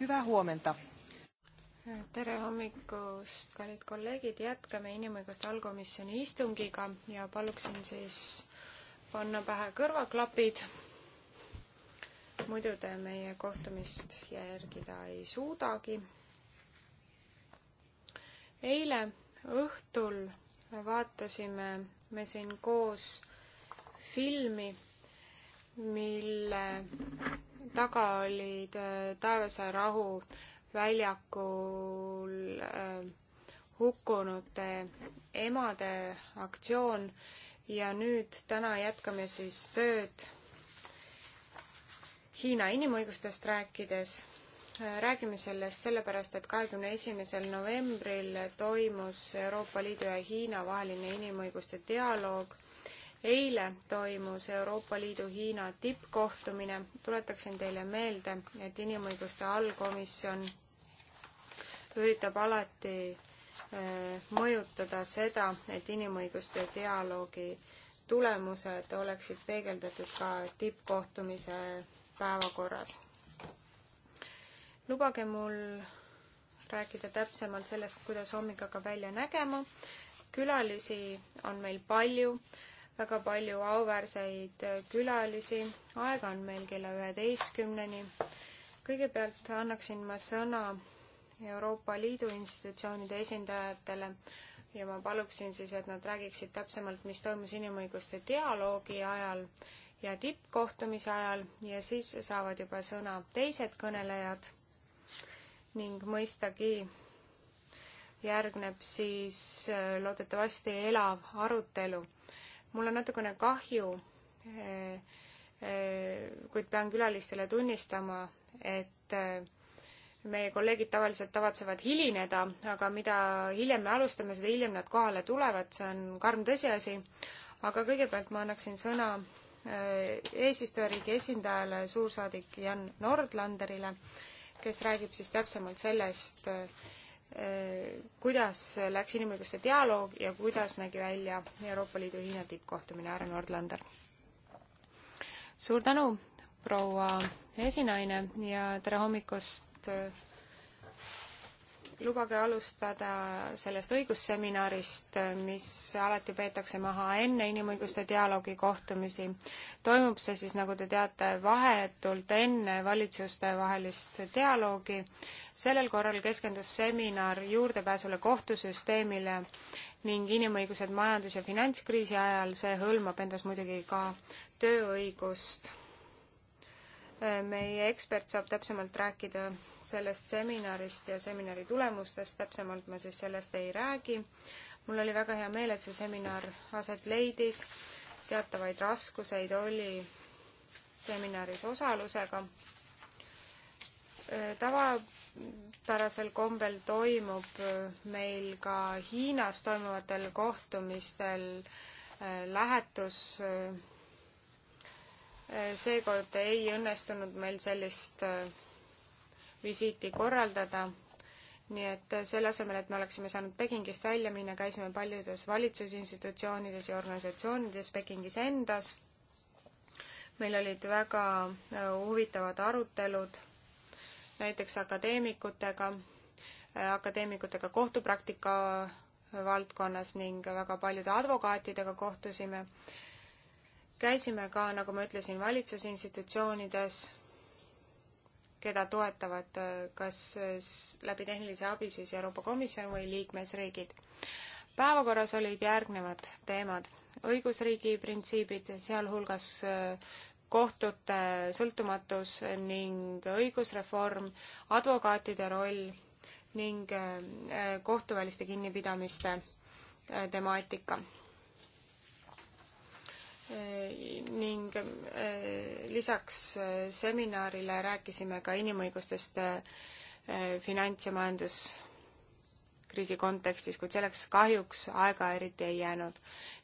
Hyvää huomenta. tere hommikust, kallid kolleegid, jätkame inimõiguste allkomisjoni istungiga ja paluksin siis panna pähe kõrvaklapid. muidu te meie kohtumist järgida ei suudagi. eile õhtul vaatasime me siin koos filmi, mille taga olid äh, Taevase rahu väljakul äh, hukkunute emade aktsioon ja nüüd täna jätkame siis tööd Hiina inimõigustest rääkides. Äh, räägime sellest sellepärast, et kahekümne esimesel novembril toimus Euroopa Liidu ja Hiina vaheline inimõiguste dialoog eile toimus Euroopa Liidu Hiina tippkohtumine. tuletaksin teile meelde, et inimõiguste allkomisjon üritab alati äh, mõjutada seda, et inimõiguste dialoogi tulemused oleksid peegeldatud ka tippkohtumise päevakorras. lubage mul rääkida täpsemalt sellest, kuidas hommik hakkab välja nägema. külalisi on meil palju väga palju auväärseid külalisi. aega on meil kella üheteistkümneni. kõigepealt annaksin ma sõna Euroopa Liidu institutsioonide esindajatele ja ma paluksin siis, et nad räägiksid täpsemalt, mis toimus inimõiguste dialoogi ajal ja tippkohtumise ajal ja siis saavad juba sõna teised kõnelejad ning mõistagi järgneb siis äh, loodetavasti elav arutelu mul on natukene kahju, eh, eh, kuid pean külalistele tunnistama, et eh, meie kolleegid tavaliselt tavatsevad hilineda, aga mida hiljem me alustame, seda hiljem nad kohale tulevad, see on karm tõsiasi. aga kõigepealt ma annaksin sõna eesistujariigi esindajale, suursaadik Jan Nordlanderile, kes räägib siis täpsemalt sellest, kuidas läks inimõiguste dialoog ja kuidas nägi välja Euroopa Liidu Hiina tippkohtumine, härra Nordlander? suur tänu, proua esinaine ja tere hommikust lubage alustada sellest õigusseminarist, mis alati peetakse maha enne inimõiguste dialoogi kohtumisi. toimub see siis, nagu te teate, vahetult enne valitsustevahelist dialoogi. sellel korral keskendus seminar juurdepääsule kohtusüsteemile ning inimõigused majandus- ja finantskriisi ajal, see hõlmab endas muidugi ka tööõigust meie ekspert saab täpsemalt rääkida sellest seminarist ja seminari tulemustest, täpsemalt ma siis sellest ei räägi. mul oli väga hea meel, et see seminar aset leidis, teatavaid raskuseid oli seminaris osalusega. tavapärasel kombel toimub meil ka Hiinas toimuvatel kohtumistel äh, lähetus äh, Eh, seekord ei õnnestunud meil sellist eh, visiiti korraldada, nii et eh, selle asemel, et me oleksime saanud Pekingist välja minna, käisime paljudes valitsusinstitutsioonides ja organisatsioonides Pekingis endas. meil olid väga huvitavad arutelud näiteks akadeemikutega, akadeemikutega kohtupraktika valdkonnas ning väga paljude advokaatidega kohtusime käisime ka, nagu ma ütlesin, valitsusinstitutsioonides, keda toetavad äh, kas äh, läbi tehnilise abi siis Euroopa Komisjon või liikmesriigid. päevakorras olid järgnevad teemad. õigusriigi printsiibid, sealhulgas äh, kohtute sõltumatus ning õigusreform, advokaatide roll ning kohtuväliste kinnipidamiste temaatika ning eh, lisaks eh, seminarile rääkisime ka inimõigustest eh, finants- ja majanduskriisi kontekstis, kuid selleks kahjuks aega eriti ei jäänud.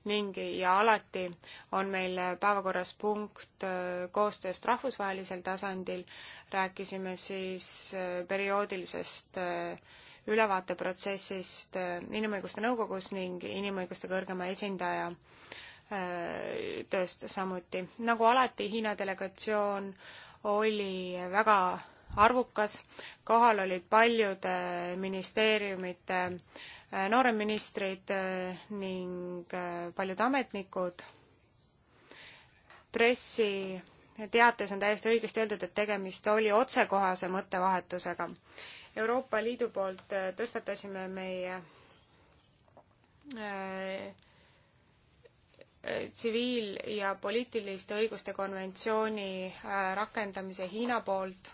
ning, ja alati on meil päevakorras punkt koostööst rahvusvahelisel tasandil, rääkisime siis perioodilisest ülevaateprotsessist Inimõiguste Nõukogus ning inimõiguste kõrgema esindaja äh, Äh, tööst samuti. nagu alati, Hiina delegatsioon oli väga arvukas, kohal olid paljud ministeeriumite äh, nooreministrid äh, ning paljud ametnikud. pressiteates on täiesti õigesti öeldud, et tegemist oli otsekohase mõttevahetusega. Euroopa Liidu poolt tõstatasime meie äh, tsiviil- ja poliitiliste õiguste konventsiooni äh, rakendamise Hiina poolt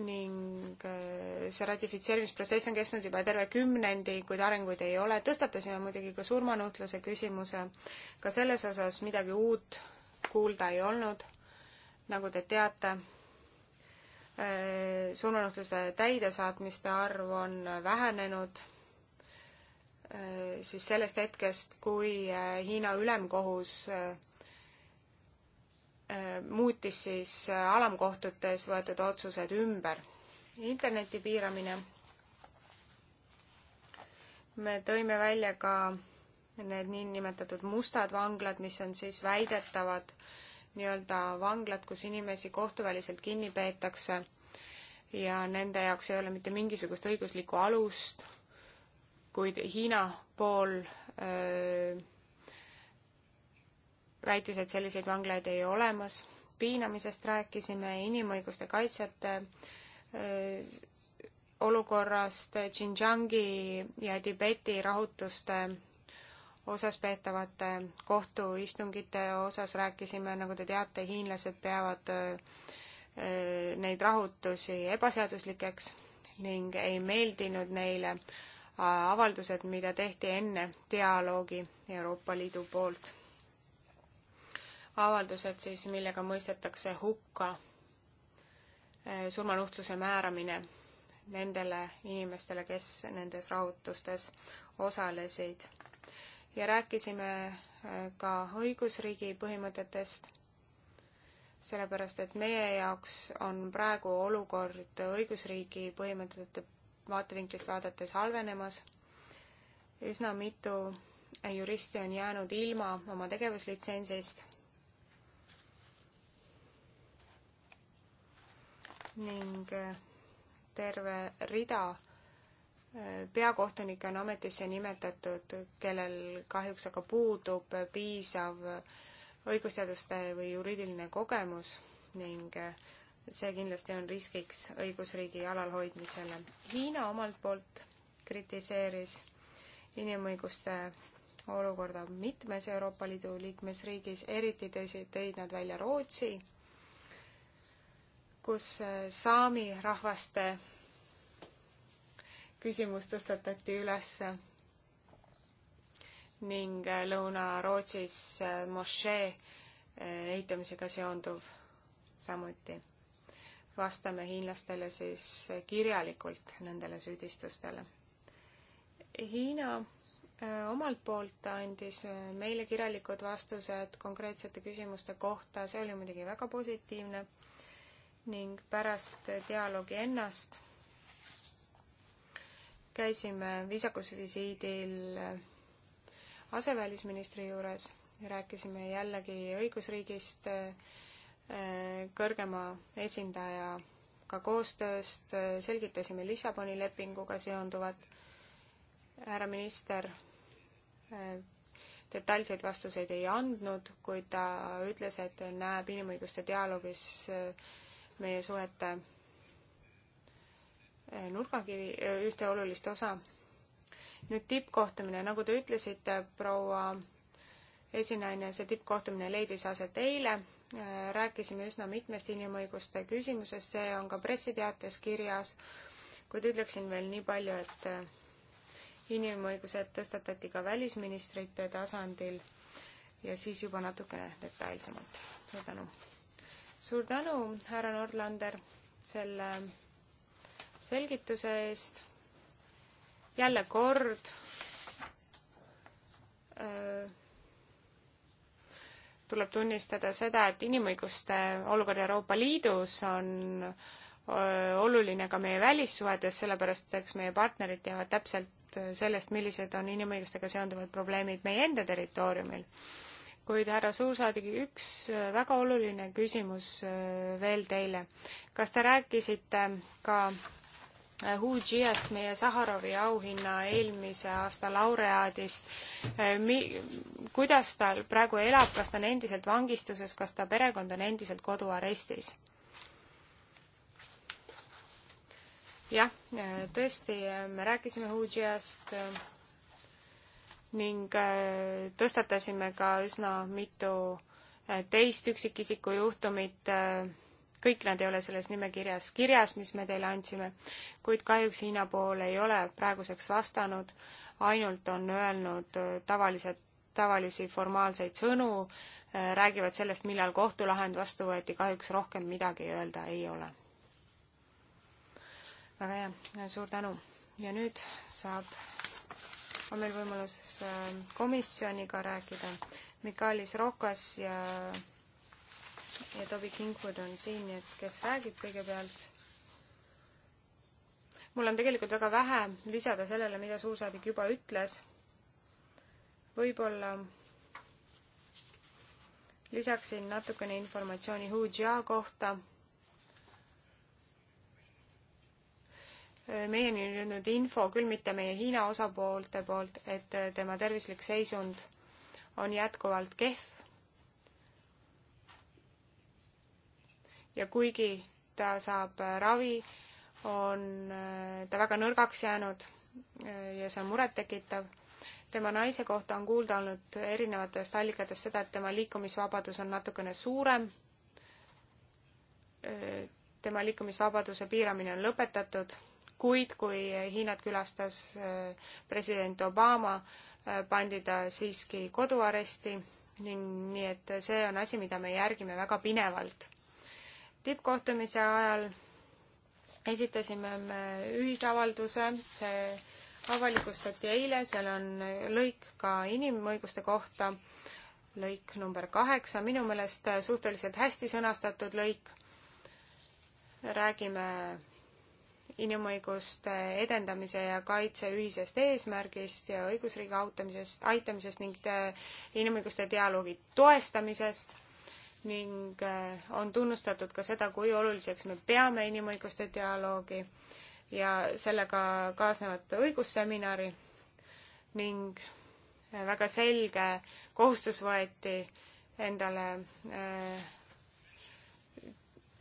ning äh, see ratifitseerimisprotsess on kestnud juba terve kümnendi, kuid arenguid ei ole. tõstatasime muidugi ka surmanuhtluse küsimuse. ka selles osas midagi uut kuulda ei olnud. nagu te teate, äh, surmanuhtluse täidesaatmiste arv on vähenenud Äh, siis sellest hetkest, kui äh, Hiina ülemkohus äh, muutis siis alamkohtutes võetud otsused ümber. interneti piiramine. me tõime välja ka need niinimetatud mustad vanglad, mis on siis väidetavad nii-öelda vanglad, kus inimesi kohtuväliselt kinni peetakse ja nende jaoks ei ole mitte mingisugust õiguslikku alust kuid Hiina pool öö, väitis, et selliseid vanglaid ei ole olemas. piinamisest rääkisime, inimõiguste kaitsjate öö, olukorrast, Xinjiangi ja Tibeti rahutuste osas peetavate kohtuistungite osas rääkisime, nagu te teate, hiinlased peavad öö, neid rahutusi ebaseaduslikeks ning ei meeldinud neile avaldused, mida tehti enne dialoogi Euroopa Liidu poolt. avaldused siis, millega mõistetakse hukka eh, surmanuhtluse määramine nendele inimestele, kes nendes rahutustes osalesid. ja rääkisime eh, ka õigusriigi põhimõtetest, sellepärast et meie jaoks on praegu olukord õigusriigi põhimõtete vaatevinklist vaadates halvenemas. üsna mitu juristi on jäänud ilma oma tegevuslitsentsist. ning äh, terve rida äh, peakohtunikke on ametisse nimetatud, kellel kahjuks aga puudub piisav õigusteaduste või juriidiline kogemus ning äh, see kindlasti on riskiks õigusriigi alalhoidmisele. Hiina omalt poolt kritiseeris inimõiguste olukorda mitmes Euroopa Liidu liikmesriigis, eriti tõsi, tõid nad välja Rootsi, kus äh, saami rahvaste küsimus tõstatati ülesse ning äh, Lõuna-Rootsis äh, mošee ehitamisega seonduv samuti vastame hiinlastele siis kirjalikult nendele süüdistustele. Hiina äh, omalt poolt andis äh, meile kirjalikud vastused konkreetsete küsimuste kohta, see oli muidugi väga positiivne ning pärast dialoogi ennast käisime viisakusvisiidil äh, asevälisministri juures ja rääkisime jällegi õigusriigist kõrgema esindajaga koostööst, selgitasime Lissaboni lepinguga seonduvat. härra minister detailseid vastuseid ei andnud, kuid ta ütles, et näeb inimõiguste dialoogis äh, meie suhete äh, nurgakivi, äh, ühte olulist osa. nüüd tippkohtumine, nagu te ütlesite, proua esinaine, see tippkohtumine leidis aset eile Äh, rääkisime üsna mitmest inimõiguste küsimusest, see on ka pressiteates kirjas, kuid ütleksin veel nii palju, et äh, inimõigused tõstatati ka välisministrite tasandil ja siis juba natukene detailsemalt. suur tänu! suur tänu, härra Nordlander, selle selgituse eest. jälle kord öö, äh, tuleb tunnistada seda, et inimõiguste olukord Euroopa Liidus on oluline ka meie välissuhetes, sellepärast et eks meie partnerid teavad täpselt sellest, millised on inimõigustega seonduvad probleemid meie enda territooriumil. kuid härra suursaadik, üks väga oluline küsimus veel teile. kas te rääkisite ka Hujiast, meie Saharovi auhinna eelmise aasta laureaadist. Eh, mi-, kuidas tal praegu elab, kas ta on endiselt vangistuses, kas ta perekond on endiselt koduarestis? jah, eh, tõesti, eh, me rääkisime Hujiast ning tõstatasime ka üsna mitu teist üksikisiku juhtumit kõik nad ei ole selles nimekirjas kirjas, mis me teile andsime, kuid kahjuks Hiina pool ei ole praeguseks vastanud, ainult on öelnud äh, tavalised, tavalisi formaalseid sõnu, äh, räägivad sellest, millal kohtulahend vastu võeti, kahjuks rohkem midagi öelda ei ole. väga hea, suur tänu. ja nüüd saab, on meil võimalus äh, komisjoniga rääkida. Mikalis Rokas ja ja Toby Kingwood on siin, nii et kes räägib kõigepealt? mul on tegelikult väga vähe lisada sellele, mida suursaadik juba ütles. võib-olla lisaksin natukene informatsiooni Hujia kohta. meieni on jõudnud info, küll mitte meie Hiina osapoolte poolt, et tema tervislik seisund on jätkuvalt kehv ja kuigi ta saab äh, ravi, on äh, ta väga nõrgaks jäänud äh, ja see on murettekitav. tema naise kohta on kuulda olnud erinevatest allikatest seda, et tema liikumisvabadus on natukene suurem. tema liikumisvabaduse piiramine on lõpetatud, kuid kui Hiinat külastas president Obama, pandi ta siiski koduaresti ning nii et see on asi, mida me järgime väga pinevalt tippkohtumise ajal esitasime me ühisavalduse, see avalikustati eile, seal on lõik ka inimõiguste kohta, lõik number kaheksa, minu meelest suhteliselt hästi sõnastatud lõik. räägime inimõiguste edendamise ja kaitse ühisest eesmärgist ja õigusriigi autamisest, aitamisest ning inimõiguste dialoogi toestamisest ning äh, on tunnustatud ka seda, kui oluliseks me peame inimõiguste dialoogi ja sellega kaasnevat õigusseminari ning äh, väga selge kohustus võeti endale äh,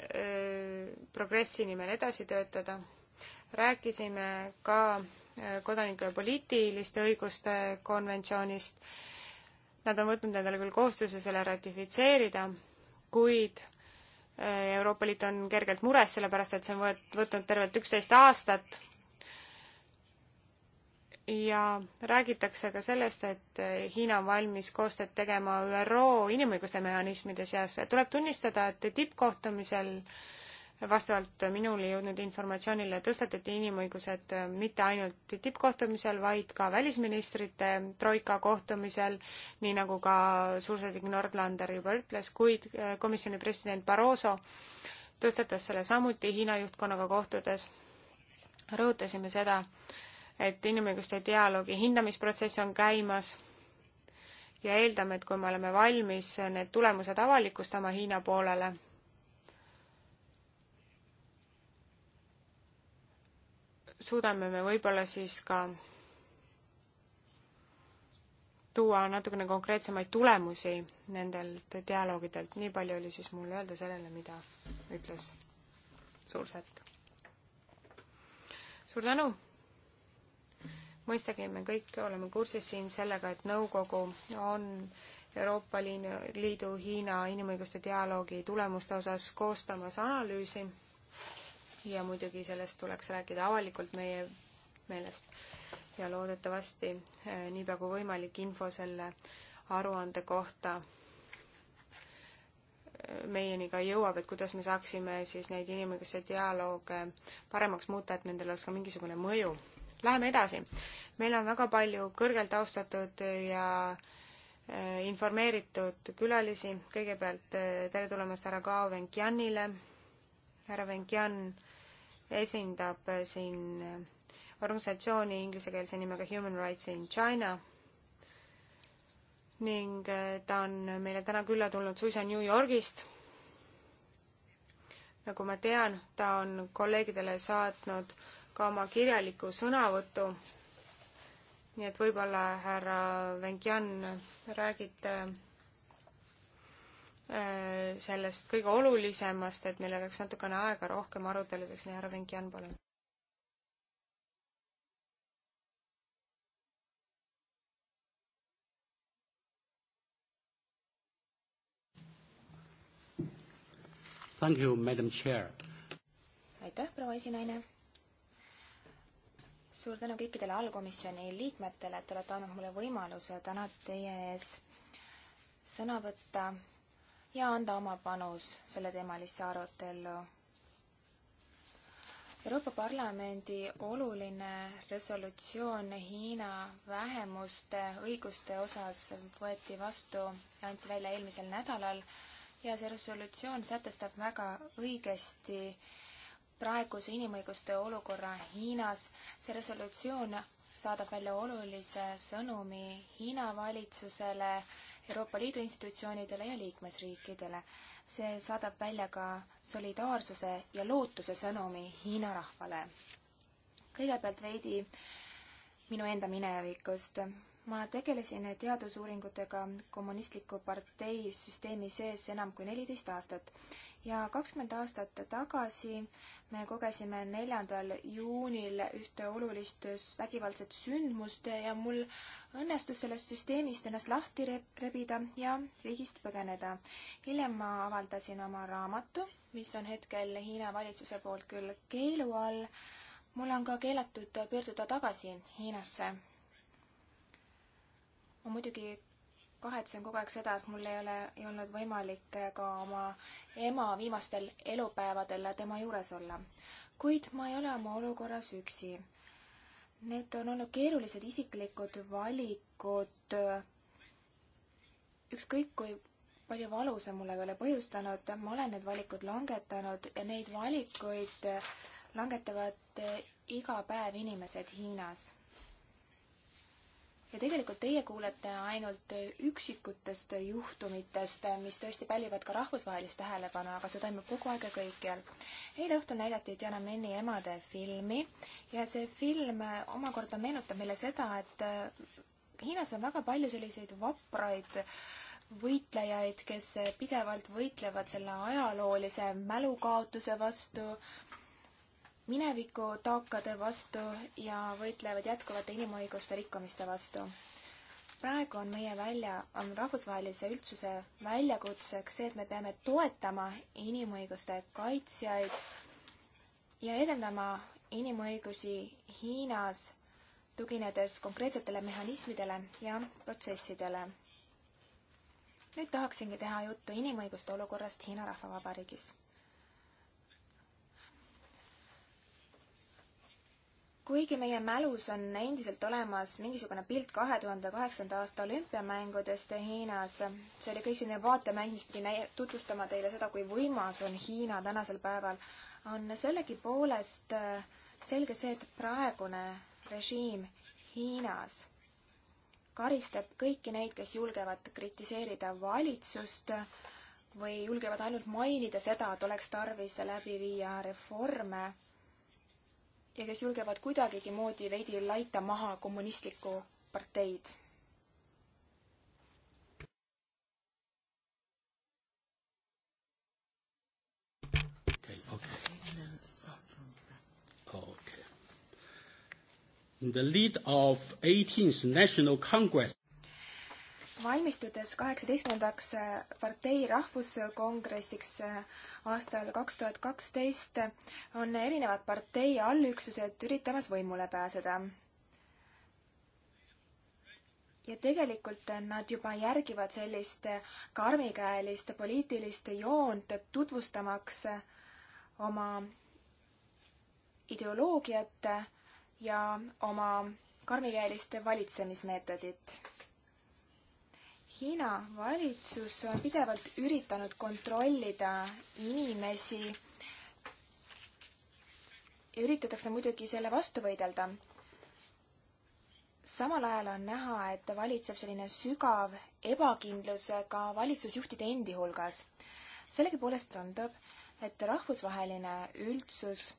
äh, progressi nimel edasi töötada. rääkisime ka äh, kodanike poliitiliste õiguste konventsioonist. Nad on võtnud endale küll kohustuse selle ratifitseerida kuid äh, Euroopa Liit on kergelt mures, sellepärast et see on võet-, võtnud tervelt üksteist aastat ja räägitakse ka sellest, et äh, Hiina on valmis koostööd tegema ÜRO inimõiguste mehhanismide seas. tuleb tunnistada, et tippkohtumisel äh, vastavalt minule jõudnud informatsioonile tõstatati inimõigused äh, mitte ainult tippkohtumisel, vaid ka välisministrite troika kohtumisel, nii nagu ka suursaadik Nordlander juba ütles, kuid äh, komisjoni president Barroso tõstatas selle samuti Hiina juhtkonnaga kohtudes. rõhutasime seda, et inimõiguste dialoogi hindamisprotsess on käimas ja eeldame, et kui me oleme valmis need tulemused avalikustama Hiina poolele, suudame me võib-olla siis ka tuua natukene konkreetsemaid tulemusi nendelt dialoogidelt, nii palju oli siis mul öelda sellele, mida ütles suursärk. suur tänu! mõistagi me kõik oleme kursis siin sellega, et nõukogu on Euroopa Liidu, Hiina inimõiguste dialoogi tulemuste osas koostamas analüüsi ja muidugi sellest tuleks rääkida avalikult meie meelest. ja loodetavasti eh, niipea kui võimalik info selle aruande kohta eh, meieni ka jõuab, et kuidas me saaksime siis neid inimõiguste dialoog paremaks muuta, et nendel oleks ka mingisugune mõju. Läheme edasi. meil on väga palju kõrgelt austatud ja eh, informeeritud külalisi. kõigepealt tere tulemast härra Kao Venkjanile. härra Venkjan esindab siin organisatsiooni inglisekeelse nimega Human Rights in China ning äh, ta on meile täna külla tulnud suisa New Yorgist. nagu ma tean, ta on kolleegidele saatnud ka oma kirjaliku sõnavõtu. nii et võib-olla härra Venkjan räägite Äh, sellest kõige olulisemast, et meil oleks natukene aega rohkem aruteludeks, nii härra Vinkjan, palun. Thank you, madam chair. aitäh, proua esinaine. suur tänu kõikidele allkomisjoni liikmetele, et olete andnud mulle võimaluse täna teie ees sõna võtta ja anda oma panus selleteemalisse arutellu. Euroopa Parlamendi oluline resolutsioon Hiina vähemuste õiguste osas võeti vastu ja anti välja eelmisel nädalal ja see resolutsioon sätestab väga õigesti praeguse inimõiguste olukorra Hiinas. see resolutsioon saadab välja olulise sõnumi Hiina valitsusele Euroopa Liidu institutsioonidele ja liikmesriikidele. see saadab välja ka solidaarsuse ja lootuse sõnumi Hiina rahvale. kõigepealt veidi minu enda minevikust ma tegelesin teadusuuringutega kommunistliku partei süsteemi sees enam kui neliteist aastat ja kakskümmend aastat tagasi me kogesime neljandal juunil ühte olulist vägivaldset sündmust ja mul õnnestus sellest süsteemist ennast lahti rebida ja riigist põgeneda. hiljem ma avaldasin oma raamatu, mis on hetkel Hiina valitsuse poolt küll keelu all. mul on ka keelatud pöörduda tagasi Hiinasse ma muidugi kahetsen kogu aeg seda, et mul ei ole, ei olnud võimalik ka oma ema viimastel elupäevadel tema juures olla. kuid ma ei ole oma olukorras üksi. Need on olnud keerulised isiklikud valikud. ükskõik kui palju valu see mulle ei ole põhjustanud, ma olen need valikud langetanud ja neid valikuid langetavad iga päev inimesed Hiinas ja tegelikult teie kuulete ainult üksikutest juhtumitest, mis tõesti pälvivad ka rahvusvahelist tähelepanu, aga see toimub kogu aeg ja kõikjal. eile õhtul näidati Diana Menni Emade filmi ja see film omakorda meenutab meile seda, et äh, Hiinas on väga palju selliseid vapraid võitlejaid, kes pidevalt võitlevad selle ajaloolise mälukaotuse vastu, mineviku taakade vastu ja võitlevad jätkuvate inimõiguste rikkumiste vastu. praegu on meie välja, on rahvusvahelise üldsuse väljakutseks see, et me peame toetama inimõiguste kaitsjaid ja edendama inimõigusi Hiinas, tuginedes konkreetsetele mehhanismidele ja protsessidele. nüüd tahaksingi teha juttu inimõiguste olukorrast Hiina Rahvavabariigis. kuigi meie mälus on endiselt olemas mingisugune pilt kahe tuhande kaheksanda aasta olümpiamängudest Hiinas, see oli kõik selline vaatemäng, mis pidi tutvustama teile seda, kui võimas on Hiina tänasel päeval, on sellegipoolest äh, selge see, et praegune režiim Hiinas karistab kõiki neid, kes julgevad kritiseerida valitsust või julgevad ainult mainida seda, et oleks tarvis läbi viia reforme ja kes julgevad kuidagigi moodi veidi laita maha kommunistlikku parteid. Okay. In the lead of 18th National Congress valmistudes kaheksateistkümnendaks eh, partei rahvuskongressiks eh, aastal kaks tuhat kaksteist on erinevad partei allüksused üritamas võimule pääseda. ja tegelikult eh, nad juba järgivad sellist karmikäelist poliitilist joont, tutvustamaks oma ideoloogiat ja oma karmikäelist valitsemismeetodit Hiina valitsus on pidevalt üritanud kontrollida inimesi. üritatakse muidugi selle vastu võidelda. samal ajal on näha, et valitseb selline sügav ebakindlus ka valitsusjuhtide endi hulgas. sellegipoolest tundub, et rahvusvaheline üldsus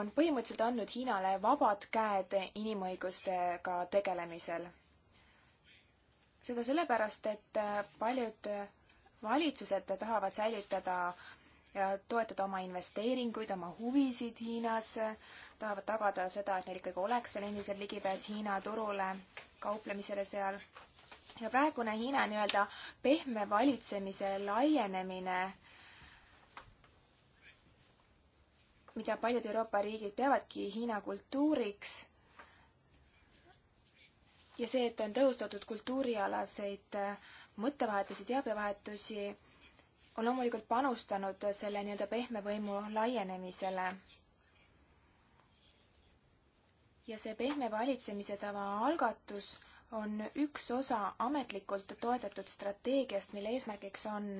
on põhimõtteliselt andnud Hiinale vabad käed inimõigustega tegelemisel seda sellepärast, et äh, paljud äh, valitsused tahavad säilitada ja toetada oma investeeringuid, oma huvisid Hiinas, tahavad tagada seda, et neil ikkagi oleks veel endiselt ligipääs Hiina turule, kauplemisele seal. ja praegune Hiina nii-öelda pehme valitsemise laienemine, mida paljud Euroopa riigid peavadki Hiina kultuuriks, ja see, et on tõhustatud kultuurialaseid äh, mõttevahetusi, teabevahetusi, on loomulikult panustanud selle nii-öelda pehme võimu laienemisele. ja see pehme valitsemise tava algatus on üks osa ametlikult toetatud strateegiast, mille eesmärgiks on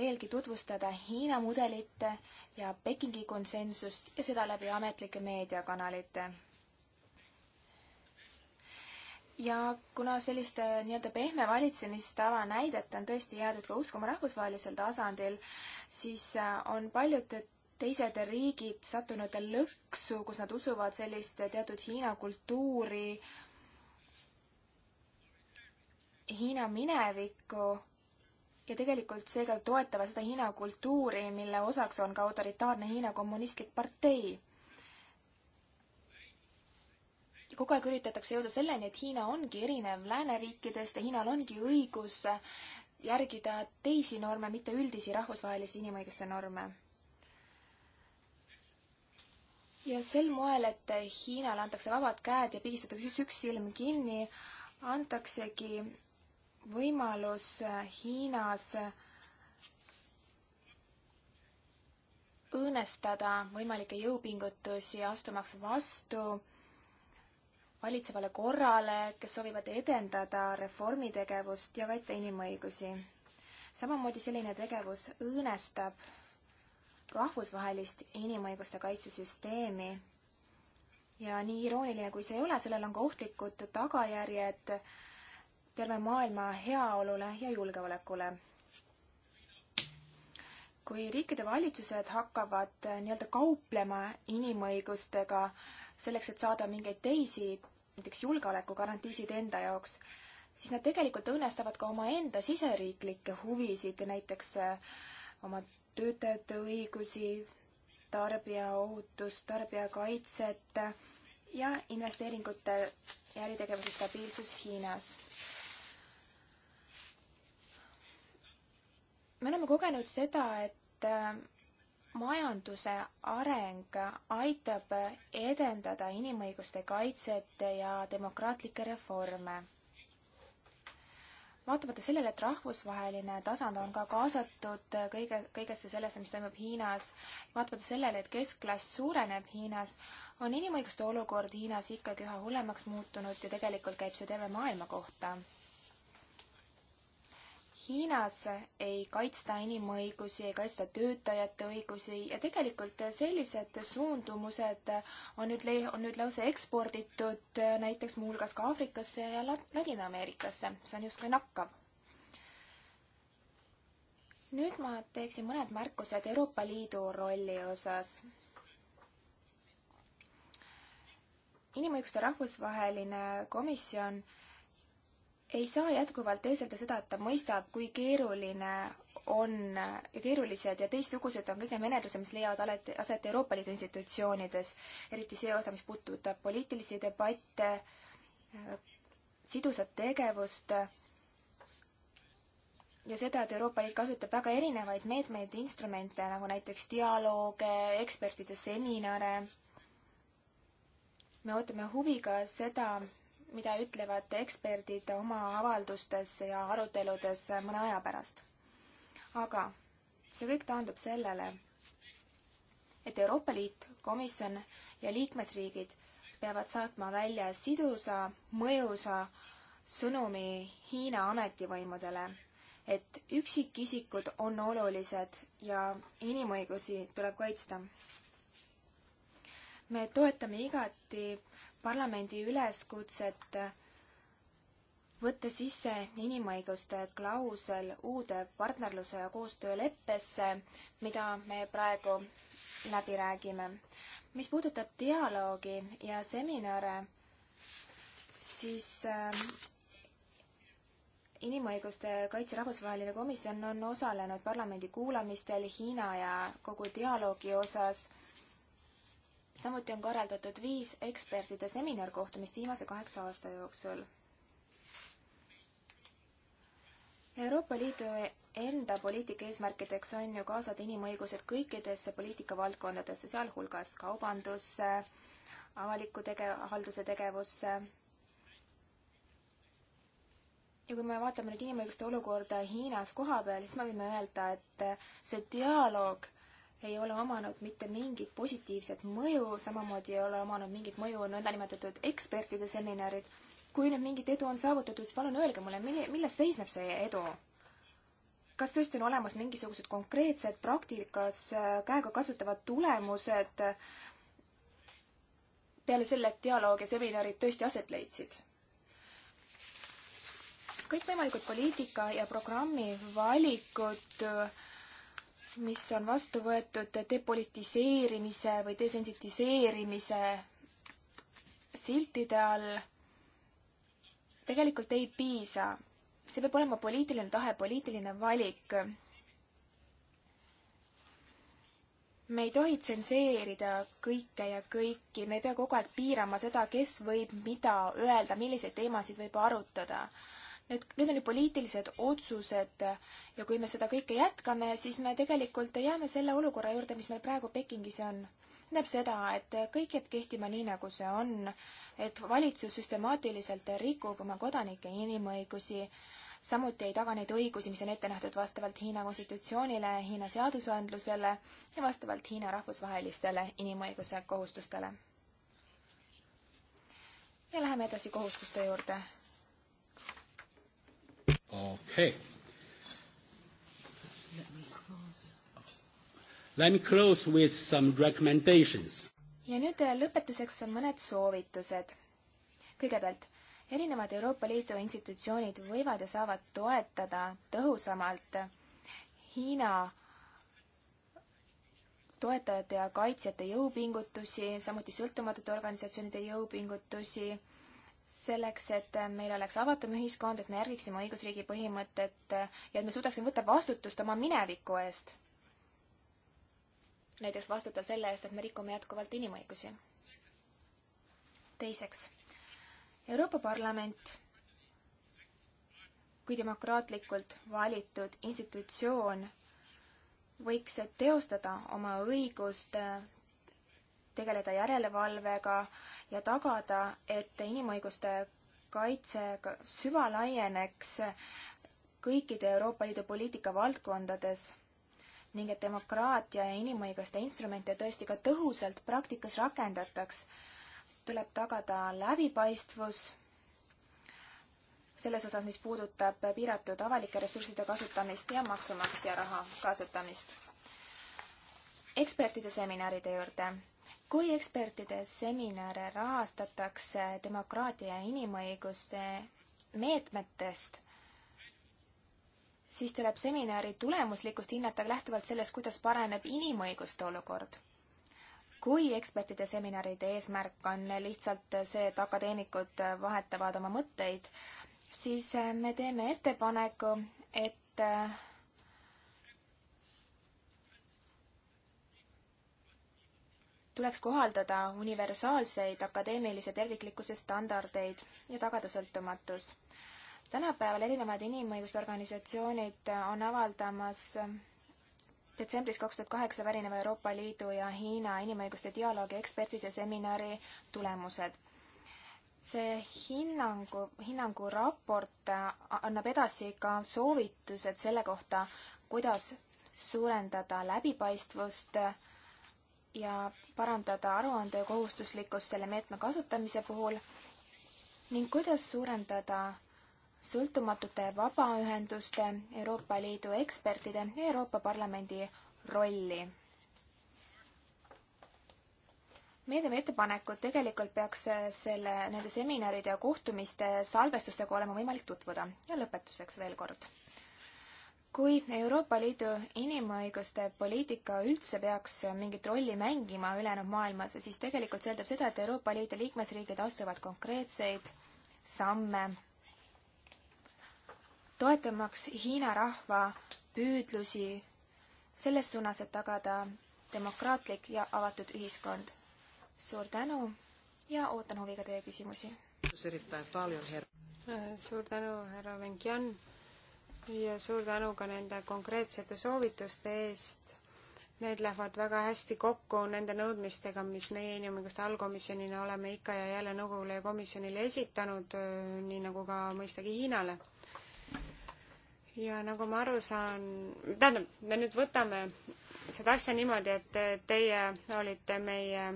veelgi tutvustada Hiina mudelit ja Pekingi konsensust ja seda läbi ametlike meediakanalite ja kuna selliste nii-öelda pehme valitsemistava näidet on tõesti jäädud ka uskuma rahvusvahelisel tasandil, siis äh, on paljud teised riigid sattunud lõksu, kus nad usuvad sellist teatud Hiina kultuuri, Hiina minevikku ja tegelikult seega toetavad seda Hiina kultuuri, mille osaks on ka autoritaarne Hiina kommunistlik partei kogu aeg üritatakse jõuda selleni, et Hiina ongi erinev lääneriikidest ja Hiinal ongi õigus järgida teisi norme, mitte üldisi rahvusvahelisi inimõiguste norme. ja sel moel, et Hiinale antakse vabad käed ja pigistatakse üks silm kinni, antaksegi võimalus Hiinas õõnestada võimalikke jõupingutusi, astumaks vastu valitsevale korrale, kes soovivad edendada reformitegevust ja kaitsta inimõigusi. samamoodi selline tegevus õõnestab rahvusvahelist inimõiguste kaitsesüsteemi. ja nii irooniline, kui see ei ole, sellel on ka ohtlikud tagajärjed terve maailma heaolule ja julgeolekule. kui riikide valitsused hakkavad nii-öelda kauplema inimõigustega selleks, et saada mingeid teisi näiteks julgeolekugarantiisid enda jaoks, siis nad tegelikult õõnestavad ka omaenda siseriiklikke huvisid, näiteks äh, oma töötajate õigusi, tarbija ohutust, tarbijakaitset ja investeeringute ja äritegevuse stabiilsust Hiinas. me oleme kogenud seda, et äh, majanduse areng aitab edendada inimõiguste kaitset ja demokraatlikke reforme. vaatamata sellele, et rahvusvaheline tasand on ka kaasatud kõige, kõigesse sellesse, mis toimub Hiinas, vaatamata sellele, et keskklass suureneb Hiinas, on inimõiguste olukord Hiinas ikkagi üha hullemaks muutunud ja tegelikult käib see terve maailma kohta Hiinas ei kaitsta inimõigusi, ei kaitsta töötajate õigusi ja tegelikult sellised suundumused on nüüd, on nüüd lausa eksporditud näiteks muuhulgas ka Aafrikasse ja Ladina-Ameerikasse. see on justkui nakkav. nüüd ma teeksin mõned märkused Euroopa Liidu rolli osas inimõiguste rahvusvaheline komisjon ei saa jätkuvalt teeselda seda, et ta mõistab, kui keeruline on keerulised ja teistsugused on kõik need menetlused, mis leiavad alati aset Euroopa Liidu institutsioonides, eriti see osa, mis puudutab poliitilisi debatte, sidusat tegevust ja seda, et Euroopa Liit kasutab väga erinevaid meetmeid, instrumente nagu näiteks dialoog, ekspertide seminare. me ootame huviga seda, mida ütlevad eksperdid oma avaldustes ja aruteludes mõne aja pärast. aga see kõik taandub sellele, et Euroopa Liit, komisjon ja liikmesriigid peavad saatma välja sidusa, mõjusa sõnumi Hiina ametivõimudele, et üksikisikud on olulised ja inimõigusi tuleb kaitsta. me toetame igati parlamendi üleskutset võtta sisse inimõiguste klausel uude partnerluse ja koostööleppesse, mida me praegu läbi räägime. mis puudutab dialoogi ja seminare, siis äh, inimõiguste kaitse rahvusvaheline komisjon on osalenud parlamendi kuulamistel Hiina ja kogu dialoogi osas samuti on korraldatud viis ekspertide seminarkohtumist viimase kaheksa aasta jooksul. Euroopa Liidu enda poliitika eesmärkideks on ju kaasada inimõigused kõikidesse poliitikavaldkondadesse, sealhulgas kaubandusse, avaliku tege-, halduse tegevusse. ja kui me vaatame nüüd inimõiguste olukorda Hiinas koha peal, siis me võime öelda, et see dialoog ei ole omanud mitte mingit positiivset mõju, samamoodi ei ole omanud mingit mõju nõndanimetatud ekspertide seminarid. kui nüüd mingit edu on saavutatud, siis palun öelge mulle, mille, milles seisneb see edu? kas tõesti on olemas mingisugused konkreetsed praktikas äh, käegakatsutavad tulemused äh, peale selle, et dialoog ja seminarid tõesti aset leidsid? kõikvõimalikud poliitika ja programmi valikud äh, mis on vastu võetud depolitiseerimise või desensitiseerimise siltide all, tegelikult ei piisa. see peab olema poliitiline tahe, poliitiline valik. me ei tohi tsenseerida kõike ja kõiki, me ei pea kogu aeg piirama seda, kes võib mida öelda, milliseid teemasid võib arutada Need, need on ju poliitilised otsused ja kui me seda kõike jätkame, siis me tegelikult jääme selle olukorra juurde, mis meil praegu Pekingis on. tähendab seda, et kõik jääb kehtima nii, nagu see on, et valitsus süstemaatiliselt rikub oma kodanike inimõigusi, samuti ei taga neid õigusi, mis on ette nähtud vastavalt Hiina konstitutsioonile, Hiina seadusandlusele ja vastavalt Hiina rahvusvahelistele inimõiguse kohustustele. ja läheme edasi kohustuste juurde Okay. Let me close. Let me close with some recommendations. ja nüüd äh, lõpetuseks on mõned soovitused. kõigepealt, erinevad Euroopa Liidu institutsioonid võivad ja saavad toetada tõhusamalt Hiina toetajate ja kaitsjate jõupingutusi, samuti sõltumatute organisatsioonide jõupingutusi selleks, et meil oleks avatum ühiskond, et me järgiksime õigusriigi põhimõtet ja et me suudaksime võtta vastutust oma mineviku eest. näiteks vastuta selle eest, et me rikume jätkuvalt inimõigusi. teiseks, Euroopa Parlament kui demokraatlikult valitud institutsioon võiks teostada oma õigust tegeleda järelevalvega ja tagada, et inimõiguste kaitse süvalaieneks kõikide Euroopa Liidu poliitika valdkondades ning et demokraatia ja inimõiguste instrumente tõesti ka tõhusalt praktikas rakendataks, tuleb tagada läbipaistvus selles osas, mis puudutab piiratud avalike ressursside kasutamist ja maksumaksja raha kasutamist. ekspertide seminaride juurde kui ekspertide seminare rahastatakse demokraatia ja inimõiguste meetmetest, siis tuleb seminari tulemuslikkust hinnata lähtuvalt sellest, kuidas paraneb inimõiguste olukord. kui ekspertide seminaride eesmärk on lihtsalt see, et akadeemikud vahetavad oma mõtteid, siis me teeme ettepaneku, et tuleks kohaldada universaalseid akadeemilise terviklikkuse standardeid ja tagada sõltumatus. tänapäeval erinevad inimõiguste organisatsioonid on avaldamas detsembris kaks tuhat kaheksa pärineva Euroopa Liidu ja Hiina inimõiguste dialoogi ekspertide seminari tulemused. see hinnangu, hinnangu raport annab edasi ka soovitused selle kohta, kuidas suurendada läbipaistvust äh, ja parandada aruande kohustuslikkust selle meetme kasutamise puhul ning kuidas suurendada sõltumatute vabaühenduste, Euroopa Liidu ekspertide ja Euroopa Parlamendi rolli. meie teeme ettepaneku, et tegelikult peaks selle, nende seminaride ja kohtumiste salvestustega olema võimalik tutvuda ja lõpetuseks veel kord kui Euroopa Liidu inimõiguste poliitika üldse peaks mingit rolli mängima ülejäänud maailmas, siis tegelikult see eeldab seda, et Euroopa Liidu liikmesriigid astuvad konkreetseid samme, toetamaks Hiina rahva püüdlusi selles suunas, et tagada demokraatlik ja avatud ühiskond. suur tänu ja ootan huviga teie küsimusi. suur tänu, härra Venkjan ja suur tänu ka nende konkreetsete soovituste eest. Need lähevad väga hästi kokku nende nõudmistega, mis meie inimõiguste allkomisjonina oleme ikka ja jälle nõukogule ja komisjonile esitanud, nii nagu ka mõistagi Hiinale. ja nagu ma aru saan, tähendab, me nüüd võtame seda asja niimoodi, et teie olite meie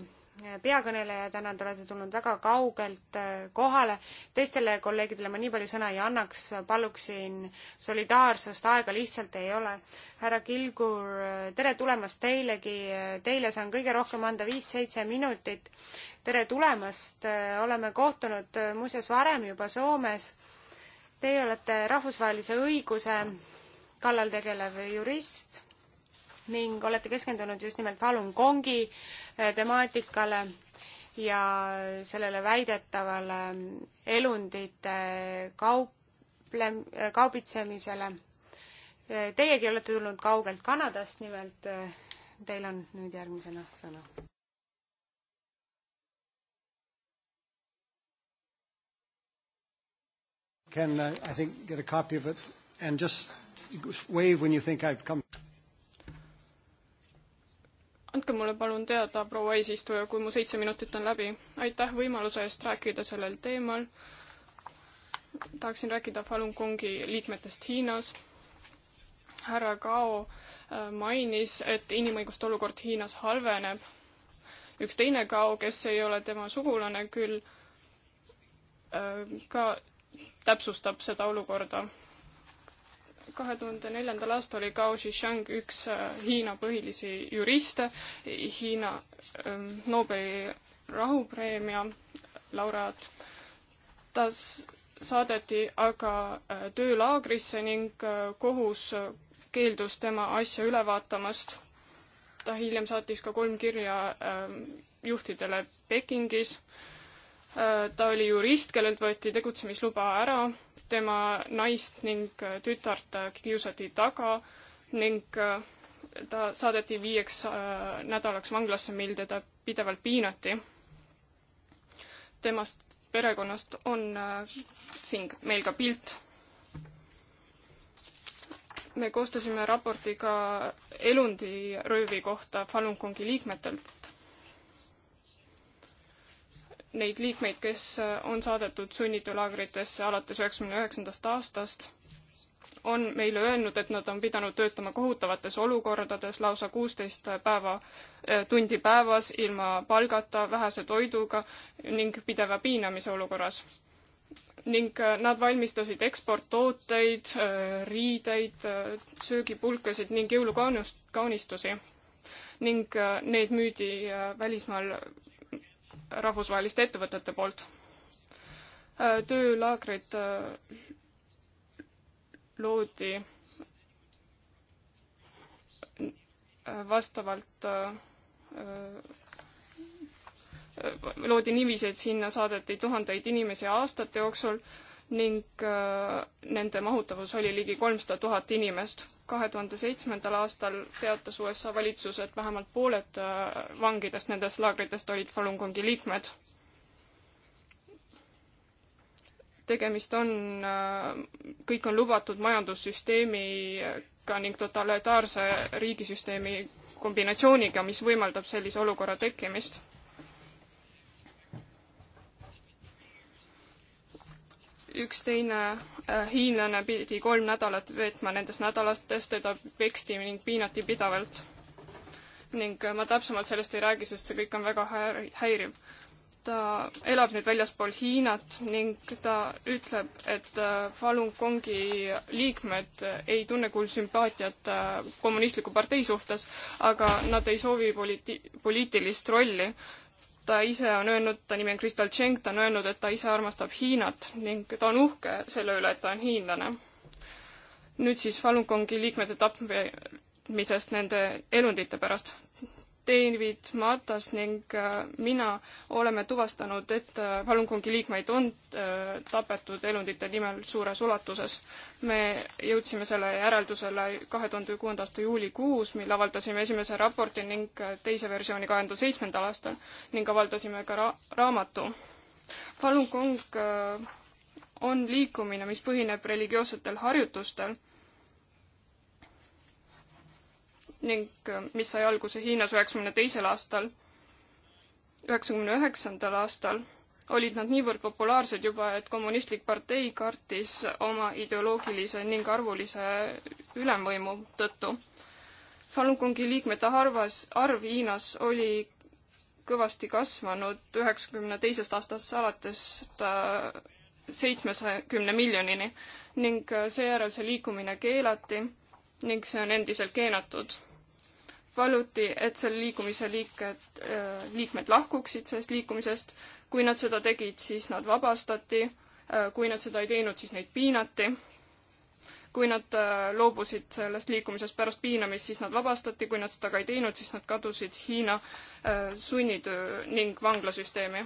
peakõneleja, tänan, te olete tulnud väga kaugelt äh, kohale. teistele kolleegidele ma nii palju sõna ei annaks, paluksin solidaarsust, aega lihtsalt ei ole. härra Kilgur, äh, tere tulemast teilegi, äh, teile saan kõige rohkem anda viis-seitse minutit. tere tulemast, oleme kohtunud muuseas varem juba Soomes. Teie olete rahvusvahelise õiguse kallal tegelev jurist ning olete keskendunud just nimelt Falun Gongi eh, temaatikale ja sellele väidetavale mm, elundite kauple-, eh, kaubitsemisele. Eh, teiegi olete tulnud kaugelt Kanadast, nimelt teil on nüüd järgmisena sõna. Can I, uh, I think get a copy of it and just wave when you think I've come andke mulle palun teada, proua eesistuja, kui mu seitse minutit on läbi. aitäh võimaluse eest rääkida sellel teemal. tahaksin rääkida Falun Gongi liikmetest Hiinas. härra Gao äh, mainis, et inimõiguste olukord Hiinas halveneb. üks teine Gao, kes ei ole tema sugulane küll, äh, ka täpsustab seda olukorda kahe tuhande neljandal aastal oli Gao Zhishang üks äh, Hiina põhilisi juriste, Hiina ähm, Nobeli rahupreemia laureaat. ta saadeti aga äh, töölaagrisse ning äh, kohus keeldus tema asja üle vaatamast. ta hiljem saatis ka kolm kirja ähm, juhtidele Pekingis. ta oli jurist, kellelt võeti tegutsemisluba ära tema naist ning äh, tütart äh, kiusati taga ning äh, ta saadeti viieks nädalaks vanglasse, mil teda pidevalt piinati. temast, perekonnast on siin meil ka pilt. me koostasime raporti ka elundiröövi kohta Falun Gongi liikmetelt neid liikmeid, kes äh, on saadetud sunnitöölaagritesse alates üheksakümne üheksandast aastast, on meile öelnud, et nad on pidanud töötama kohutavates olukordades lausa kuusteist päeva, äh, tundi päevas ilma palgata, vähese toiduga ning pideva piinamise olukorras. ning äh, nad valmistasid eksporttooteid, riideid, söögipulkasid ning jõulukaunist, kaunistusi. ning need müüdi välismaal rahvusvaheliste ettevõtete poolt. Äh, töölaagrid äh, loodi äh, vastavalt loodi niiviisi, et sinna saadeti tuhandeid inimesi aastate jooksul ning äh, nende mahutavus oli ligi kolmsada tuhat inimest. kahe tuhande seitsmendal aastal teatas USA valitsus, et vähemalt pooled äh, vangidest nendest laagritest olid Falun Gongi liikmed. tegemist on, äh, kõik on lubatud majandussüsteemiga ning totalitaarse riigisüsteemi kombinatsiooniga, mis võimaldab sellise olukorra tekkimist üks teine äh, hiinlane pidi kolm nädalat veetma nendest nädalatest, teda peksti ning piinati pidevalt. ning äh, ma täpsemalt sellest ei räägi, sest see kõik on väga häiriv. ta elab nüüd väljaspool Hiinat ning ta ütleb, et äh, Falun Gongi liikmed äh, ei tunne küll sümpaatiat äh, kommunistliku partei suhtes, aga nad ei soovi poliiti-, poliitilist rolli äh, ta ise on öelnud, ta nimi on Kristal Tšenk, ta on öelnud, et ta ise armastab Hiinat ning ta on uhke selle üle, et ta on hiinlane. nüüd siis Falun Gongi liikmete tapmisest nende elundite pärast. David Matas ning äh, mina oleme tuvastanud, et äh, Falungongi liikmeid on äh, tapetud elundite nimel suures ulatuses. me jõudsime selle järeldusele kahe tuhande kuuenda aasta juulikuus, mil avaldasime esimese raporti ning teise versiooni kahe tuhande seitsmendal aastal ning avaldasime ka ra-, raamatu. Falungong on liikumine, mis põhineb religioossetel harjutustel ning äh, mis sai alguse Hiinas üheksakümne teisel aastal. üheksakümne üheksandal aastal olid nad niivõrd populaarsed juba, et kommunistlik partei kartis oma ideoloogilise ning arvulise ülemvõimu tõttu. Falun Gongi liikmete arvas, arv Hiinas oli kõvasti kasvanud üheksakümne teisest aastast alates ta seitsmesakümne miljonini ning äh, seejärel see liikumine keelati ning see on endiselt keelatud paluti, et selle liikumise liiked, äh, liikmed lahkuksid sellest liikumisest. kui nad seda tegid, siis nad vabastati. Äh, kui nad seda ei teinud, siis neid piinati. kui nad äh, loobusid sellest liikumisest pärast piinamist, siis nad vabastati, kui nad seda ka ei teinud, siis nad kadusid Hiina sunnitöö ning vanglasüsteemi.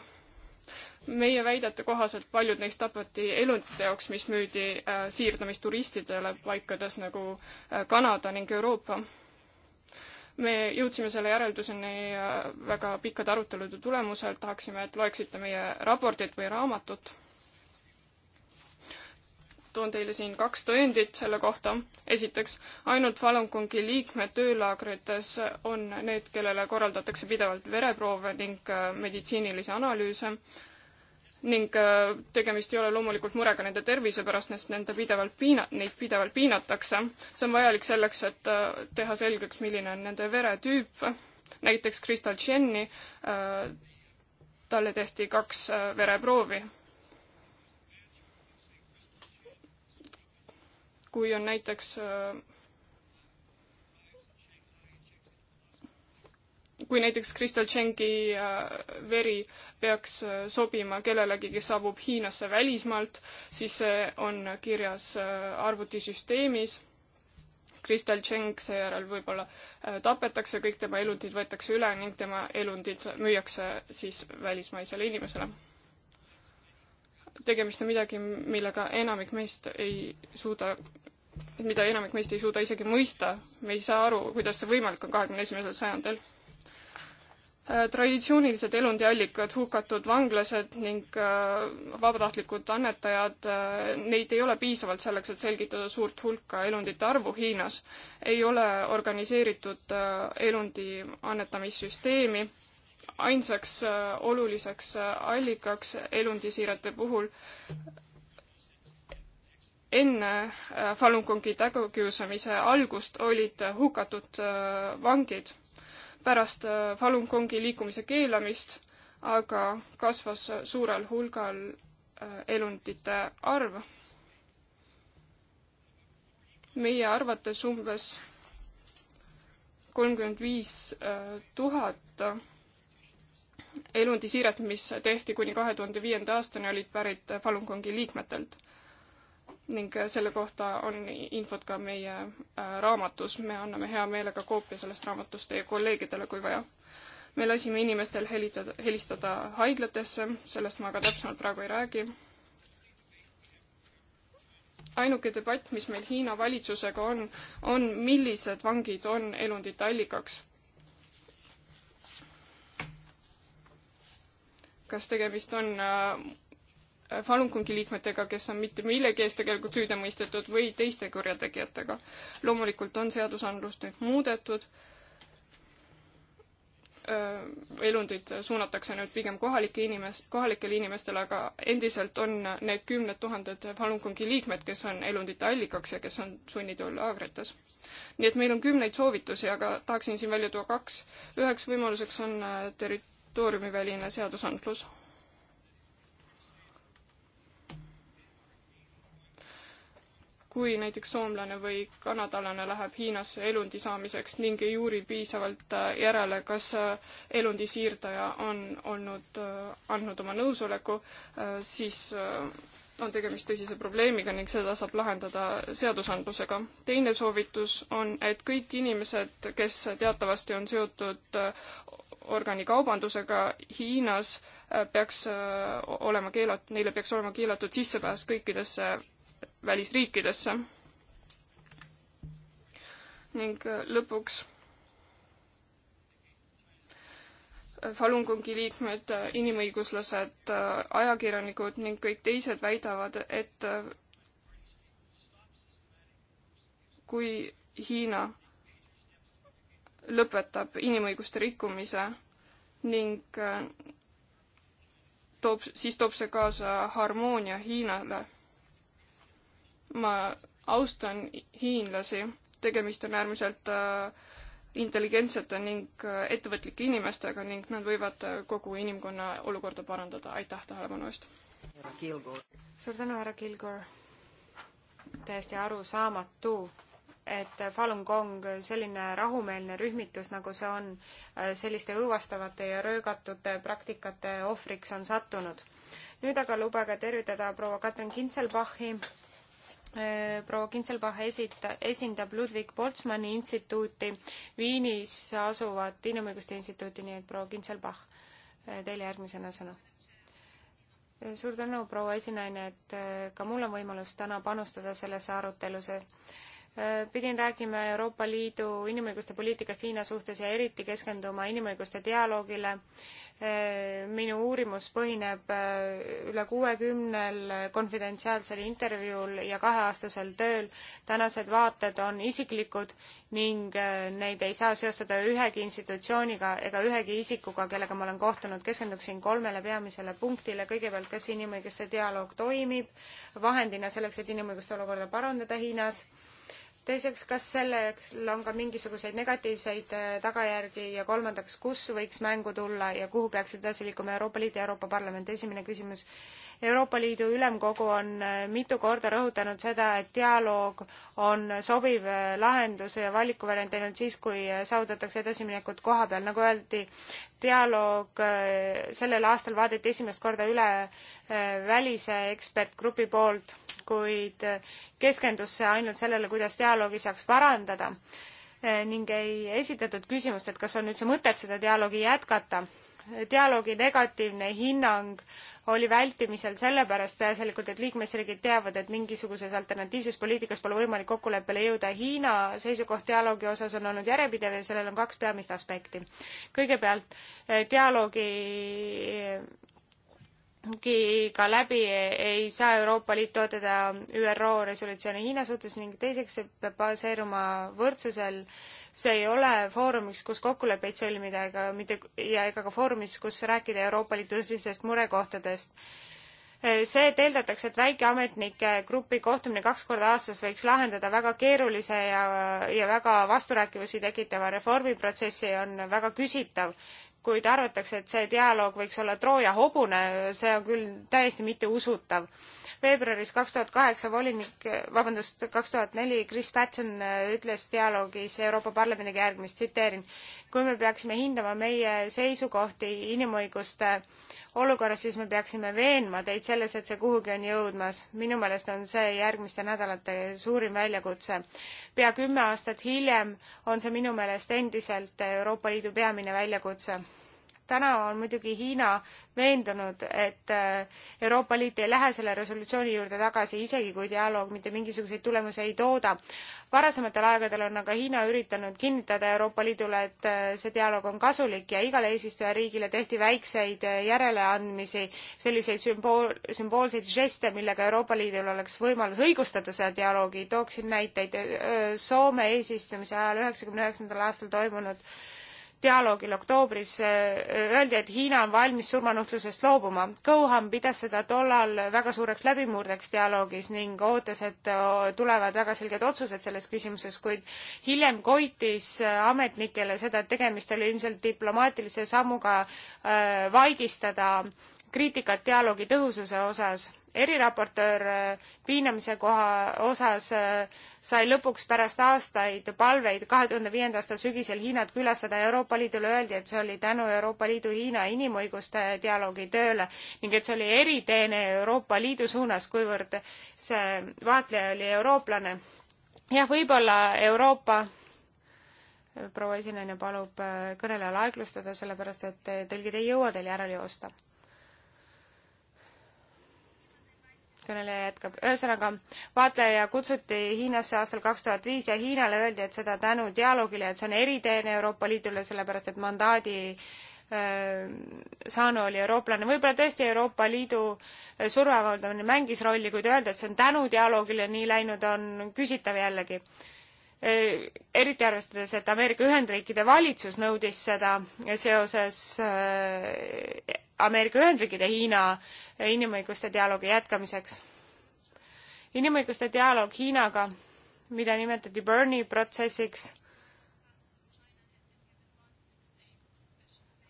meie väidete kohaselt paljud neist tapeti elundite jaoks, mis müüdi siirdamisturistidele paikades nagu Kanada ning Euroopa me jõudsime selle järelduseni äh, väga pikkade arutelude tulemusel, tahaksime, et loeksite meie raportit või raamatut. toon teile siin kaks tõendit selle kohta. esiteks, ainult Falun Gongi liikmed töölaagrites on need, kellele korraldatakse pidevalt vereproove ning äh, meditsiinilisi analüüse ning äh, tegemist ei ole loomulikult murega nende tervise pärast, sest nende pidevalt piina-, neid pidevalt piinatakse. see on vajalik selleks, et äh, teha selgeks, milline on nende veretüüp. näiteks Kristal Tšenni, äh, talle tehti kaks vereproovi. kui on näiteks kui näiteks Kristel Tšengi äh, veri peaks äh, sobima kellelegi, kes saabub Hiinasse välismaalt, siis see on kirjas äh, arvutisüsteemis Kristel Tšeng seejärel võib-olla tapetakse, kõik tema elundid võetakse üle ning tema elundid müüakse siis välismaisele inimesele. tegemist on midagi, millega enamik meist ei suuda, mida enamik meist ei suuda isegi mõista, me ei saa aru, kuidas see võimalik on kahekümne esimesel sajandil Äh, traditsioonilised elundiallikad, hukatud vanglased ning äh, vabatahtlikud annetajad, äh, neid ei ole piisavalt selleks, et selgitada suurt hulka elundite arvu Hiinas. ei ole organiseeritud elundi annetamissüsteemi. ainsaks oluliseks allikaks elundisiirete puhul enne Falun Gongi tagakiusamise algust olid hukatud vangid pärast äh, Falun Gongi liikumise keelamist, aga kasvas suurel hulgal äh, elundite arv. meie arvates umbes kolmkümmend viis äh, tuhat elundisiiret, mis tehti kuni kahe tuhande viienda aastani, olid pärit Falun Gongi liikmetelt ning äh, selle kohta on infot ka meie äh, raamatus, me anname hea meelega koopia sellest raamatust teie kolleegidele, kui vaja. me lasime inimestel helitada, helistada haiglatesse, sellest ma ka täpsemalt praegu ei räägi. ainuke debatt, mis meil Hiina valitsusega on, on millised vangid on elundite allikaks. kas tegemist on äh, Falun Gongi liikmetega, kes on mitte millegi eest tegelikult süüdi mõistetud või teiste kurjategijatega. loomulikult on seadusandlust nüüd muudetud, elundid suunatakse nüüd pigem kohalike inimest, kohalikele inimestele, aga endiselt on need kümned tuhanded Falun Gongi liikmed, kes on elundite allikaks ja kes on sunnitöölaagrites. nii et meil on kümneid soovitusi, aga tahaksin siin välja tuua kaks. üheks võimaluseks on äh, territooriumiväline seadusandlus kui näiteks soomlane või kanadalane läheb Hiinasse elundi saamiseks ning ei uuri piisavalt äh, järele, kas äh, elundi siirdaja on olnud, äh, andnud oma nõusoleku, siis on tegemist tõsise probleemiga ning seda saab lahendada seadusandlusega. teine soovitus on, et kõik inimesed, kes teatavasti on seotud organikaubandusega Hiinas, peaks olema keelat-, neile peaks olema keelatud sissepääs kõikidesse välisriikidesse. ning äh, lõpuks äh, Falun Gongi liikmed, äh, inimõiguslased, ajakirjanikud ning kõik teised väidavad, et kui Hiina lõpetab inimõiguste rikkumise ning toob, siis toob see kaasa harmoonia Hiinale ma austan hiinlasi, tegemist on äärmiselt äh, intelligentsete ning äh, ettevõtlike inimestega ning nad võivad äh, kogu inimkonna olukorda parandada. aitäh tähelepanu eest! suur tänu, härra Kilgore! täiesti arusaamatu, et Falun Gong, selline rahumeelne rühmitus, nagu see on, selliste õõvastavate ja röögatute praktikate ohvriks on sattunud. nüüd aga lubage tervitada proua Katrin Kintselbachi, Äh, proua Kintselbach esita-, esindab Ludwig Boltzmanni instituuti, Viinis asuvat inimõiguste instituuti, nii et proua Kintselbach, äh, teile järgmisena sõna. Äh, suur tänu, proua esinaine, et ka mul on võimalus täna panustada sellesse arutelusse Äh, pidin rääkima Euroopa Liidu inimõiguste poliitikast Hiina suhtes ja eriti keskenduma inimõiguste dialoogile. Äh, minu uurimus põhineb äh, üle kuuekümnel konfidentsiaalsel intervjuul ja kaheaastasel tööl. tänased vaated on isiklikud ning neid ei saa seostada ühegi institutsiooniga ega ühegi isikuga, kellega ma olen kohtunud. keskenduksin kolmele peamisele punktile. kõigepealt, kas inimõiguste dialoog toimib vahendina selleks, et inimõiguste olukorda parandada Hiinas teiseks, kas sellel on ka mingisuguseid negatiivseid äh, tagajärgi ja kolmandaks, kus võiks mängu tulla ja kuhu peaks edasi liikuma Euroopa Liit ja Euroopa Parlament, esimene küsimus Euroopa Liidu Ülemkogu on äh, mitu korda rõhutanud seda, et dialoog on sobiv äh, lahendus ja valikuvariant ainult siis, kui äh, saavutatakse edasiminekut koha peal, nagu öeldi, dialoog sellel aastal vaadati esimest korda üle välise ekspertgrupi poolt, kuid keskendus see ainult sellele, kuidas dialoogi saaks parandada ning ei esitatud küsimust, et kas on üldse mõtet seda dialoogi jätkata dialoogi negatiivne hinnang oli vältimisel sellepärast peaasjalikult, et liikmesriigid teavad, et mingisuguses alternatiivses poliitikas pole võimalik kokkuleppele jõuda. Hiina seisukoht dialoogi osas on olnud järjepidev ja sellel on kaks peamist aspekti. kõigepealt eh, dialoogi ka läbi ei saa Euroopa Liit toetada ÜRO resolutsiooni Hiina suhtes ning teiseks see peab baseeruma võrdsusel see ei ole foorumiks, kus kokkuleppeid sõlmida ega mitte ja ega ka foorumis, kus rääkida Euroopa Liidu tõsistest murekohtadest eh, see, et eeldatakse, et väikeametnike grupi kohtumine kaks korda aastas võiks lahendada väga keerulise ja, ja väga vasturääkivusi tekitava reformiprotsessi, on väga küsitav. kuid arvatakse, et see dialoog võiks olla Trooja hobune, see on küll täiesti mitteusutav veebruaris kaks tuhat kaheksa volinik, vabandust, kaks tuhat neli Chris Patten äh, ütles dialoogis Euroopa Parlamendiga järgmist, tsiteerin. kui me peaksime hindama meie seisukohti inimõiguste olukorras, siis me peaksime veenma teid selles, et see kuhugi on jõudmas. minu meelest on see järgmiste nädalate suurim väljakutse. pea kümme aastat hiljem on see minu meelest endiselt Euroopa Liidu peamine väljakutse täna on muidugi Hiina veendunud, et äh, Euroopa Liit ei lähe selle resolutsiooni juurde tagasi, isegi kui dialoog mitte mingisuguseid tulemusi ei tooda. varasematel aegadel on aga Hiina üritanud kinnitada Euroopa Liidule, et äh, see dialoog on kasulik ja igale eesistujariigile tehti väikseid äh, järeleandmisi, selliseid sümbool, sümboolseid žeste, millega Euroopa Liidul oleks võimalus õigustada seda dialoogi. tooksin näiteid Soome eesistumise ajal üheksakümne üheksandal aastal toimunud dialoogil oktoobris äh, öeldi, et Hiina on valmis surmanuhtlusest loobuma. Gohan pidas seda tollal väga suureks läbimurdeks dialoogis ning ootas, et äh, tulevad väga selged otsused selles küsimuses, kuid hiljem koitis äh, ametnikele seda, et tegemist oli ilmselt diplomaatilise sammuga vaigistada äh, kriitikat dialoogi tõhususe osas. eriraportöör äh, piinamise koha osas äh, sai lõpuks pärast aastaid palveid kahe tuhande viienda aasta sügisel Hiinat külastada Euroopa Liidule, öeldi, et see oli tänu Euroopa Liidu-Hiina inimõiguste dialoogi tööle ning et see oli eriteene Euroopa Liidu suunas, kuivõrd see vaatleja oli eurooplane. jah, võib-olla Euroopa proua esinaine palub äh, kõnelejal aeglustada, sellepärast et tõlgid ei jõua teil järele joosta kõneleja jätkab. ühesõnaga, vaatleja kutsuti Hiinasse aastal kaks tuhat viis ja Hiinale öeldi, et seda tänu dialoogile, et see on eriteene Euroopa Liidule, sellepärast et mandaadi äh, Saanu oli eurooplane, võib-olla tõesti Euroopa Liidu äh, surve avaldamine mängis rolli, kuid öelda, et see on tänu dialoogile nii läinud, on küsitav jällegi. Äh, eriti arvestades, et Ameerika Ühendriikide valitsus nõudis seda seoses Ameerika Ühendriikide Hiina inimõiguste dialoogi jätkamiseks. inimõiguste dialoog Hiinaga, mida nimetati Berni protsessiks,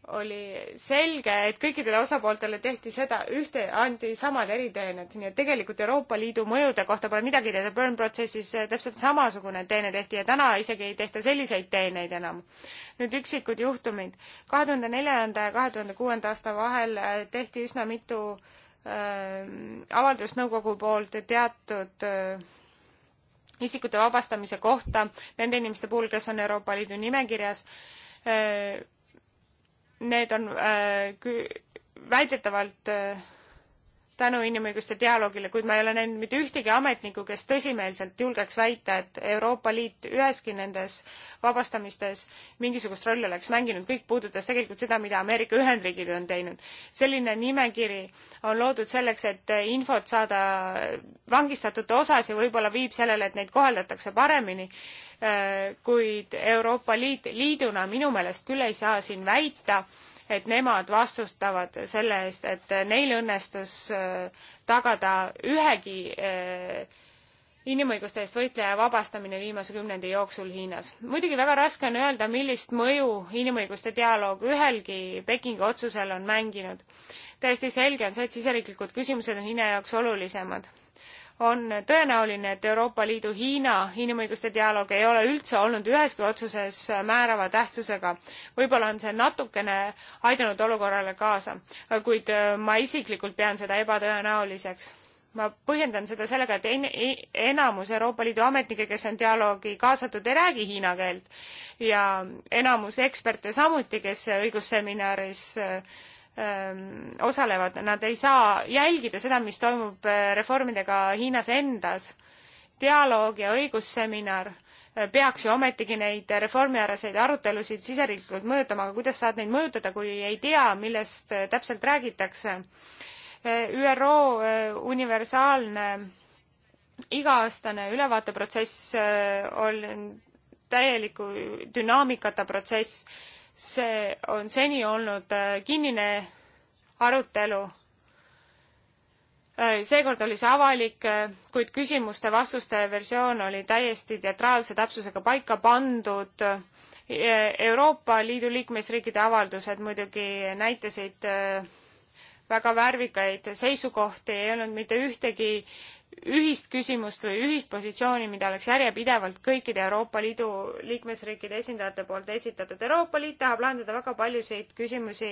oli selge, et kõikidele osapooltele tehti seda ühte, anti samad eriteened, nii et tegelikult Euroopa Liidu mõjude kohta pole midagi teada, Bern protsessis eh, täpselt samasugune teene tehti ja täna isegi ei tehta selliseid teeneid enam. nüüd üksikud juhtumid. kahe tuhande neljanda ja kahe tuhande kuuenda aasta vahel eh, tehti üsna mitu äh, eh, avaldust nõukogu poolt teatud äh, isikute vabastamise kohta nende inimeste puhul, kes on Euroopa Liidu nimekirjas äh, need on äh, väidetavalt äh, tänu inimõiguste dialoogile, kuid ma ei ole näinud mitte ühtegi ametnikku, kes tõsimeelselt julgeks väita, et Euroopa Liit üheski nendes vabastamistes mingisugust rolli oleks mänginud, kõik puudutas tegelikult seda, mida Ameerika Ühendriigid on teinud. selline nimekiri on loodud selleks, et infot saada vangistatute osas ja võib-olla viib sellele, et neid koheldatakse paremini Äh, kuid Euroopa Liit liiduna minu meelest küll ei saa siin väita, et nemad vastustavad selle eest, et neil õnnestus äh, tagada ühegi äh, inimõiguste eest võitleja vabastamine viimase kümnendi jooksul Hiinas. muidugi väga raske on öelda, millist mõju inimõiguste dialoog ühelgi Pekingi otsusel on mänginud. täiesti selge on see, et siseriiklikud küsimused on Hiina jaoks olulisemad on tõenäoline, et Euroopa Liidu Hiina inimõiguste dialoog ei ole üldse olnud üheski otsuses määrava tähtsusega. võib-olla on see natukene aidanud olukorrale kaasa, kuid äh, ma isiklikult pean seda ebatõenäoliseks. ma põhjendan seda sellega, et en-, e-, enamus Euroopa Liidu ametnikke, kes on dialoogi kaasatud, ei räägi hiina keelt ja enamus eksperte samuti, kes õigusseminaris äh, Ähm, osalevad, nad ei saa jälgida seda, mis toimub äh, reformidega Hiinas endas. dialoog ja õigusseminar äh, peaks ju ometigi neid reformiäraseid arutelusid siseriiklikult mõjutama, aga kuidas saad neid mõjutada, kui ei tea, millest äh, täpselt räägitakse? ÜRO universaalne iga-aastane ülevaateprotsess on täieliku dünaamikata protsess see on seni olnud äh, kinnine arutelu. Äh, seekord oli see avalik, äh, kuid küsimuste-vastuste versioon oli täiesti teatraalse täpsusega paika pandud. Euroopa Liidu liikmesriikide avaldused muidugi näitasid väga värvikaid seisukohti, ei olnud mitte ühtegi ühist küsimust või ühist positsiooni, mida oleks järjepidevalt kõikide Euroopa Liidu liikmesriikide esindajate poolt esitatud. Euroopa Liit tahab lahendada väga paljusid küsimusi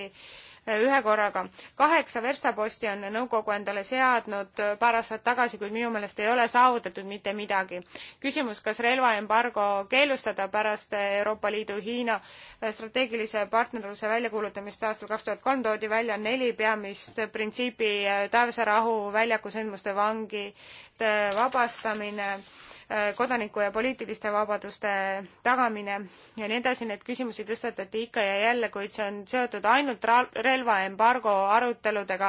ühe korraga. kaheksa verstaposti on nõukogu endale seadnud paar aastat tagasi, kuid minu meelest ei ole saavutatud mitte midagi. küsimus, kas relvaembargo keelustada pärast Euroopa Liidu Hiina strateegilise partnerluse väljakuulutamist aastal kaks tuhat kolm toodi välja neli peamist printsiipi taevase rahu väljaku sündmuste vangide vabastamine Äh, kodaniku- ja poliitiliste vabaduste tagamine ja nii edasi, need küsimusi tõstatati ikka ja jälle, kuid see on seotud ainult relvaembargo aruteludega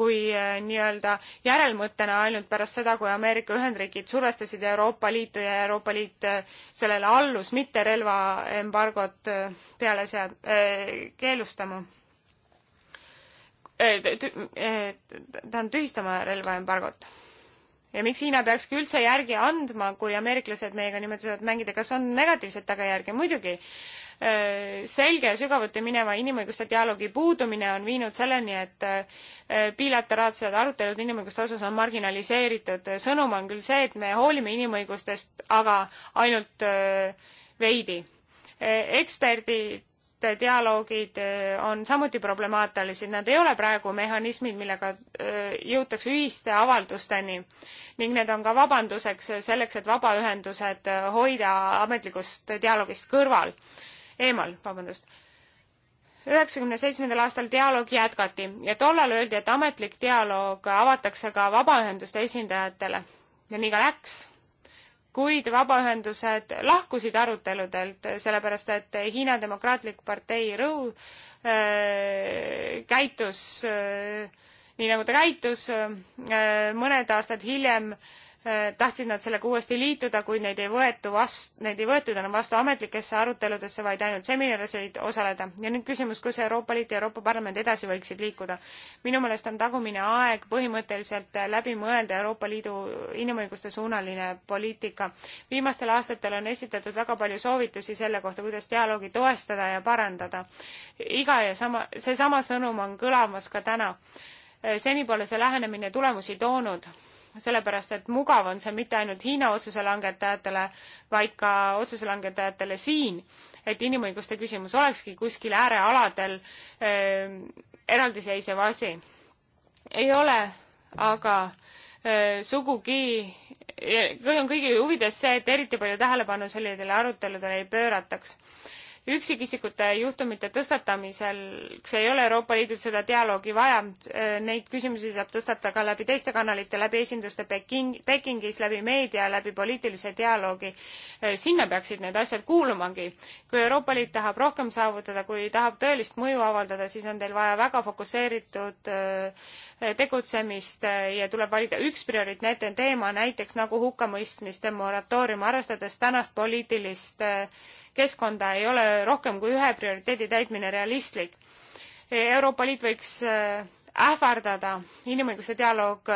kui äh, nii-öelda järelmõttena ainult pärast seda, kui Ameerika Ühendriigid survestasid Euroopa Liitu ja Euroopa Liit äh, sellele allus mitte relvaembargot peale sead- äh,, keelustama tähendab tühistama relvaembargot ja miks Hiina peakski üldse järgi andma, kui ameeriklased meiega niimoodi saavad mängida, kas on negatiivseid tagajärgi? muidugi, selge ja sügavuti mineva inimõiguste dialoogi puudumine on viinud selleni, et bilateraalsed arutelud inimõiguste osas on marginaliseeritud. sõnum on küll see, et me hoolime inimõigustest, aga ainult veidi. eksperdid dialoogid äh, on samuti problemaatilised, nad ei ole praegu mehhanismid, millega äh, jõutakse ühiste avaldusteni ning need on ka vabanduseks selleks, et vabaühendused äh, hoida ametlikust dialoogist kõrval, eemal, vabandust üheksakümne seitsmendal aastal dialoog jätkati ja tollal öeldi, et ametlik dialoog avatakse ka vabaühenduste esindajatele ja nii ka läks kuid vabaühendused lahkusid aruteludelt, sellepärast et Hiina Demokraatlik Partei Rõu äh, käitus äh, nii nagu ta käitus äh,, mõned aastad hiljem äh, Äh, tahtsid nad sellega uuesti liituda, kuid neid ei võetu vast-, neid ei võetud enam vastu ametlikesse aruteludesse, vaid ainult seminarisid osaleda. ja nüüd küsimus, kus Euroopa Liit ja Euroopa Parlament edasi võiksid liikuda. minu meelest on tagumine aeg põhimõtteliselt läbi mõelda Euroopa Liidu inimõiguste suunaline poliitika. viimastel aastatel on esitatud väga palju soovitusi selle kohta, kuidas dialoogi toestada ja parandada. iga ja sama, seesama sõnum on kõlamas ka täna. Äh, senipoole see lähenemine tulemusi toonud sellepärast et mugav on see mitte ainult Hiina otsuse langetajatele, vaid ka otsuse langetajatele siin, et inimõiguste küsimus olekski kuskil äärealadel äh, eraldiseisev asi. ei ole aga äh, sugugi on kõigi huvides see, et eriti palju tähelepanu sellistele aruteludele ei pöörataks äh, üksikisikute juhtumite tõstatamiseks ei ole Euroopa Liidul seda dialoogi vaja, neid küsimusi saab tõstata ka läbi teiste kanalite, läbi esinduste Peking, Pekingis, läbi meedia, läbi poliitilise dialoogi. sinna peaksid need asjad kuulumagi. kui Euroopa Liit tahab rohkem saavutada, kui tahab tõelist mõju avaldada, siis on teil vaja väga fokusseeritud tegutsemist eh, ja tuleb valida üks prioriteetne teema, näiteks nagu hukkamõistmiste moratoorium, arvestades tänast poliitilist eh, keskkonda, ei ole rohkem kui ühe prioriteedi täitmine realistlik. Euroopa Liit võiks eh, ähvardada inimõiguste dialoog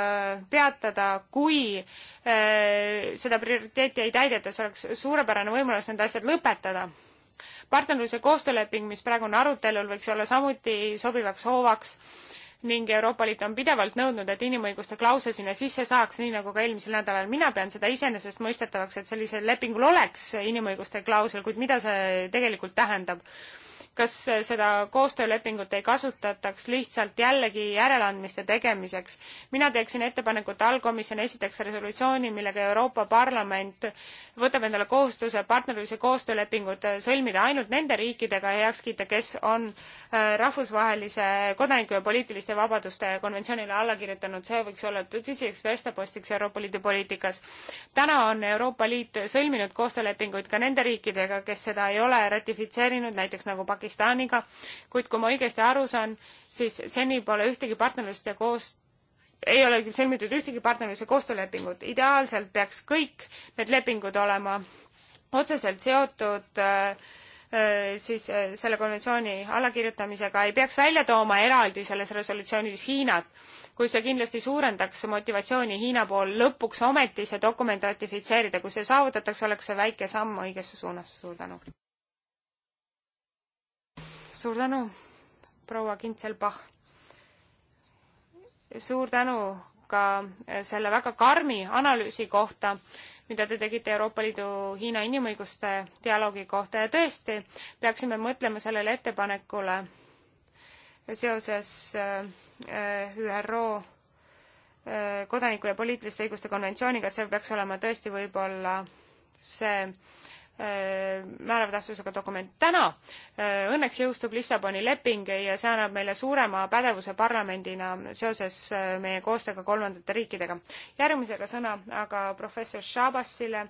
peatada, kui seda prioriteeti ei täideta, see oleks suurepärane võimalus need asjad lõpetada partnerluse koostööleping, mis praegu on arutelul, võiks olla samuti sobivaks hoovaks ning Euroopa Liit on pidevalt nõudnud, et inimõiguste klausel sinna sisse saaks, nii nagu ka eelmisel nädalal. mina pean seda iseenesestmõistetavaks, et sellisel lepingul oleks inimõiguste klausel, kuid mida see tegelikult tähendab? kas seda koostöölepingut ei kasutataks lihtsalt jällegi järeleandmiste tegemiseks. mina teeksin ettepaneku, et allkomisjon esitaks resolutsiooni, millega Euroopa Parlament võtab endale kohustuse partnerluse koostöölepingud sõlmida ainult nende riikidega ja heaks kiita, kes on äh, rahvusvahelise kodaniku ja poliitiliste vabaduste konventsioonile alla kirjutanud. see võiks olla tõsiseks verstapostiks Euroopa Liidu poliitikas. täna on Euroopa Liit sõlminud koostöölepinguid ka nende riikidega, kes seda ei ole ratifitseerinud, näiteks nagu Pakistan Pakistaniga, kuid kui ma õigesti aru saan, siis seni pole ühtegi partnerlust ja koos, ei ole sõlmitud ühtegi partnerlus- ja koostöölepingut. ideaalselt peaks kõik need lepingud olema otseselt seotud äh, äh siis äh, selle konventsiooni allakirjutamisega ei peaks välja tooma eraldi selles resolutsioonis Hiinat, kui see kindlasti suurendaks motivatsiooni Hiina pool lõpuks ometi see dokument ratifitseerida. kui see saavutatakse, oleks see väike samm õigesse suunas. suur tänu! suur tänu, proua Kintselbach. suur tänu ka selle väga karmi analüüsi kohta, mida te tegite Euroopa Liidu Hiina inimõiguste dialoogi kohta ja tõesti, peaksime mõtlema sellele ettepanekule seoses äh, ÜRO äh, kodaniku ja poliitiliste õiguste konventsiooniga, et see peaks olema tõesti võib-olla see Äh, määrava tähtsusega dokument täna. Äh, õnneks jõustub Lissaboni leping ja see annab meile suurema pädevuse parlamendina seoses äh, meie koostööga kolmandate riikidega. järgmisega sõna aga professor Shabasile.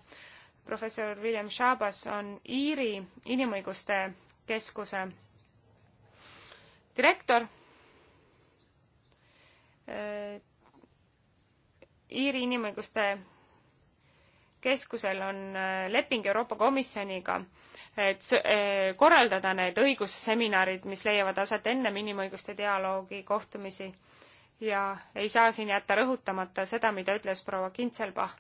professor William Shabas on Iiri Inimõiguste Keskuse direktor. Iiri Inimõiguste keskusel on äh, leping Euroopa Komisjoniga, et äh, korraldada need õigusseminarid, mis leiavad aset ennem inimõiguste dialoogi kohtumisi. ja ei saa siin jätta rõhutamata seda, mida ütles proua Kintselbach,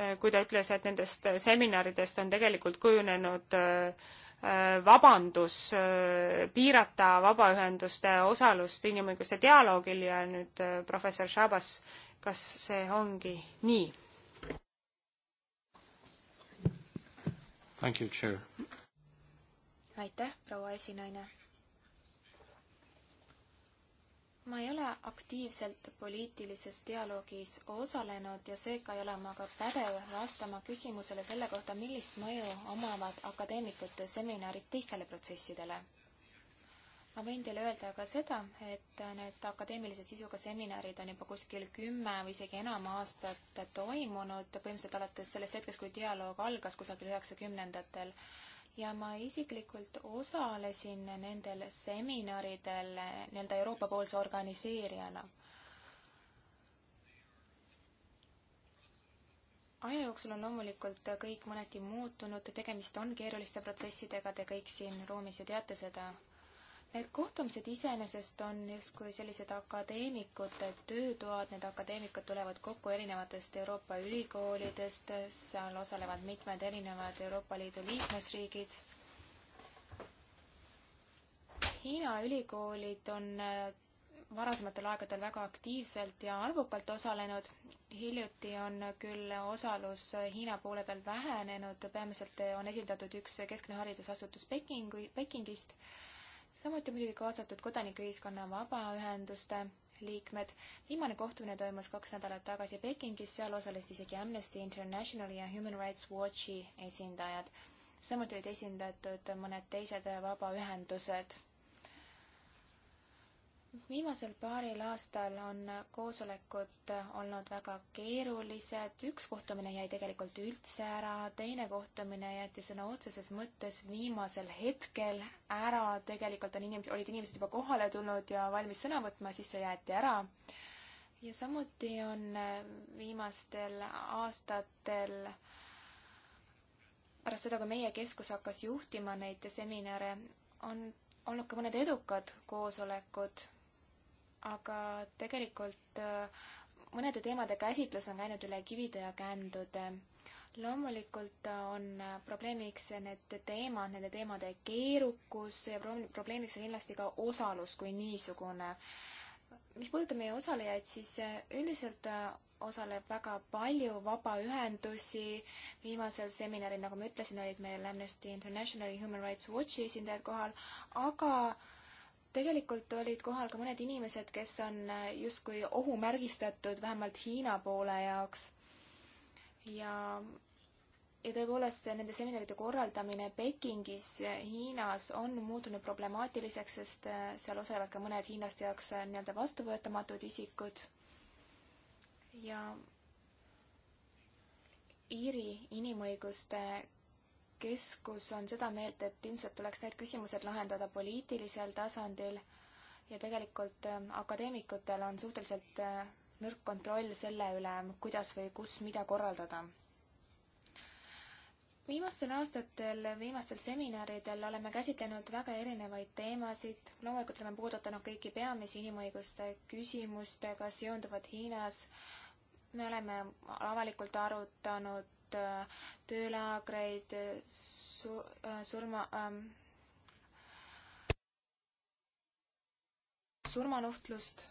äh, kui ta ütles, et nendest seminaridest on tegelikult kujunenud vabandus piirata vabaühenduste osalust inimõiguste dialoogil ja nüüd professor Šabas, kas see ongi nii? Thank you, Chair. aitäh, proua esinaine. ma ei ole aktiivselt poliitilises dialoogis osalenud ja seega ei ole ma ka pädev vastama küsimusele selle kohta, millist mõju omavad akadeemikute seminarid teistele protsessidele ma võin teile öelda ka seda, et need akadeemilise sisuga seminarid on juba kuskil kümme või isegi enam aastat toimunud, põhimõtteliselt alates sellest hetkest, kui dialoog algas kusagil üheksakümnendatel. ja ma isiklikult osalesin nendel seminaridel nii-öelda Euroopa-poolse organiseerijana. aja jooksul on loomulikult kõik mõneti muutunud, tegemist on keeruliste protsessidega, te kõik siin ruumis ju teate seda Need kohtumised iseenesest on justkui sellised akadeemikute töötoad, need akadeemikud tulevad kokku erinevatest Euroopa ülikoolidest, seal osalevad mitmed erinevad Euroopa Liidu liikmesriigid. Hiina ülikoolid on äh, varasematel aegadel väga aktiivselt ja arvukalt osalenud. hiljuti on küll osalus Hiina poole peal vähenenud, peamiselt on esindatud üks keskne haridusasutus Peking, Pekingist samuti muidugi kaasatud kodanikuühiskonna vabaühenduste liikmed. viimane kohtumine toimus kaks nädalat tagasi Pekingis, seal osalesid isegi Amnesty Internationali ja Human Rights Watchi esindajad. samuti olid esindatud mõned teised vabaühendused viimasel paaril aastal on koosolekud olnud väga keerulised, üks kohtumine jäi tegelikult üldse ära, teine kohtumine jäeti sõna otseses mõttes viimasel hetkel ära, tegelikult on inimesed, olid inimesed juba kohale tulnud ja valmis sõna võtma, siis see jäeti ära ja samuti on viimastel aastatel pärast seda, kui meie keskus hakkas juhtima neid seminare, on olnud ka mõned edukad koosolekud aga tegelikult äh, mõnede teemade käsitlus on läinud üle kivide ja kändude. loomulikult on äh, probleemiks need teemad, nende teemade keerukus ja probleemiks on kindlasti ka osalus kui niisugune. mis puudutab meie osalejaid, siis äh, üldiselt osaleb väga palju vabaühendusi. viimasel seminaril, nagu ma ütlesin, olid meil Amnesty Internationali Human Rights Watchi esindajad kohal, aga tegelikult olid kohal ka mõned inimesed, kes on äh, justkui ohumärgistatud vähemalt Hiina poole jaoks. ja, ja tõepoolest nende seminaride korraldamine Pekingis, Hiinas on muutunud problemaatiliseks, sest äh, seal osalevad ka mõned Hiinast jaoks äh, nii-öelda vastuvõetamatud isikud. ja Iiri inimõiguste Keskus on seda meelt, et ilmselt tuleks need küsimused lahendada poliitilisel tasandil ja tegelikult ähm, akadeemikutel on suhteliselt äh, nõrk kontroll selle üle, kuidas või kus mida korraldada. viimastel aastatel, viimastel seminaridel oleme käsitlenud väga erinevaid teemasid, loomulikult oleme puudutanud kõiki peamisi inimõiguste küsimustega seonduvat Hiinas, me oleme avalikult arutanud olnud äh, töölaagreid, äh, surma ähm,, surmanuhtlust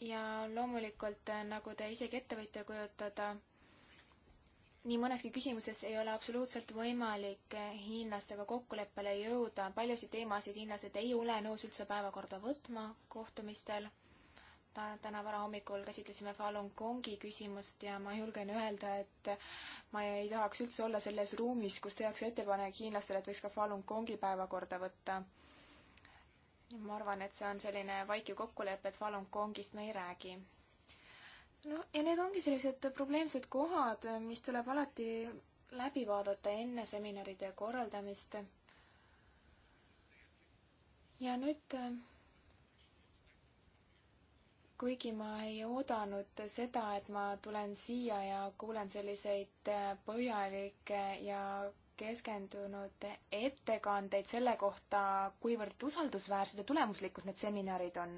ja loomulikult, äh, nagu te isegi ette võite kujutada, nii mõneski küsimuses ei ole absoluutselt võimalik hiinlastega kokkuleppele jõuda, paljusid teemasid hiinlased ei ole nõus üldse päevakorda võtma kohtumistel täna varahommikul käsitlesime Falun Gongi küsimust ja ma julgen öelda, et ma ei tahaks üldse olla selles ruumis, kus tehakse ettepanek hiinlastele, et võiks ka Falun Gongi päevakorda võtta. ma arvan, et see on selline vaikiv kokkulepe, et Falun Gongist me ei räägi. no ja need ongi sellised probleemsed kohad, mis tuleb alati läbi vaadata enne seminaride korraldamist. ja nüüd kuigi ma ei oodanud seda, et ma tulen siia ja kuulen selliseid äh, põhjalikke ja keskendunud ettekandeid selle kohta, kuivõrd usaldusväärsed ja tulemuslikud need seminarid on.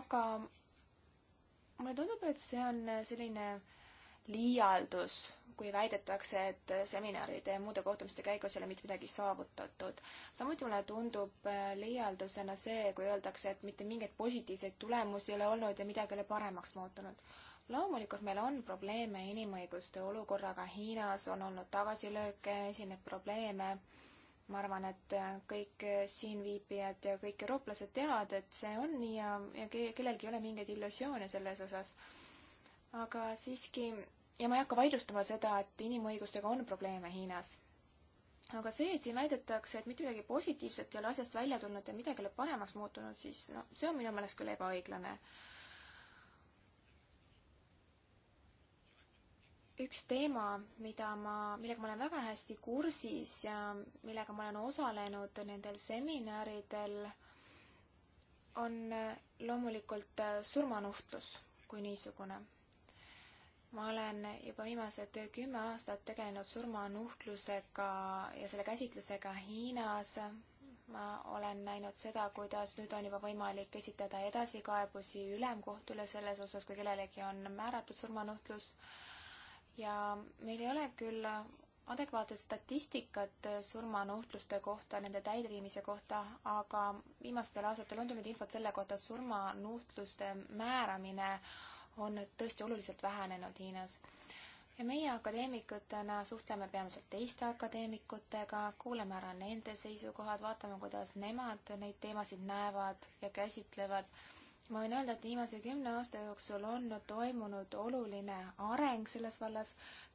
aga mulle tundub, et see on selline liialdus kui väidetakse, et seminaride ja muude kohtumiste käigus ei ole mitte midagi saavutatud. samuti mulle tundub äh, liialdusena see, kui öeldakse, et mitte mingeid positiivseid tulemusi ei ole olnud ja midagi ei ole paremaks muutunud. loomulikult meil on probleeme inimõiguste olukorraga Hiinas, on olnud tagasilööke, esineb probleeme. ma arvan, et äh, kõik äh, siinviibijad ja kõik eurooplased teavad, et see on nii ja, ja kellelgi ei ole mingeid illusioone selles osas aga siiski ja ma ei hakka vaidlustama seda, et inimõigustega on probleeme Hiinas. aga see, et siin väidetakse, et mitte midagi positiivset ei ole asjast välja tulnud ja midagi ei ole paremaks muutunud, siis no see on minu meelest küll ebaõiglane. üks teema, mida ma, millega ma olen väga hästi kursis ja millega ma olen osalenud nendel seminaridel, on loomulikult surmanuhtlus kui niisugune ma olen juba viimased kümme aastat tegelenud surmanuhtlusega ja selle käsitlusega Hiinas. ma olen näinud seda, kuidas nüüd on juba võimalik esitada edasikaebusi ülemkohtule selles osas, kui kellelegi on määratud surmanuhtlus. ja meil ei ole küll adekvaatset statistikat surmanuhtluste kohta, nende täideviimise kohta, aga viimastel aastatel on tulnud infot selle kohta, et surmanuhtluste määramine on nüüd tõesti oluliselt vähenenud Hiinas. ja meie akadeemikutena suhtleme peamiselt teiste akadeemikutega, kuulame ära nende seisukohad, vaatame, kuidas nemad neid teemasid näevad ja käsitlevad. ma võin öelda, et viimase kümne aasta jooksul on toimunud oluline areng selles vallas.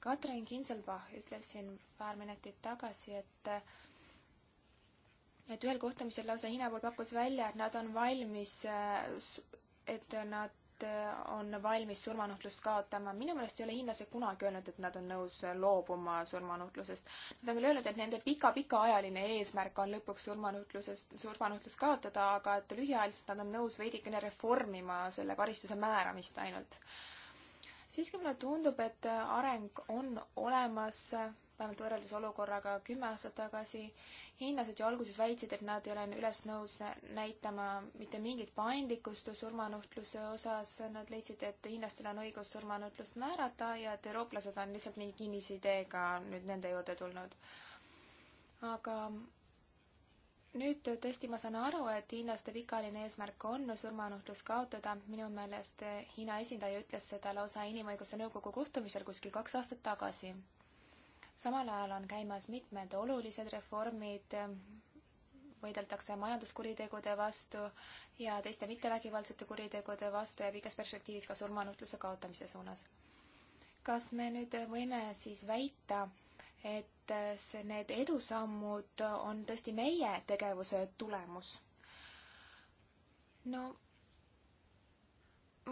Katrin Kinselbach ütles siin paar minutit tagasi, et et ühel kohtumisel lausa Hiina pool pakkus välja, et nad on valmis, et nad et äh, on valmis surmanuhtlust kaotama. minu meelest ei ole hiinlased kunagi öelnud, et nad on nõus äh, loobuma surmanuhtlusest. Nad on küll öelnud, et nende pika-pikaajaline eesmärk on lõpuks surmanuhtlusest, surmanuhtlus kaotada, aga et lühiajaliselt nad on nõus veidikene reformima selle karistuse määramist ainult. siiski mulle tundub, et äh, areng on olemas vähemalt võrreldes olukorraga kümme aastat tagasi. hiinlased ju alguses väitsid, et nad ei ole üles nõus näitama mitte mingit paindlikkust surmanuhtluse osas. Nad leidsid, et hiinlastel on õigus surmanuhtlust määrata ja et eurooplased on lihtsalt mingi kinnise ideega nüüd nende juurde tulnud. aga nüüd tõesti ma saan aru, et hiinlaste pikaajaline eesmärk on surmanuhtlus kaotada. minu meelest Hiina esindaja ütles seda lausa Inimõiguste Nõukogu kohtumisel kuskil kaks aastat tagasi samal ajal on käimas mitmed olulised reformid, võideldakse majanduskuritegude vastu ja teiste mittevägivaldsete kuritegude vastu ja pikas perspektiivis ka surmanuhtluse kaotamise suunas. kas me nüüd võime siis väita, et see, need edusammud on tõesti meie tegevuse tulemus? no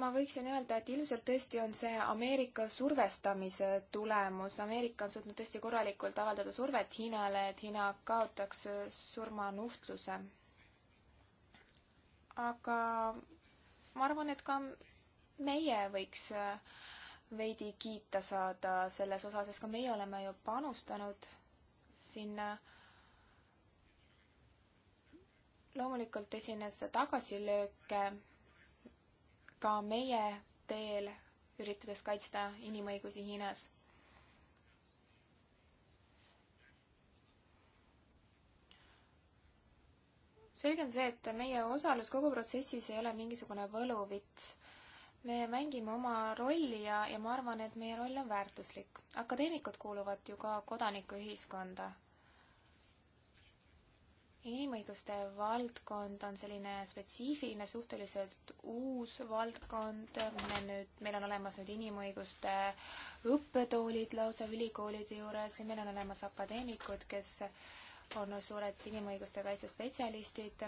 ma võiksin öelda, et ilmselt tõesti on see Ameerika survestamise tulemus. Ameerika on suutnud tõesti korralikult avaldada survet Hiinale, et Hiina kaotaks surmanuhtluse. aga ma arvan, et ka meie võiks äh, veidi kiita saada selles osas, sest ka meie oleme ju panustanud sinna. loomulikult esines tagasilööke ka meie teel, üritades kaitsta inimõigusi Hiinas. selge on see, et meie osalus kogu protsessis ei ole mingisugune võluvits. me mängime oma rolli ja, ja ma arvan, et meie roll on väärtuslik. akadeemikud kuuluvad ju ka kodanikuühiskonda inimõiguste valdkond on selline spetsiifiline, suhteliselt uus valdkond, me nüüd, meil on olemas nüüd inimõiguste õppetoolid lausa ülikoolide juures ja meil on olemas akadeemikud, kes on suured inimõiguste kaitsespetsialistid.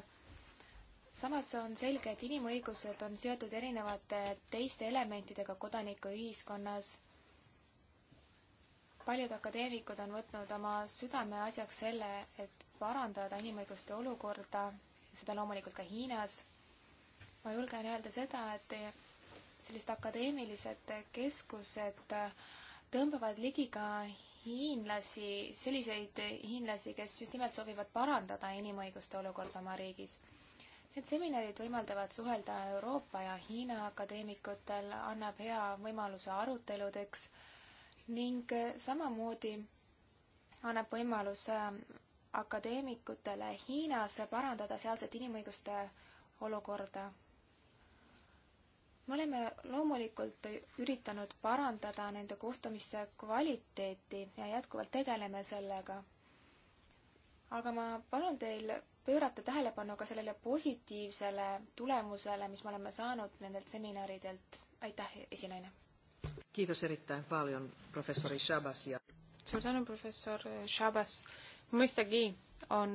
samas on selge, et inimõigused on seotud erinevate teiste elementidega kodanikuühiskonnas paljud akadeemikud on võtnud oma südameasjaks selle, et parandada inimõiguste olukorda, seda loomulikult ka Hiinas. ma julgen öelda seda, et sellised akadeemilised keskused tõmbavad ligi ka hiinlasi, selliseid hiinlasi, kes just nimelt soovivad parandada inimõiguste olukorda oma riigis. Need seminarid võimaldavad suhelda Euroopa ja Hiina akadeemikutel, annab hea võimaluse aruteludeks ning samamoodi annab võimaluse akadeemikutele Hiinas parandada sealset inimõiguste olukorda. me oleme loomulikult üritanud parandada nende kohtumiste kvaliteeti ja jätkuvalt tegeleme sellega. aga ma palun teil pöörata tähelepanu ka sellele positiivsele tulemusele, mis me oleme saanud nendelt seminaridelt. aitäh, esinaine! kiitos erittäin paljon, professori Shabas ja suur tänu, professor Shabas mõistagi on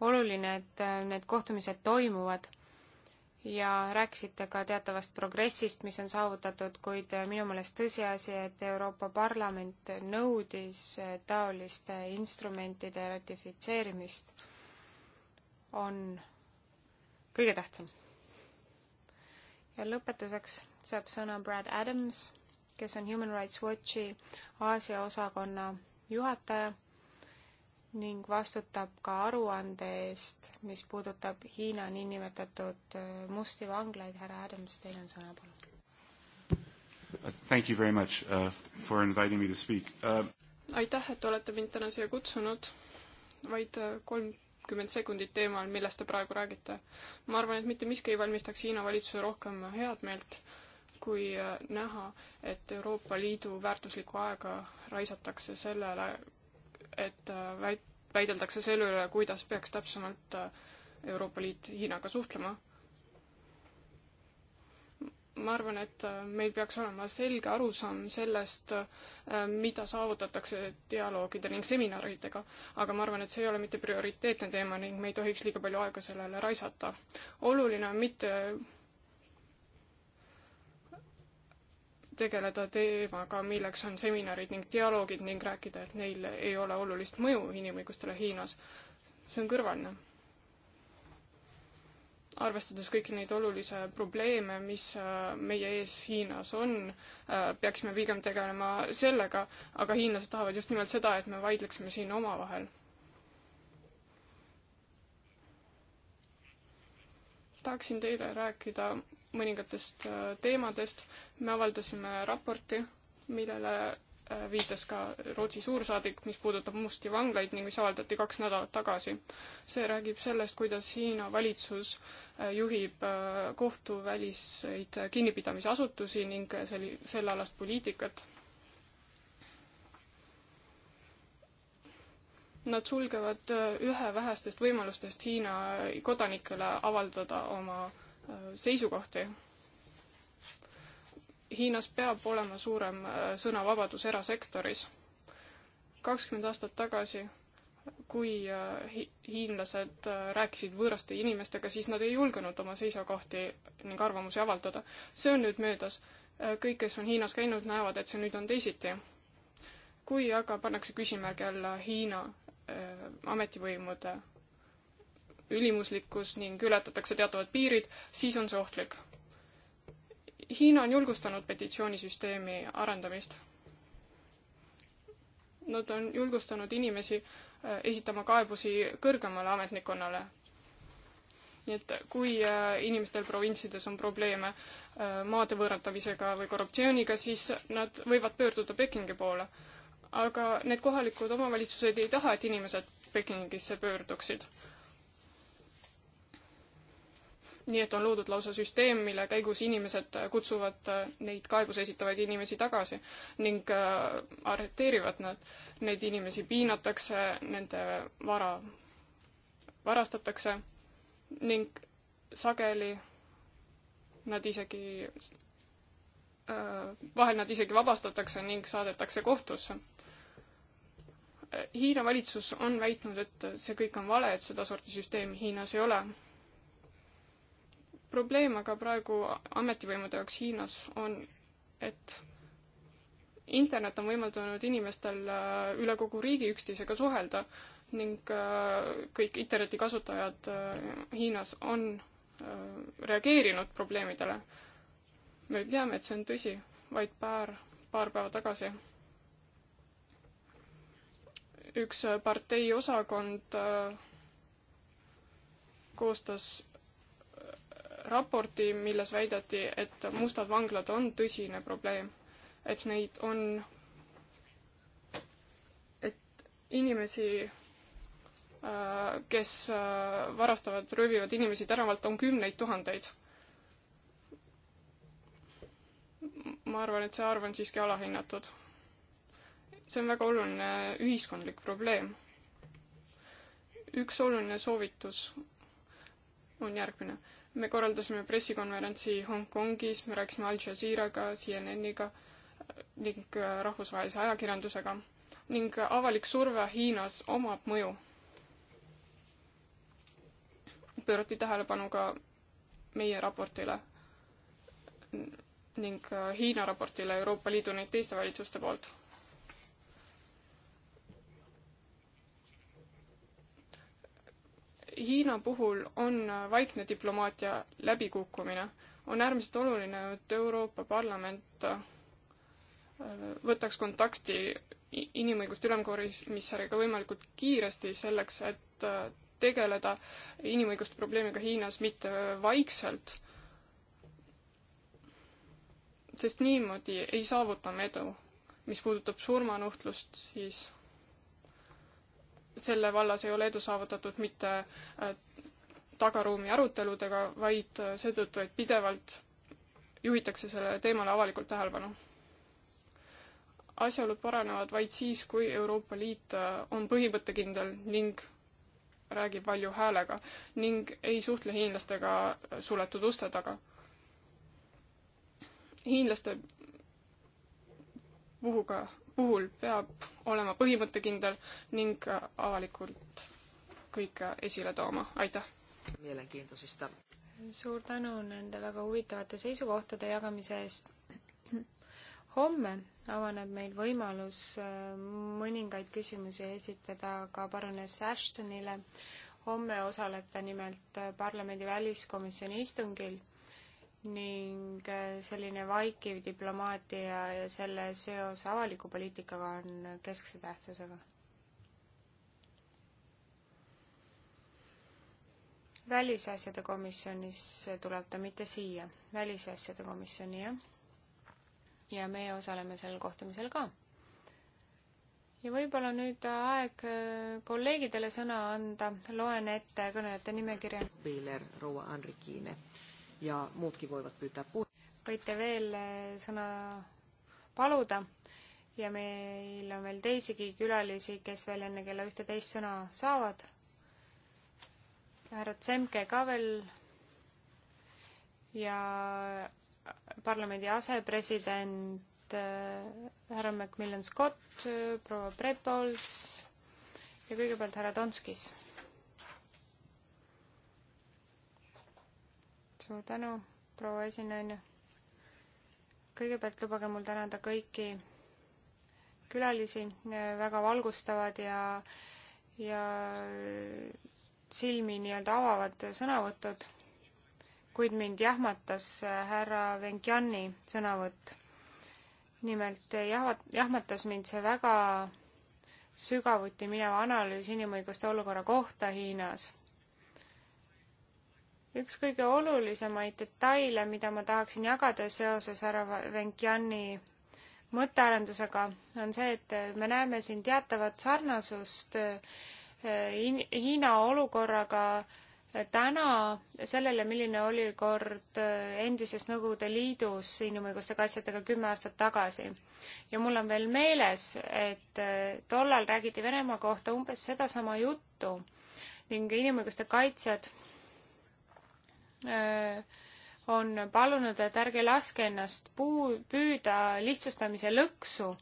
oluline, et äh, need kohtumised toimuvad ja rääkisite ka teatavast progressist, mis on saavutatud, kuid äh, minu meelest tõsiasi, et Euroopa Parlament nõudis äh, taoliste instrumentide ratifitseerimist, on kõige tähtsam. ja lõpetuseks saab sõna Brad Adams, kes on Human Rights Watchi Aasia osakonna juhataja ning vastutab ka aruande eest, mis puudutab Hiina niinimetatud äh, musti vanglaid. härra Adams, teil on sõna, palun. Thank you very much uh, for inviting me to speak uh.... aitäh, et olete mind täna siia kutsunud. vaid äh, kolmkümmend sekundit teemal, millest te praegu räägite. ma arvan, et mitte miski ei valmistaks Hiina valitsuse rohkem head meelt, kui äh, näha, et Euroopa Liidu väärtuslikku aega raisatakse sellele, et äh, väit-, väideldakse selle üle, kuidas peaks täpsemalt äh, Euroopa Liit Hiinaga suhtlema. ma arvan, et äh, meil peaks olema selge arusaam sellest, mida saavutatakse dialoogide ning seminaridega, aga ma arvan, et see ei ole mitte prioriteetne teema ning me ei tohiks liiga palju aega sellele raisata. oluline on mitte tegeleda teemaga, milleks on seminarid ning dialoogid ning rääkida, et neil ei ole olulist mõju inimõigustele Hiinas. see on kõrvaline. arvestades kõiki neid olulisi probleeme, mis äh, meie ees Hiinas on, äh, peaksime pigem tegelema sellega, aga hiinlased tahavad just nimelt seda, et me vaidleksime siin omavahel. tahaksin teile rääkida mõningatest äh, teemadest, me avaldasime raporti, millele äh, viitas ka Rootsi suursaadik, mis puudutab musti vanglaid ning mis avaldati kaks nädalat tagasi. see räägib sellest, kuidas Hiina valitsus äh, juhib äh, kohtuväliseid kinnipidamisasutusi ning selli-, sellealast poliitikat. Nad sulgevad ühe vähestest võimalustest Hiina kodanikele avaldada oma seisukohti Hiinas peab olema suurem äh, sõnavabadus erasektoris. kakskümmend aastat tagasi, kui äh, hiinlased äh, rääkisid võõraste inimestega, siis nad ei julgenud oma seisukohti ning arvamusi avaldada. see on nüüd möödas. kõik, kes on Hiinas käinud, näevad, et see nüüd on teisiti. kui aga pannakse küsimärgi alla Hiina ametivõimude ülimuslikkus ning ületatakse teatavad piirid, siis on see ohtlik Hiina on julgustanud petitsioonisüsteemi arendamist. Nad on julgustanud inimesi äh, esitama kaebusi kõrgemale ametnikkonnale. nii et kui äh, inimestel provintsides on probleeme äh, maade võõrandamisega või korruptsiooniga, siis nad võivad pöörduda Pekingi poole. aga need kohalikud omavalitsused ei taha, et inimesed Pekingisse pöörduksid nii et on loodud lausa süsteem, mille käigus inimesed kutsuvad äh, neid kaebuse esitavaid inimesi tagasi ning äh, arreteerivad nad. Neid inimesi piinatakse, nende vara varastatakse ning sageli nad isegi, äh, vahel nad isegi vabastatakse ning saadetakse kohtusse. Hiina valitsus on väitnud, et see kõik on vale, et sedasorti süsteemi Hiinas ei ole probleem aga praegu ametivõimude jaoks Hiinas on, et internet on võimaldanud inimestel äh, üle kogu riigi üksteisega suhelda ning äh, kõik interneti kasutajad äh, Hiinas on reageerinud probleemidele. me teame, et see on tõsi, vaid paar, paar päeva tagasi üks partei osakond koostas raporti, milles väideti, et mustad vanglad on tõsine probleem. et neid on, et inimesi, äh, kes äh, varastavad, röövivad inimesi tänavalt, on kümneid tuhandeid. ma arvan, et see arv on siiski alahinnatud. see on väga oluline ühiskondlik probleem. üks oluline soovitus on järgmine me korraldasime pressikonverentsi Hongkongis, me rääkisime Al Jazeeraga, CNN-iga ning äh, rahvusvahelise ajakirjandusega ning avalik surve Hiinas omab mõju. pöörati tähelepanu ka meie raportile ning äh, Hiina raportile Euroopa Liidu ning teiste valitsuste poolt Hiina puhul on vaikne diplomaatia läbikukkumine. on äärmiselt oluline, et Euroopa Parlament äh, võtaks kontakti inimõiguste ülemkomissariga võimalikult kiiresti selleks, et äh, tegeleda inimõiguste probleemiga Hiinas mitte vaikselt, sest niimoodi ei saavuta me edu. mis puudutab surmanuhtlust, siis selle vallas ei ole edu saavutatud mitte äh, tagaruumi aruteludega, vaid äh, seetõttu, et pidevalt juhitakse sellele teemale avalikult tähelepanu. asjaolud paranevad vaid siis, kui Euroopa Liit äh, on põhimõttekindel ning räägib valju häälega ning ei suhtle hiinlastega suletud uste taga. hiinlaste puhuga puhul peab olema põhimõttekindel ning äh, avalikult kõike äh, esile tooma, aitäh! meelekindlusista! suur tänu nende väga huvitavate seisukohtade jagamise eest! homme avaneb meil võimalus äh, mõningaid küsimusi esitada ka baroness Ashtonile. homme osaleb ta nimelt parlamendi väliskomisjoni istungil ning äh, selline vaikiv diplomaatia ja selle seos avaliku poliitikaga on keskse tähtsusega. välisasjade komisjonis tuleb ta mitte siia, välisasjade komisjoni, jah. ja meie osaleme sellel kohtumisel ka. ja võib-olla nüüd aeg äh, kolleegidele sõna anda, loen ette kõnelejate nimekirja. Piiler, proua Anrikine ja muudki voivat pyytää puhe- võite veel äh, sõna paluda ja meil on veel teisigi külalisi, kes veel enne kella ühteteist sõna saavad. härra Tsemke ka veel ja äh, parlamendi asepresident äh, härra Macmillan Scott, proua Prepols ja kõigepealt härra Donskis suur tänu, proua esinaine. kõigepealt lubage mul tänada kõiki külalisi, äh, väga valgustavad ja, ja silmi nii-öelda avavad sõnavõtud, kuid mind jahmatas äh, härra Venkjani sõnavõtt. nimelt äh, jahvat-, jahmatas mind see väga sügavuti minev analüüs inimõiguste olukorra kohta Hiinas üks kõige olulisemaid detaile, mida ma tahaksin jagada seoses härra Venkjani mõttearendusega, on see, et me näeme siin teatavat sarnasust eh, Hiina olukorraga eh, täna sellele, milline oli kord eh, endises Nõukogude Liidus inimõiguste kaitsjatega kümme aastat tagasi. ja mul on veel meeles, et tollal räägiti Venemaa kohta umbes sedasama juttu ning inimõiguste kaitsjad Äh, on palunud, et ärge laske ennast puu, püüda lihtsustamise lõksu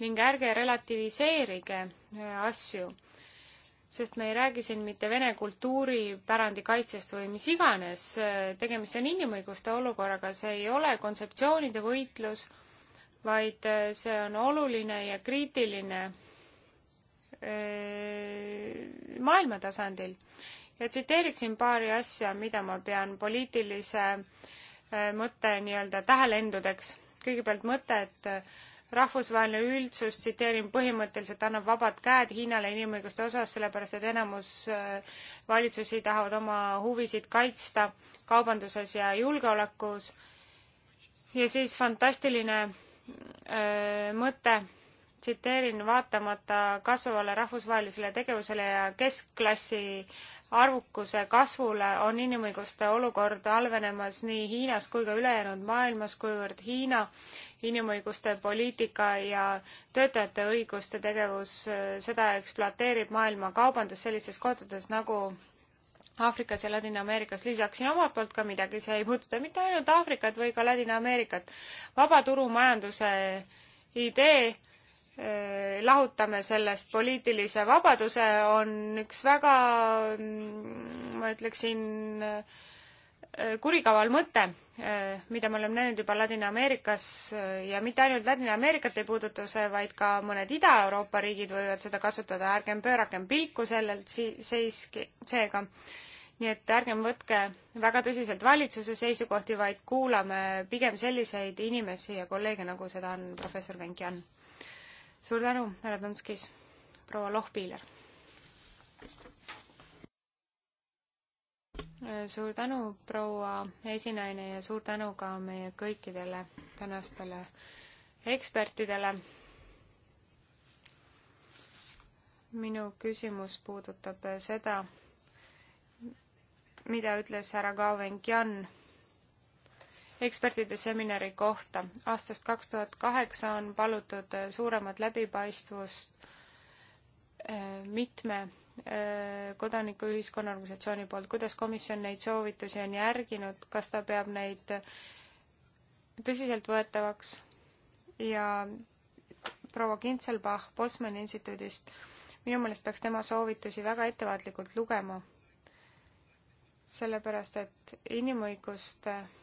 ning ärge relativiseerige äh, asju, sest me ei räägi siin mitte vene kultuuripärandi kaitsest või mis iganes, äh, tegemist on inimõiguste olukorraga, see ei ole kontseptsioonide võitlus, vaid see on oluline ja kriitiline maailma tasandil ja tsiteeriksin paari asja, mida ma pean poliitilise äh, mõtte nii-öelda tähelendudeks. kõigepealt mõte, et äh, rahvusvaheline üldsus, tsiteerin, põhimõtteliselt annab vabad käed Hiinale inimõiguste osas, sellepärast et enamus äh, valitsusi tahavad oma huvisid kaitsta kaubanduses ja julgeolekus. ja siis fantastiline öö, mõte tsiteerin, vaatamata kasvavale rahvusvahelisele tegevusele ja keskklassi arvukuse kasvule on inimõiguste olukord halvenemas nii Hiinas kui ka ülejäänud maailmas, kuivõrd Hiina inimõiguste poliitika ja töötajate õiguste tegevus, seda ekspluateerib maailma kaubandus sellistes kohtades nagu Aafrikas ja Ladina-Ameerikas. lisaksin omalt poolt ka midagi, see ei puuduta mitte ainult Aafrikat või ka Ladina-Ameerikat. vabaturumajanduse idee Äh, lahutame sellest poliitilise vabaduse, on üks väga, mm, ma ütleksin, äh, kurikaval mõte, äh, mida me oleme näinud juba Ladina-Ameerikas ja mitte ainult Ladina-Ameerikat ei puuduta see, vaid ka mõned Ida-Euroopa riigid võivad seda kasutada, ärgem pöörakem pilku sellelt si-, seiski, seega. nii et ärgem võtke väga tõsiselt valitsuse seisukohti, vaid kuulame pigem selliseid inimesi ja kolleege, nagu seda on professor Venkjan suur tänu, härra Tonskis, proua Lohpiiler. suur tänu, proua esinaine ja suur tänu ka meie kõikidele tänastele ekspertidele. minu küsimus puudutab seda, mida ütles härra Gaven-Kjan ekspertide seminari kohta. aastast kaks tuhat kaheksa on palutud äh, suuremat läbipaistvust äh, mitme äh, kodanikuühiskonna organisatsiooni poolt, kuidas komisjon neid soovitusi on järginud, kas ta peab neid tõsiseltvõetavaks ja proua Kintselbach Boltzmanni instituudist, minu meelest peaks tema soovitusi väga ettevaatlikult lugema, sellepärast et inimõiguste äh,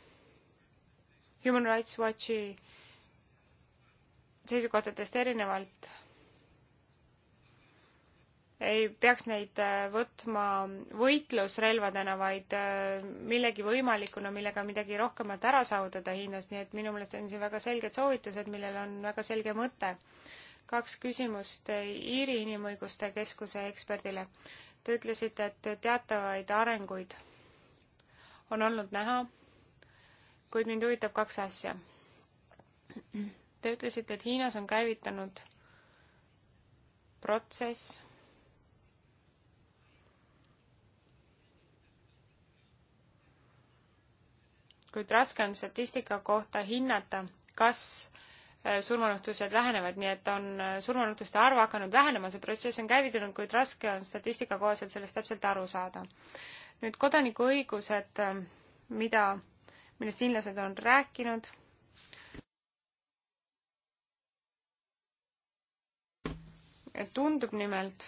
Human Rights Watchi seisukohtadest erinevalt ei peaks neid äh, võtma võitlusrelvadena, vaid äh, millegi võimalikuna, millega midagi rohkemat ära saavutada Hiinas, nii et minu meelest on siin väga selged soovitused, millel on väga selge mõte. kaks küsimust äh, Iiri Inimõiguste Keskuse eksperdile. Te ütlesite, et teatavaid arenguid on olnud näha kuid mind huvitab kaks asja. Te ütlesite, et Hiinas on käivitanud protsess kuid raske on statistika kohta hinnata, kas äh, surmanuhtlused vähenevad, nii et on äh, surmanuhtluste arv hakanud vähenema, see protsess on käivitunud, kuid raske on statistika kohaselt sellest täpselt aru saada. nüüd kodanikuõigused, äh, mida millest hiinlased on rääkinud. tundub nimelt,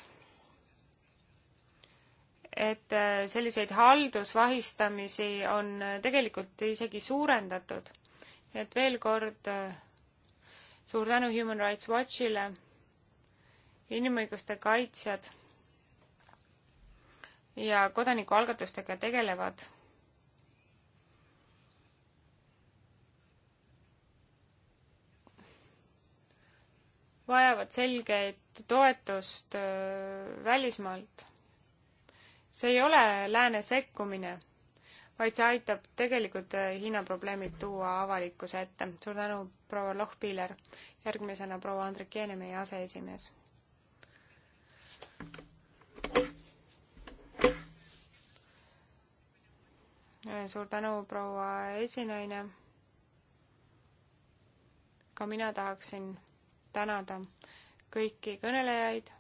et äh, selliseid haldusvahistamisi on äh, tegelikult isegi suurendatud. et veel kord äh, suur tänu Human Rights Watchile, inimõiguste kaitsjad ja kodanikualgatustega tegelevad vajavad selget toetust äh, välismaalt. see ei ole lääne sekkumine, vaid see aitab tegelikult äh, Hiina probleemid tuua avalikkuse ette. suur tänu, proua Lohpiiler. järgmisena proua Andrek Jeene, meie aseesimees. Äh, suur tänu, proua esinaine. ka mina tahaksin tänada kõiki kõnelejaid.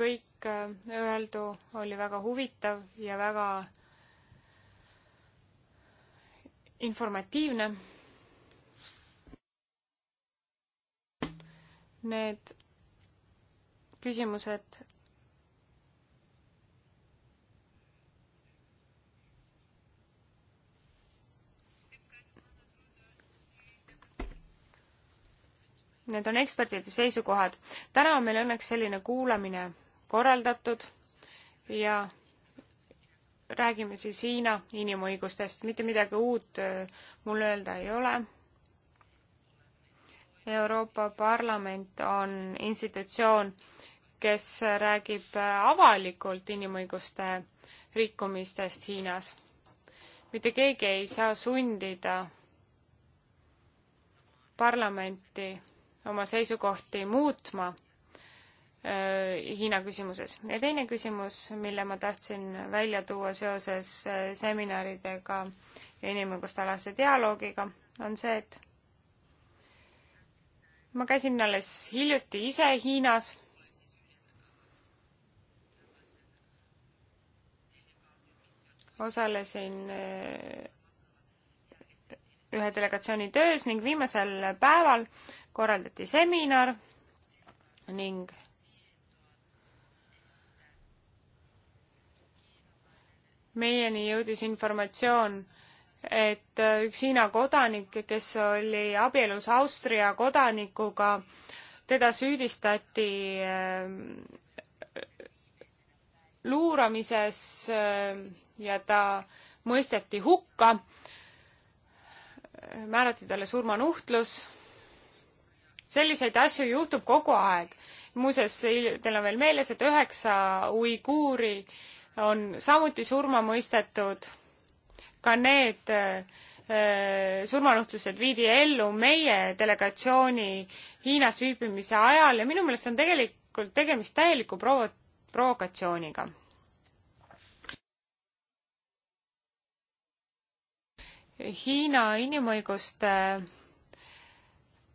kõik äh, öeldu oli väga huvitav ja väga informatiivne. Need küsimused need on ekspertide seisukohad. täna on meil õnneks selline kuulamine korraldatud ja räägime siis Hiina inimõigustest, mitte midagi uut äh, mul öelda ei ole. Euroopa Parlament on institutsioon, kes räägib äh, avalikult inimõiguste rikkumistest Hiinas. mitte keegi ei saa sundida parlamenti oma seisukohti muutma äh, Hiina küsimuses. ja teine küsimus, mille ma tahtsin välja tuua seoses äh, seminaridega ja inimõiguste alase dialoogiga, on see, et ma käisin alles hiljuti ise Hiinas osalesin äh, ühe delegatsiooni töös ning viimasel päeval korraldati seminar ning meieni jõudis informatsioon, et üks Hiina kodanik, kes oli abielus Austria kodanikuga, teda süüdistati äh, luuramises äh, ja ta mõisteti hukka, määrati talle surmanuhtlus selliseid asju juhtub kogu aeg. muuseas, teil on veel meeles, et üheksa uiguuri on samuti surma mõistetud. ka need äh, äh, surmanuhtlused viidi ellu meie delegatsiooni Hiinas viibimise ajal ja minu meelest on tegelikult tegemist täieliku provo-, provokatsiooniga. Hiina inimõiguste äh,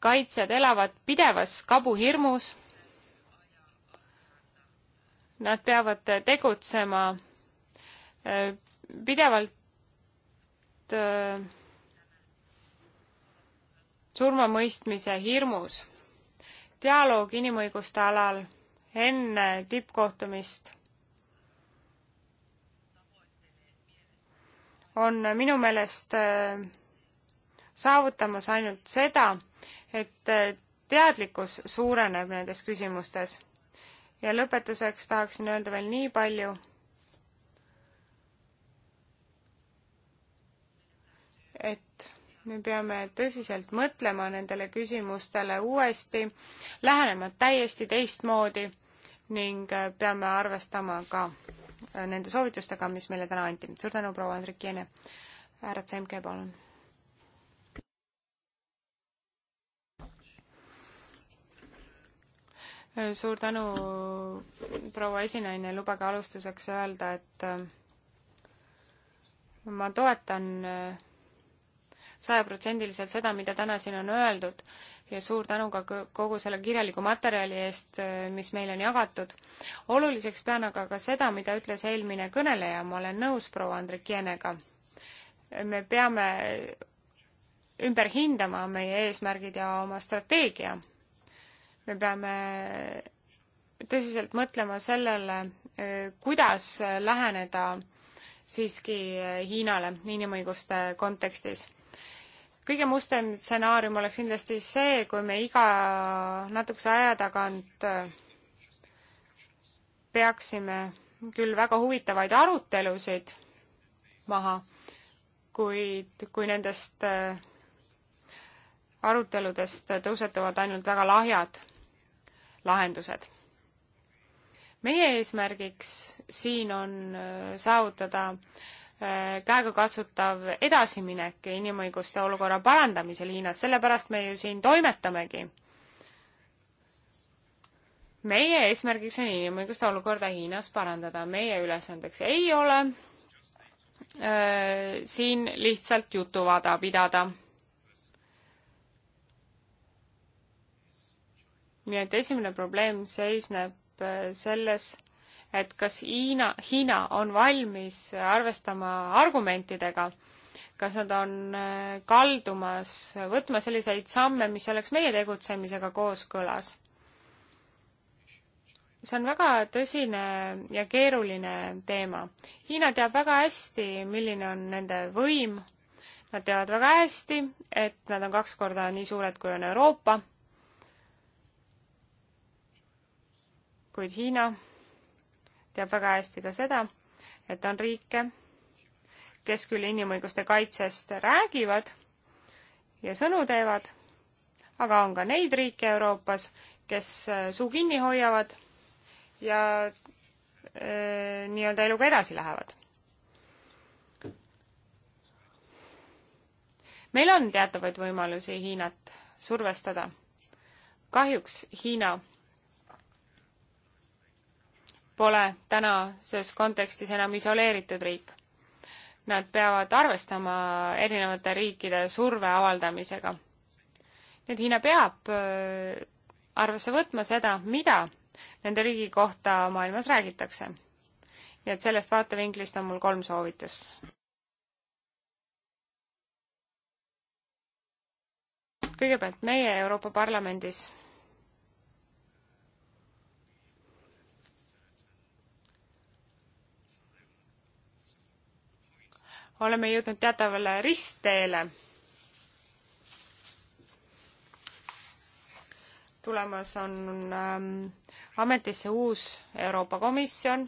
kaitsjad elavad pidevas kabuhirmus. Nad peavad tegutsema äh, pidevalt äh, surmamõistmise hirmus. dialoog inimõiguste alal enne tippkohtumist on minu meelest äh, saavutamas ainult seda, et teadlikkus suureneb nendes küsimustes. ja lõpetuseks tahaksin öelda veel nii palju, et me peame tõsiselt mõtlema nendele küsimustele uuesti, lähenema täiesti teistmoodi ning peame arvestama ka nende soovitustega, mis meile täna anti. suur tänu, proua Andrik Jene. härra Tsemke, palun suur tänu, proua esinaine, lubage alustuseks öelda, et äh, ma toetan äh, sajaprotsendiliselt seda, mida täna siin on öeldud ja suur tänu ka kogu selle kirjaliku materjali eest, äh, mis meile on jagatud. oluliseks pean aga ka seda, mida ütles eelmine kõneleja, ma olen nõus proua Andrikienega. me peame ümber hindama meie eesmärgid ja oma strateegia me peame tõsiselt mõtlema sellele, eh, kuidas läheneda siiski eh, Hiinale inimõiguste kontekstis. kõige mustem stsenaarium oleks kindlasti see, kui me iga natukese aja tagant eh, peaksime küll väga huvitavaid arutelusid maha, kuid kui nendest aruteludest tõusetuvad ainult väga lahjad lahendused. meie eesmärgiks siin on äh, saavutada äh, käegakatsutav edasiminek inimõiguste olukorra parandamisel Hiinas, sellepärast me ju siin toimetamegi. meie eesmärgiks on inimõiguste olukorda Hiinas parandada, meie ülesandeks ei ole äh, siin lihtsalt jutuvada pidada nii et esimene probleem seisneb äh, selles, et kas Hiina, Hiina on valmis arvestama argumentidega, kas nad on äh, kaldumas võtma selliseid samme, mis oleks meie tegutsemisega kooskõlas. see on väga tõsine ja keeruline teema. Hiina teab väga hästi, milline on nende võim, nad teavad väga hästi, et nad on kaks korda nii suured, kui on Euroopa kuid Hiina teab väga hästi ka seda, et on riike, kes küll inimõiguste kaitsest räägivad ja sõnu teevad, aga on ka neid riike Euroopas, kes äh, suu kinni hoiavad ja äh, nii-öelda eluga edasi lähevad. meil on teatavaid võimalusi Hiinat survestada. kahjuks Hiina pole tänases kontekstis enam isoleeritud riik. Nad peavad arvestama erinevate riikide surve avaldamisega. nii et Hiina peab äh, arvesse võtma seda, mida nende riigi kohta maailmas räägitakse. nii et sellest vaatevinklist on mul kolm soovitust. kõigepealt meie Euroopa Parlamendis oleme jõudnud teatavale ristteele. tulemas on ähm, ametisse uus Euroopa Komisjon,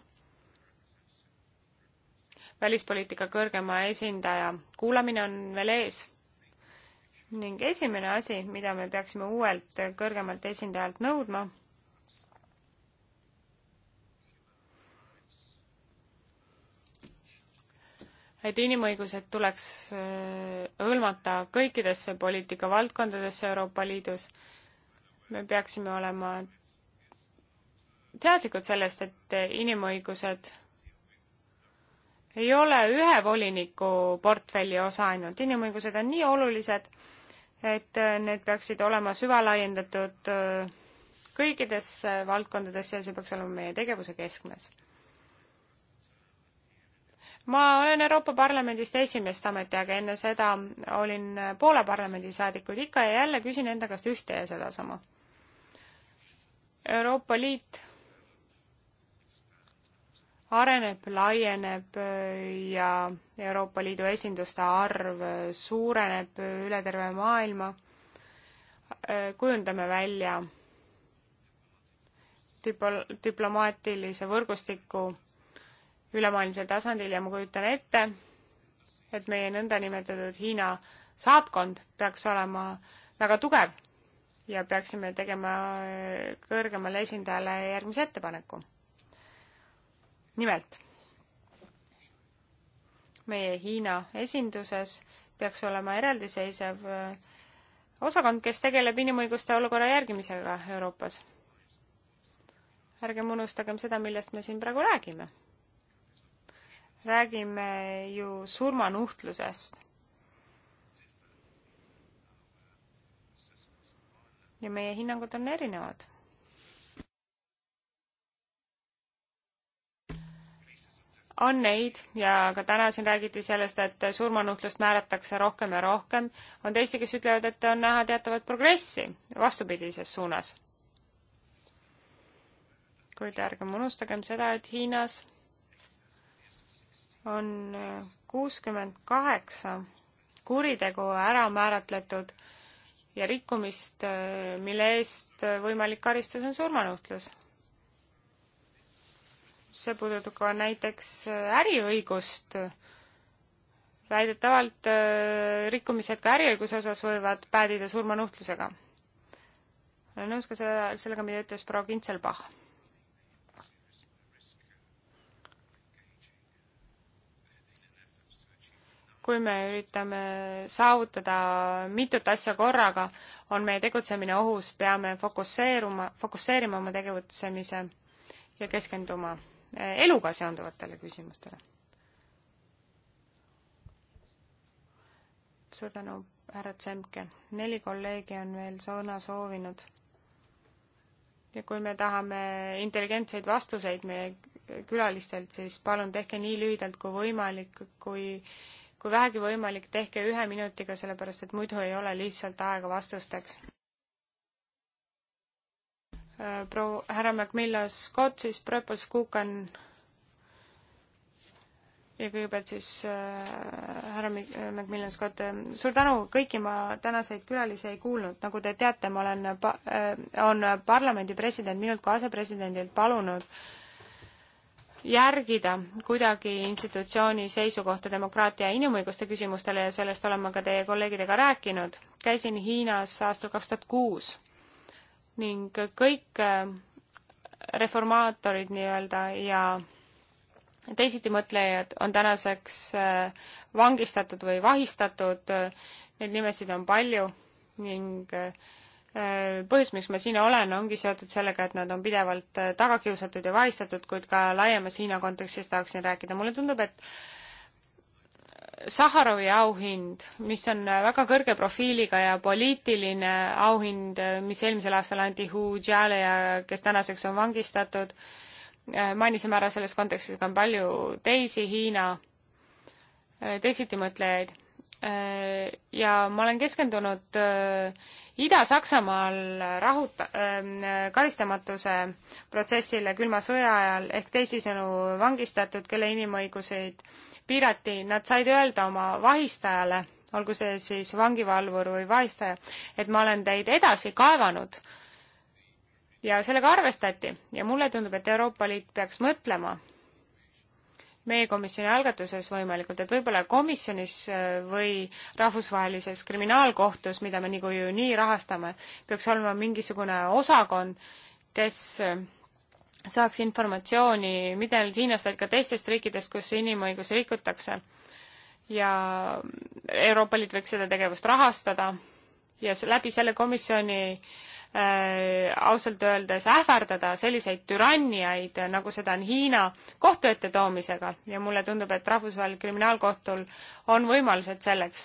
välispoliitika kõrgema esindaja kuulamine on veel ees ning esimene asi, mida me peaksime uuelt kõrgemalt esindajalt nõudma et inimõigused tuleks äh, hõlmata kõikidesse poliitikavaldkondadesse Euroopa Liidus. me peaksime olema teadlikud sellest, et inimõigused ei ole ühe voliniku portfelli osa ainult, inimõigused on nii olulised, et äh, need peaksid olema süvalaiendatud äh, kõikidesse valdkondadesse ja see peaks olema meie tegevuse keskmes ma olen Euroopa Parlamendist esimest ametiaega, enne seda olin Poola parlamendisaadikud, ikka ja jälle küsin enda käest ühte ja sedasama. Euroopa Liit areneb, laieneb ja Euroopa Liidu esinduste arv suureneb üle terve maailma. kujundame välja diplo-, diplomaatilise võrgustiku ülemaailmsel tasandil ja ma kujutan ette, et meie nõndanimetatud Hiina saatkond peaks olema väga tugev ja peaksime tegema äh, kõrgemale esindajale järgmise ettepaneku. nimelt, meie Hiina esinduses peaks olema eraldiseisev äh, osakond, kes tegeleb inimõiguste olukorra järgimisega Euroopas. ärgem unustagem seda, millest me siin praegu räägime räägime ju surmanuhtlusest. ja meie hinnangud on erinevad. on neid ja ka täna siin räägiti sellest, et surmanuhtlust määratakse rohkem ja rohkem. on teisi, kes ütlevad, et on näha teatavat progressi vastupidises suunas. kuid ärgem unustagem seda, et Hiinas on kuuskümmend kaheksa kuritegu ära määratletud ja rikkumist, mille eest võimalik karistus on surmanuhtlus. see puudutab ka näiteks äriõigust. väidetavalt äh, rikkumised ka äriõiguse osas võivad päädida surmanuhtlusega. olen nõus ka selle, sellega, mida ütles proua Kintselbach kui me üritame saavutada mitut asja korraga, on meie tegutsemine ohus, peame fokusseeruma, fokusseerima oma tegutsemise ja keskenduma eh, eluga seonduvatele küsimustele. suur tänu, härra Tsemke. neli kolleegi on veel sõna soovinud. ja kui me tahame intelligentseid vastuseid meie külalistelt, siis palun tehke nii lühidalt kui võimalik, kui kui vähegi võimalik, tehke ühe minutiga, sellepärast et muidu ei ole lihtsalt aega vastusteks. Äh, proua, härra Macmillan Scott, siis Prepos Kukan ja kõigepealt siis äh, härra äh, Macmillan Scott, äh, suur tänu, kõiki ma tänaseid külalisi ei kuulnud, nagu te teate, ma olen pa-, äh, on parlamendi president minult kui asepresidendilt palunud äh, järgida kuidagi institutsiooni seisukohta demokraatia ja inimõiguste küsimustele ja sellest olen ma ka teie kolleegidega rääkinud. käisin Hiinas aastal kaks tuhat kuus ning kõik äh, reformaatorid nii-öelda ja teisitimõtlejad on tänaseks äh, vangistatud või vahistatud, neid nimesid on palju ning äh, Äh, põhjus, miks ma siin olen, ongi seotud sellega, et nad on pidevalt äh, taga kiusatud ja vahistatud, kuid ka laiemas Hiina kontekstis tahaksin rääkida. mulle tundub, et Saharovi auhind, mis on väga kõrge profiiliga ja poliitiline auhind, mis eelmisel aastal anti Hu Jiale ja kes tänaseks on vangistatud, äh, mainisime ära selles kontekstis ka palju teisi Hiina teisitimõtlejaid Äh, ja ma olen keskendunud äh, Ida-Saksamaal rahuta-, ähm, karistamatuse protsessile külma sõja ajal, ehk teisisõnu vangistatud, kelle inimõiguseid piirati, nad said öelda oma vahistajale, olgu see siis vangivalvur või vahistaja, et ma olen teid edasi kaevanud. ja sellega arvestati ja mulle tundub, et Euroopa Liit peaks mõtlema meie komisjoni algatuses võimalikult, et võib-olla komisjonis äh, või rahvusvahelises kriminaalkohtus, mida me niikuinii rahastame, peaks olema mingisugune osakond, kes äh, saaks informatsiooni mitte ainult Hiinast, vaid ka teistest riikidest, kus inimõigusi rikutakse. ja Euroopa Liit võiks seda tegevust rahastada ja läbi selle komisjoni äh, ausalt öeldes ähvardada selliseid türanniaid, nagu seda on Hiina kohtu ette toomisega ja mulle tundub, et Rahvusvahelisel Kriminaalkohtul on võimalused selleks,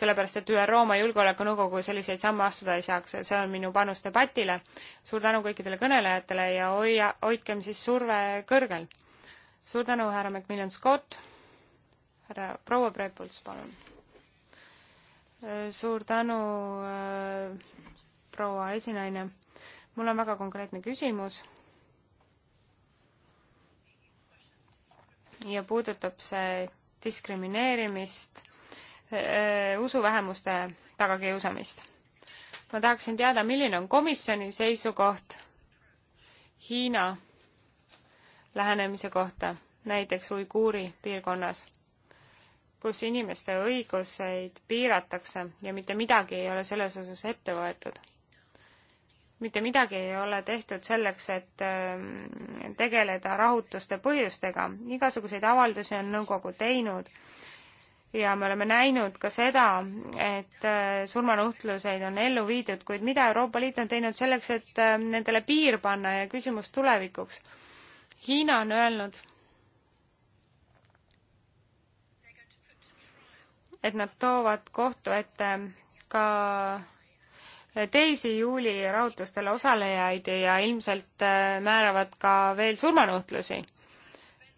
sellepärast et ÜRO oma Julgeolekunõukogu selliseid samme astuda ei saaks ja see on minu panus debatile. suur tänu kõikidele kõnelejatele ja hoia, hoidkem siis surve kõrgel. suur tänu, härra Macmillan Scott, härra proua Prepuls, palun suur tänu, äh, proua esinaine. mul on väga konkreetne küsimus. ja puudutab see diskrimineerimist, äh, usuvähemuste tagakiusamist. ma tahaksin teada, milline on komisjoni seisukoht Hiina lähenemise kohta, näiteks uiguuri piirkonnas kus inimeste õiguseid piiratakse ja mitte midagi ei ole selles osas ette võetud. mitte midagi ei ole tehtud selleks, et ähm, tegeleda rahutuste põhjustega. igasuguseid avaldusi on nõukogu teinud ja me oleme näinud ka seda, et äh, surmanuhtluseid on ellu viidud, kuid mida Euroopa Liit on teinud selleks, et äh, nendele piir panna ja küsimus tulevikuks? Hiina on öelnud et nad toovad kohtu ette ka teisi juulirahutustel osalejaid ja ilmselt äh, määravad ka veel surmanuhtlusi.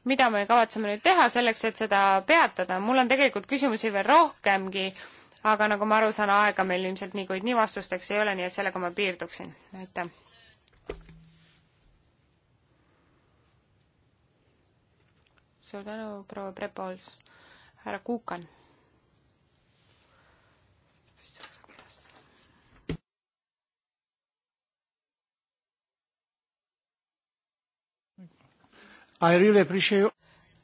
mida me kavatseme nüüd teha selleks, et seda peatada? mul on tegelikult küsimusi veel rohkemgi, aga nagu ma aru saan, aega meil ilmselt niikuinii vastusteks ei ole, nii et sellega ma piirduksin. aitäh. suur tänu, proua Prepols, härra Kuukan I really appreciate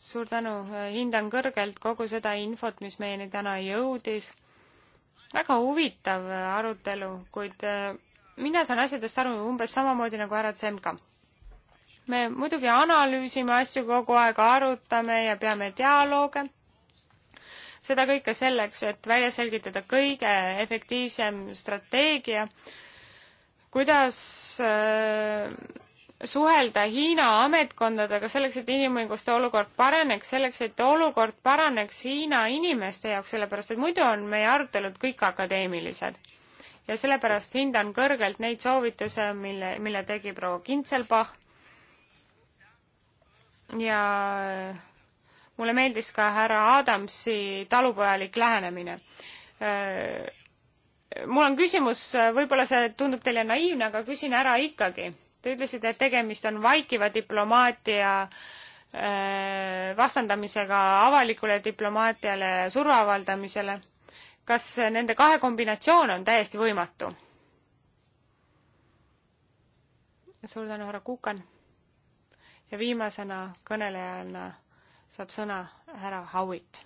suur tänu, hindan kõrgelt kogu seda infot, mis meieni täna jõudis. väga huvitav arutelu, kuid äh, mina saan asjadest aru umbes samamoodi nagu härra Tsemka. me muidugi analüüsime asju kogu aeg, arutame ja peame dialoog. seda kõike selleks, et välja selgitada kõige efektiivsem strateegia, kuidas äh, suhelda Hiina ametkondadega selleks, et inimõiguste olukord paraneks, selleks, et olukord paraneks Hiina inimeste jaoks, sellepärast et muidu on meie arutelud kõik akadeemilised. ja sellepärast hindan kõrgelt neid soovituse, mille, mille tegi proua Kintselbach ja mulle meeldis ka härra Adamsi talupojalik lähenemine äh, mul on küsimus, äh, võib-olla see tundub teile naiivne, aga küsin ära ikkagi. Te ütlesite, et tegemist on vaikiva diplomaatia äh, vastandamisega avalikule diplomaatiale ja surveavaldamisele. kas nende kahe kombinatsioon on täiesti võimatu? suur tänu, härra Kukan. ja viimasena kõnelejana saab sõna härra Howitt.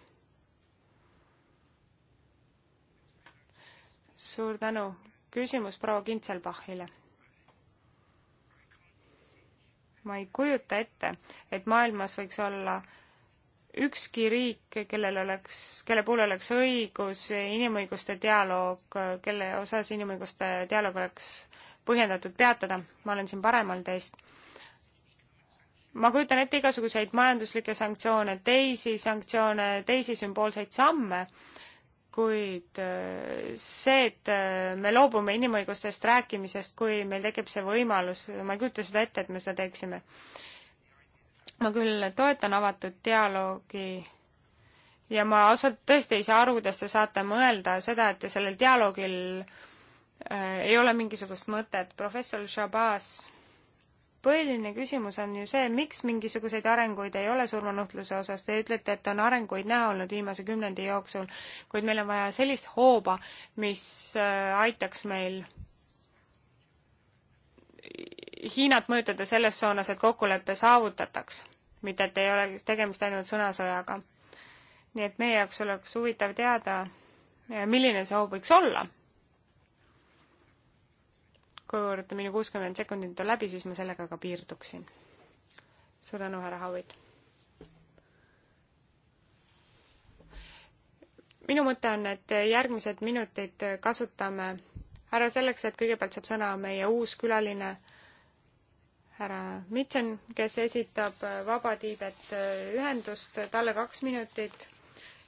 suur tänu. küsimus proua Kintselbachile ma ei kujuta ette, et maailmas võiks olla ükski riik, kellel oleks, kelle puhul oleks õigus inimõiguste dialoog, kelle osas inimõiguste dialoog oleks põhjendatud peatada, ma olen siin paremal teist. ma kujutan ette igasuguseid majanduslikke sanktsioone, teisi sanktsioone, teisi sümboolseid samme kuid äh, see, et äh, me loobume inimõigustest rääkimisest, kui meil tekib see võimalus, ma ei kujuta seda ette, et me seda teeksime. ma küll toetan avatud dialoogi ja ma ausalt tõesti ei saa aru, kuidas te saate mõelda seda, et sellel dialoogil äh, ei ole mingisugust mõtet. professor Shabazz põhiline küsimus on ju see, miks mingisuguseid arenguid ei ole surmanuhtluse osas, te ütlete, et on arenguid näha olnud viimase kümnendi jooksul, kuid meil on vaja sellist hooba, mis äh, aitaks meil Hiinat mõjutada selles suunas, et kokkulepe saavutataks, mitte et ei ole tegemist ainult sõnasõjaga. nii et meie jaoks oleks huvitav teada, milline see hoob võiks olla kuivõrd minu kuuskümmend sekundit on läbi, siis ma sellega ka piirduksin. suur tänu, härra Hauid. minu mõte on, et järgmised minutid kasutame ära selleks, et kõigepealt saab sõna meie uus külaline, härra Mitchen, kes esitab Vaba Tiibet ühendust, talle kaks minutit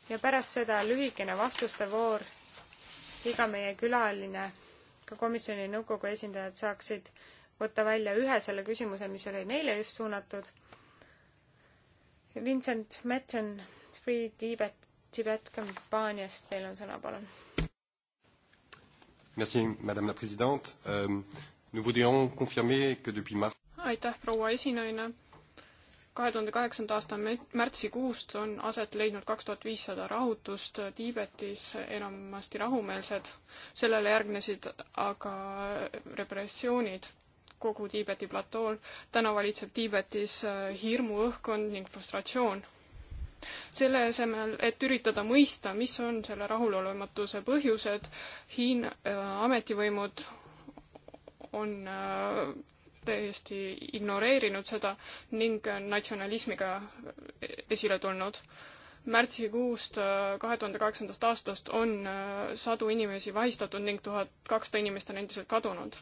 ja pärast seda lühikene vastuste voor, iga meie külaline ka komisjoni ja nõukogu esindajad saaksid võtta välja ühe selle küsimuse, mis oli neile just suunatud. Vincent Metten Free Tibet, Tibet kampaaniast, teil on sõna, palun. Merci, madame la présidente euh,. Nous voudrions confirmer que depuis mars aitäh, proua esinaine kahe tuhande kaheksanda aasta märtsikuust on aset leidnud kaks tuhat viissada rahutust Tiibetis, enamasti rahumeelsed. sellele järgnesid aga repressioonid kogu Tiibeti platool. täna valitseb Tiibetis äh, hirmuõhkkond ning frustratsioon. selle asemel, et üritada mõista, mis on selle rahulolematuse põhjused, Hiina äh, ametivõimud on äh, täiesti ignoreerinud seda ning natsionalismiga esile tulnud. märtsikuust äh, kahe tuhande kaheksandast aastast on äh, sadu inimesi vahistatud ning tuhat kakssada inimest on endiselt kadunud.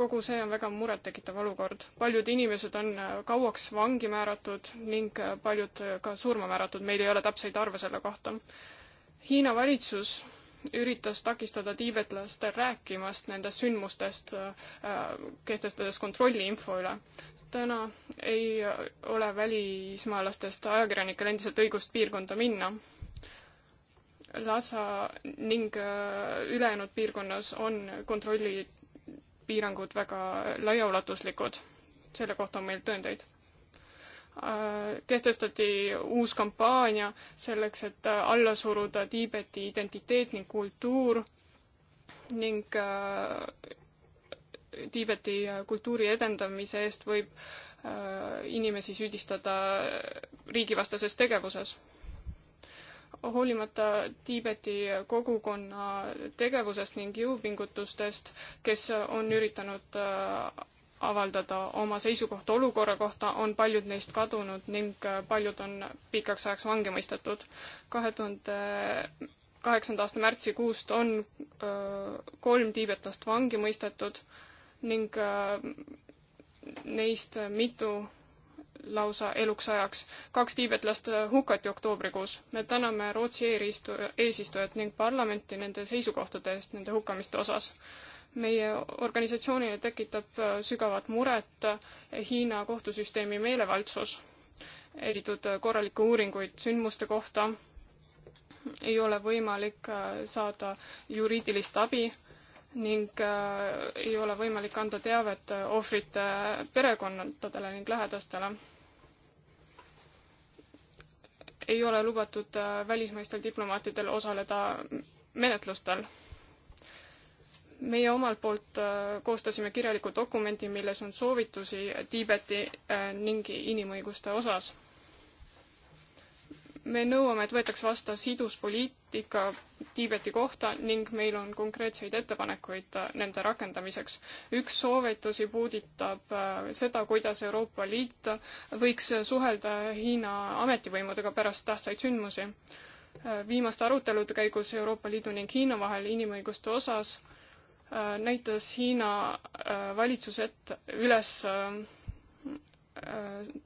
kogu see on väga murettekitav olukord. paljud inimesed on äh, kauaks vangi määratud ning paljud ka surma määratud, meil ei ole täpseid arve selle kohta. Hiina valitsus üritas takistada tiibetlastel rääkimast nendest sündmustest, äh, kehtestades kontrolli info üle. täna ei ole välismaalastest ajakirjanikel endiselt õigust piirkonda minna. Lhasa ning äh, ülejäänud piirkonnas on kontrollipiirangud väga laiaulatuslikud. selle kohta on meil tõendeid Äh, kehtestati uus kampaania selleks, et äh, alla suruda Tiibeti identiteet ning kultuur ning äh, Tiibeti kultuuri edendamise eest võib inimesi süüdistada riigivastases tegevuses. hoolimata Tiibeti kogukonna tegevusest ning jõupingutustest, kes on üritanud avaldada oma seisukohta olukorra kohta, on paljud neist kadunud ning äh, paljud on pikaks ajaks vangi mõistetud. kahe tuhande kaheksanda aasta märtsikuust on öö, äh, kolm tiibetlast vangi mõistetud ning öö, äh, neist mitu lausa eluks ajaks. kaks tiibetlast hukati oktoobrikuus. me täname Rootsi eesistu-, eesistujat ning parlamenti nende seisukohtade eest nende hukkamiste osas meie organisatsioonile tekitab äh, sügavat muret äh, Hiina kohtusüsteemi meelevaldsus. ei tehtud äh, korralikke uuringuid sündmuste kohta, ei ole võimalik saada juriidilist abi ning ei ole võimalik anda teavet ohvrite perekondadele ning lähedastele ei ole lubatud välismaistel diplomaatidel osaleda menetlustel meie omalt poolt äh, koostasime kirjaliku dokumendi, milles on soovitusi Tiibeti äh, ning inimõiguste osas. me nõuame, et võetaks vasta sidus poliitika Tiibeti kohta ning meil on konkreetseid ettepanekuid äh, nende rakendamiseks. üks soovitusi puudutab seda, kuidas Euroopa Liit võiks suhelda Hiina ametivõimudega pärast tähtsaid sündmusi viimaste arutelude käigus Euroopa Liidu ning Hiina vahel inimõiguste osas Äh, näitas Hiina äh, valitsus ette üles äh,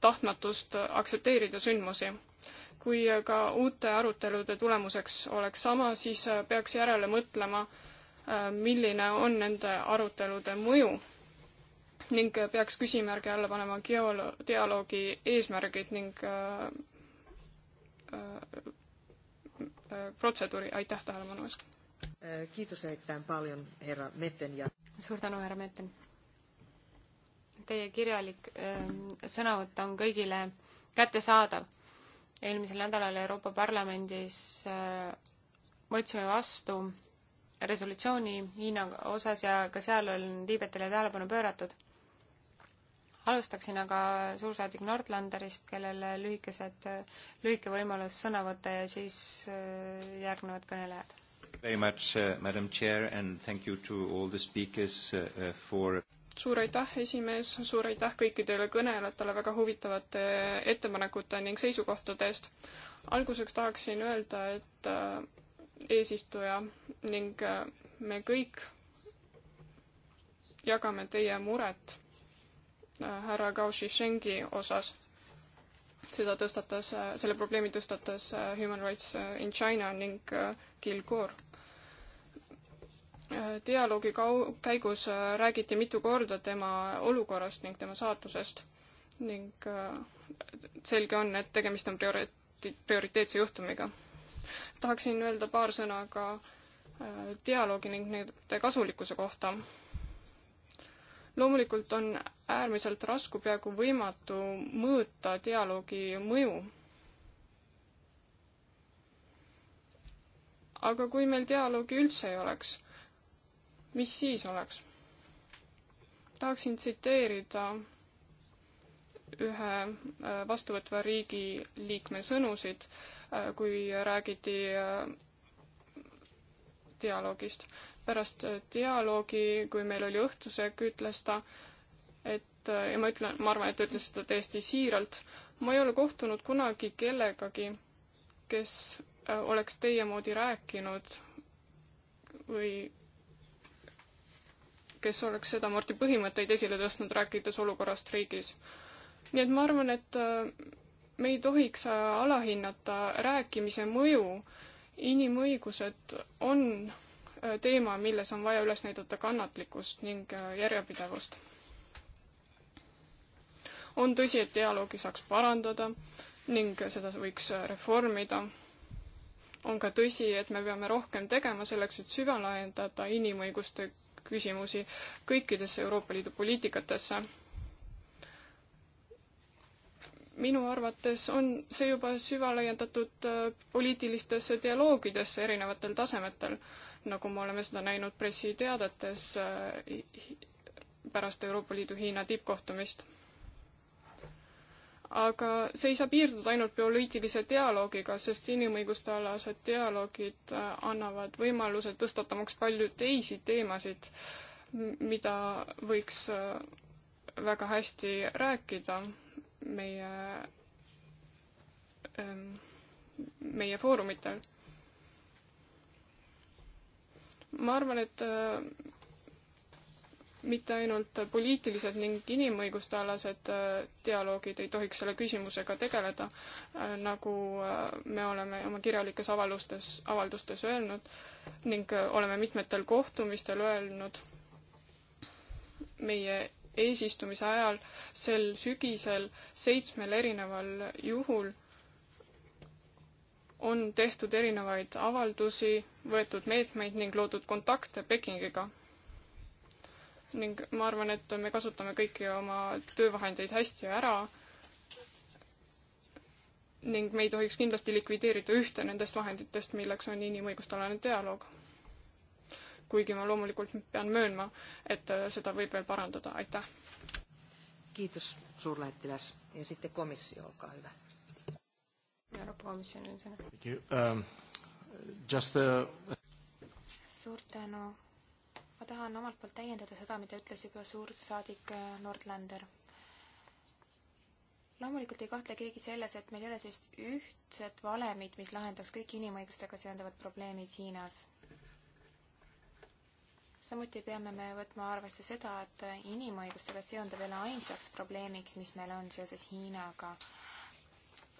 tahtmatust aktsepteerida sündmusi. kui ka uute arutelude tulemuseks oleks sama, siis peaks järele mõtlema, milline on nende arutelude mõju ning peaks küsimärgi alla panema geolo-, dialoogi eesmärgid ning äh, äh, protseduuri, aitäh tähelepanu eest! Kiitos erittäin paljon, härra Metten ja suur tänu, härra Metten. Teie kirjalik öö, ähm, sõnavõtt on kõigile kättesaadav. eelmisel nädalal Euroopa Parlamendis öö, äh, võtsime vastu resolutsiooni Hiina osas ja ka seal on Tiibetile tähelepanu pööratud. alustaksin aga suursaadik Nordlanderist, kellele lühikesed, lühike võimalus sõna võtta ja siis äh, järgnevad kõnelejad Very much uh,, madam chair and thank you to all the speakers uh, uh for suur aitäh, esimees, suur aitäh kõikidele kõnelejatele väga huvitavate äh, ettepanekute ning seisukohtade eest. alguseks tahaksin öelda, et äh, eesistuja ning äh, me kõik jagame teie muret härra Gauši Schengi osas seda tõstatas, äh, selle probleemi tõstatas äh, Human Rights äh, in China ning Gil Gore. dialoogi kau-, käigus räägiti mitu korda tema olukorrast ning tema saatusest ning selge on, et tegemist on prioriteet, prioriteetse juhtumiga. tahaksin öelda paar sõna ka dialoogi ning nende kasulikkuse kohta loomulikult on äärmiselt raske, peaaegu võimatu mõõta dialoogi mõju. aga kui meil dialoogi üldse ei oleks, mis siis oleks? tahaksin tsiteerida ühe äh, vastuvõtva riigi liikme sõnusid, äh, kui räägiti äh, dialoogist pärast dialoogi, kui meil oli õhtusöök, ütles ta, et ja ma ütlen, ma arvan, et ta ütles seda täiesti siiralt, ma ei ole kohtunud kunagi kellegagi, kes äh, oleks teie moodi rääkinud või kes oleks sedamoodi põhimõtteid esile tõstnud, rääkides olukorrast riigis. nii et ma arvan, et äh, me ei tohiks äh, alahinnata rääkimise mõju. inimõigused on teema, milles on vaja üles näidata kannatlikkust ning äh, järjepidevust. on tõsi, et dialoogi saaks parandada ning seda võiks äh, reformida. on ka tõsi, et me peame rohkem tegema selleks, et süvalaiendada inimõiguste küsimusi kõikidesse Euroopa Liidu poliitikatesse. minu arvates on see juba süvalaiendatud äh, poliitilistesse dialoogidesse erinevatel tasemetel nagu me oleme seda näinud pressiteadates äh, pärast Euroopa Liidu Hiina tippkohtumist. aga see ei saa piirduda ainult poliitilise dialoogiga, sest inimõiguste alased dialoogid äh, annavad võimaluse tõstatamaks palju teisi teemasid, mida võiks äh, väga hästi rääkida meie, ähm, meie foorumitel ma arvan, et äh, mitte ainult poliitilised ning inimõiguste alased äh, dialoogid ei tohiks selle küsimusega tegeleda, äh, nagu me oleme oma kirjalikes avaldustes, avaldustes öelnud ning oleme mitmetel kohtumistel öelnud meie eesistumise ajal sel sügisel seitsmel erineval juhul on tehtud erinevaid avaldusi, võetud meetmeid ning loodud kontakte Pekingiga. ning ma arvan, et me kasutame kõiki oma töövahendeid hästi ära ning me ei tohiks kindlasti likvideerida ühte nendest vahenditest, milleks on inimõiguste alane dialoog. kuigi ma loomulikult pean möönma, et äh, seda võib veel parandada, aitäh. kiitus, suurlähetilas ja siit komisjon, olge hüva Euroopa Komisjonil on sõna. Um, suur tänu. ma tahan omalt poolt täiendada seda, mida ütles juba suursaadik äh, Nordlander. loomulikult ei kahtle keegi selles, et meil ei ole sellist ühtset valemit, mis lahendaks kõik inimõigustega seonduvad probleemid Hiinas samuti peame me võtma arvesse seda, et inimõigustega seonduv ei ole ainsaks probleemiks, mis meil on seoses Hiinaga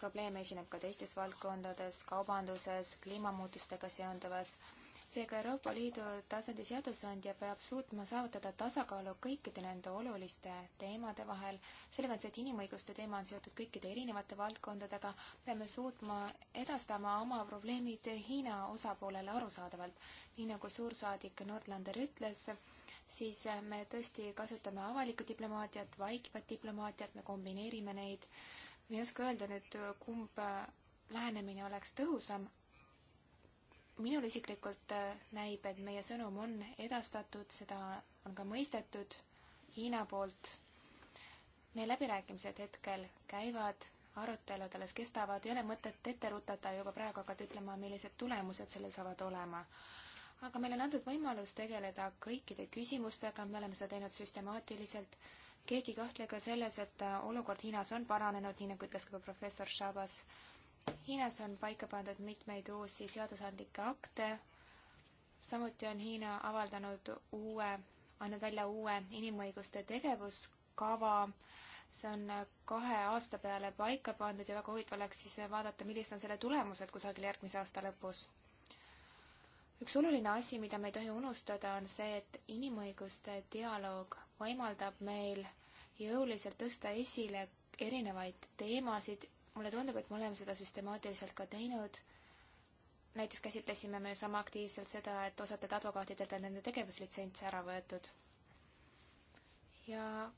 probleeme esineb ka teistes valdkondades, kaubanduses, kliimamuutustega seonduvas. seega Euroopa Liidu tasandi seadusandja peab suutma saavutada tasakaalu kõikide nende oluliste teemade vahel. sellega on see, et inimõiguste teema on seotud kõikide erinevate valdkondadega, peame suutma edastama oma probleemid Hiina osapoolele arusaadavalt. nii nagu suursaadik Nordlander ütles, siis me tõesti kasutame avalikku diplomaatiat, vaikivat diplomaatiat, me kombineerime neid ma ei oska öelda nüüd, kumb äh, lähenemine oleks tõhusam. minul isiklikult äh, näib, et meie sõnum on edastatud, seda on ka mõistetud Hiina poolt. meie läbirääkimised hetkel käivad, arutelud alles kestavad, ei ole mõtet ette rutata ja juba praegu hakata ütlema, millised tulemused sellel saavad olema aga meile on antud võimalus tegeleda kõikide küsimustega, me oleme seda teinud süstemaatiliselt keegi ei kahtle ka selles, et äh, olukord Hiinas on paranenud, nii nagu ütles ka professor Shabas. Hiinas on paika pandud mitmeid uusi seadusandlikke akte, samuti on Hiina avaldanud uue, andnud välja uue inimõiguste tegevuskava, see on äh, kahe aasta peale paika pandud ja väga huvitav oleks siis äh, vaadata, millised on selle tulemused kusagil järgmise aasta lõpus. üks oluline asi, mida me ei tohi unustada, on see, et inimõiguste dialoog võimaldab meil jõuliselt tõsta esile erinevaid teemasid. mulle tundub, et me oleme seda süstemaatiliselt ka teinud. näiteks käsitlesime me sama aktiivselt seda, et osadelt advokaatidelt on nende tegevuslitsents ära võetud. ja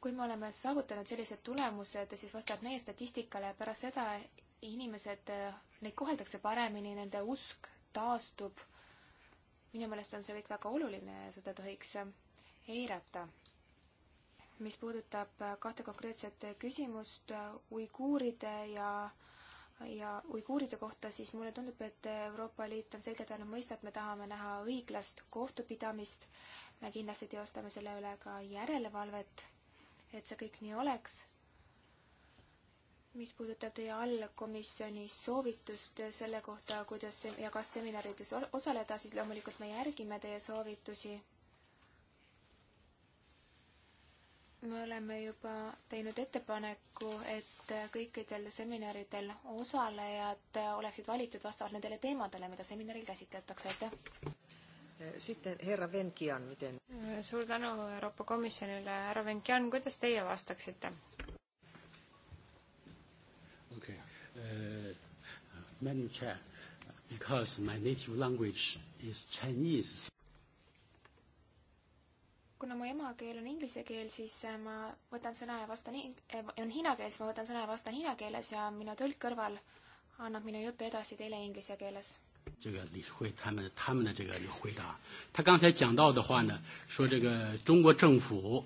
kui me oleme saavutanud sellised tulemused, siis vastavalt meie statistikale pärast seda inimesed, neid koheldakse paremini, nende usk taastub. minu meelest on see kõik väga oluline ja seda tohiks eirata. mis puudutab kahte konkreetset küsimust uiguuride ja ja uiguuride kohta, siis mulle tundub, et Euroopa Liit on selgelt andnud mõista, et me tahame näha õiglast kohtupidamist. me kindlasti teostame selle üle ka järelevalvet, et see kõik nii oleks. mis puudutab teie allkomisjoni soovitust selle kohta, kuidas ja kas seminarides osaleda, siis loomulikult me järgime teie soovitusi me oleme juba teinud ettepaneku, et kõikidel seminaridel osalejad oleksid valitud vastavalt nendele teemadele, mida seminaril käsitletakse, aitäh! Sitten herra Venkian, miten? Suur tänu Euroopa Komisjonile. Härra Venkian, kuidas teie vastaksite? Okay. Uh, Madam Chair, because my native language is Chinese kuna mu emakeel on inglise keel, siis äh, ma võtan sõna ja vastan, äh, on hiina keel, siis ma võtan sõna ja vastan hiina keeles ja minu tõlk kõrval annab minu jutu edasi teile inglise keeles. 这个李慧他们他们的这个回答，他刚才讲到的话呢，说这个中国政府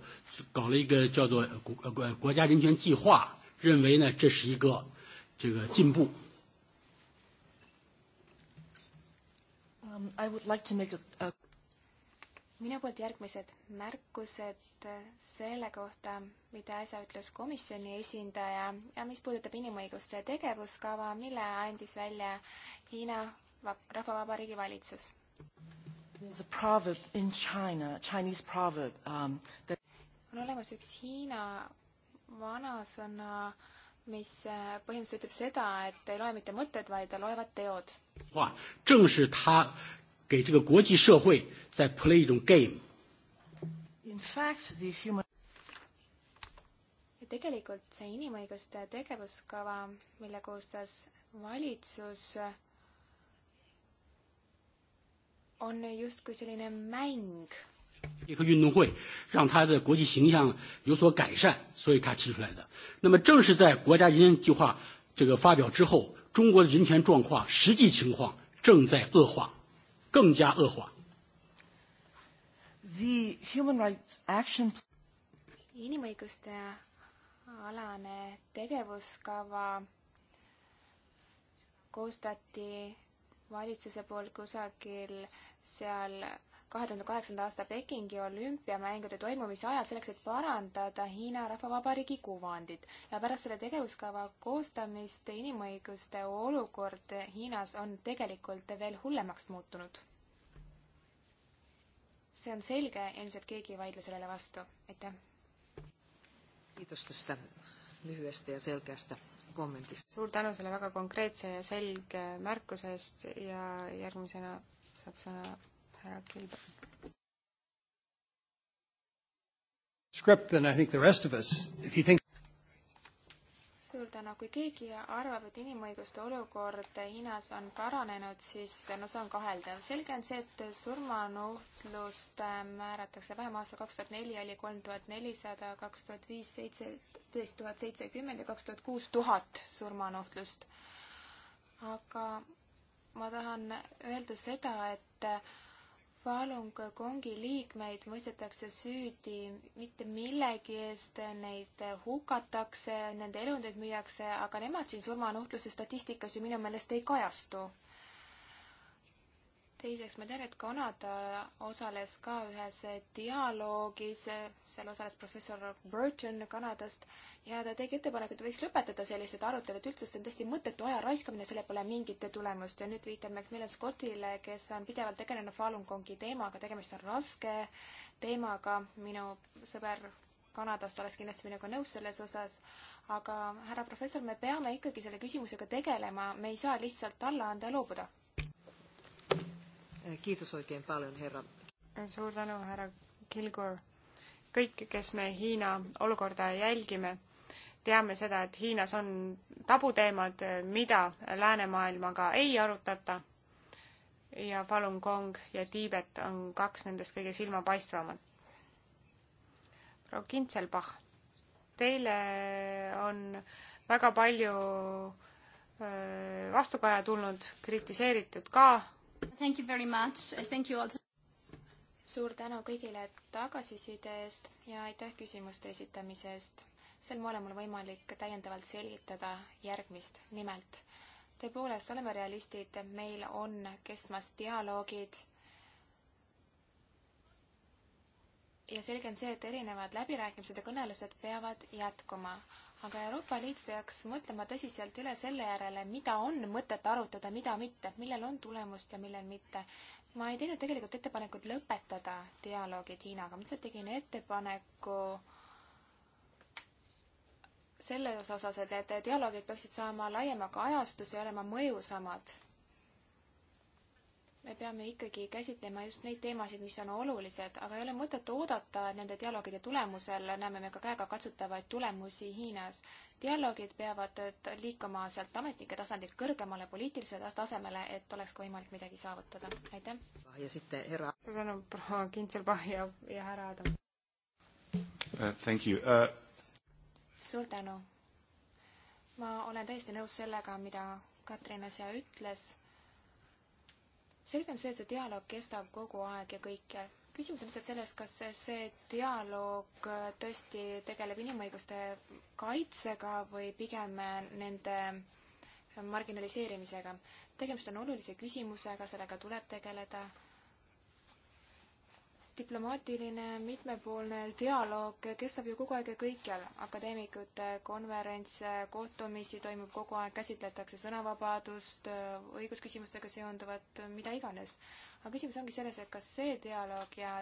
搞了一个叫做国国国家人权计划，认为呢这是一个这个进步。Um, I would like to make a, a minu poolt järgmised märkused selle kohta, mida äsja ütles komisjoni esindaja ja mis puudutab inimõiguste tegevuskava, mille andis välja Hiina Rahvavabariigi valitsus. China, proverb, um, that... on olemas üks Hiina vanasõna, mis äh, põhimõtteliselt ütleb seda, et ei loe mitte mõtted, vaid loevad teod. 正是他给这个国际社会在 play 一种 game。In fact, the human tegelikult see inimõiguste tegevuskava, mille koostas valitsus, on justkui selline mäng. 这个运动会让他的国际形象有所改善，所以他提出来的。那么，正是在国家人权计划这个发表之后，中国的人权状况实际情况正在恶化。更加恶化。The human rights action inimõiguste alane tegevuskava koostati valitsuse poolt kusagil seal kahe tuhande kaheksanda aasta Pekingi olümpiamängude toimumise ajal selleks, et parandada Hiina Rahvavabariigi kuvandit. ja pärast selle tegevuskava koostamist inimõiguste olukord Hiinas on tegelikult veel hullemaks muutunud. see on selge ja ilmselt keegi ei vaidle sellele vastu. aitäh! kiitus tõsta lühidasti ja selgesti kommentist. suur tänu selle väga konkreetse ja selge märkuse eest ja järgmisena saab sõna härra Kilburn. script than I think the rest of us. If you think suur tänu, kui keegi arvab, et inimõiguste olukord Hiinas on paranenud, siis no see on kaheldav. selge on see, et surmanuhtlust äh, määratakse vähem, aastal kaks tuhat neli oli kolm tuhat nelisada, kaks tuhat viis seitseteist tuhat seitsekümmend ja kaks tuhat kuus tuhat surmanuhtlust. aga ma tahan öelda seda, et Falun Gongi liikmeid mõistetakse süüdi mitte millegi eest, neid hukatakse, nende elundeid müüakse, aga nemad siin surmanuhtluse statistikas ju minu meelest ei kajastu teiseks, ma tean, et Kanada osales ka ühes dialoogis, seal osales professor Burton Kanadast ja ta tegi ettepaneku, et võiks lõpetada sellised arutelud üldse, sest see on tõesti mõttetu aja raiskamine, sellel pole mingit tulemust ja nüüd viitan Macmillan Scottile, kes on pidevalt tegelenud Falun Gongi teemaga, tegemist on raske teemaga, minu sõber Kanadast oleks kindlasti minuga nõus selles osas, aga härra professor, me peame ikkagi selle küsimusega tegelema, me ei saa lihtsalt alla anda ja loobuda Kiitos oikein paljon, herra. suur tänu, härra Kilgur. kõik, kes me Hiina olukorda jälgime, teame seda, et Hiinas on tabuteemad, mida läänemaailmaga ei arutata. ja Falun Gong ja Tiibet on kaks nendest kõige silmapaistvamat. proua Kintselbach, teile on väga palju äh, vastukaja tulnud, kritiseeritud ka suur tänu kõigile tagasiside eest ja aitäh küsimuste esitamise eest. sel moel on mul võimalik täiendavalt selgitada järgmist, nimelt tõepoolest, oleme realistid, meil on kestmas dialoogid. ja selge on see, et erinevad läbirääkimised ja kõnelused peavad jätkuma, aga Euroopa Liit peaks mõtlema tõsiselt üle selle järele, mida on mõtet arutada, mida mitte, millel on tulemust ja millel mitte. ma ei teinud tegelikult ettepanekut lõpetada dialoogid Hiinaga, ma lihtsalt tegin ettepaneku selles osas, et need dialoogid peaksid saama laiema kajastuse ja olema mõjusamad me peame ikkagi käsitlema just neid teemasid, mis on olulised, aga ei ole mõtet oodata, et nende dialoogide tulemusel näeme me ka käegakatsutavaid tulemusi Hiinas. dialoogid peavad liikuma sealt ametnike tasandilt kõrgemale poliitilisele tasemele, et oleks ka võimalik midagi saavutada. aitäh! ja siit härra. suur tänu, proua Kintselbach ja, ja härra Adam uh,. Thank you uh.... suur tänu! ma olen täiesti nõus sellega, mida Katrin äsja ütles selge on see, et see dialoog kestab kogu aeg ja kõikjal. küsimus on lihtsalt selles, kas see dialoog tõesti tegeleb inimõiguste kaitsega või pigem nende marginaliseerimisega. tegemist on olulise küsimusega, sellega tuleb tegeleda diplomaatiline mitmepoolne dialoog kestab ju kogu aeg ja kõikjal. akadeemikute konverentse, kohtumisi toimub kogu aeg, käsitletakse sõnavabadust, õigusküsimustega seonduvat, mida iganes. aga küsimus ongi selles, et kas see dialoog ja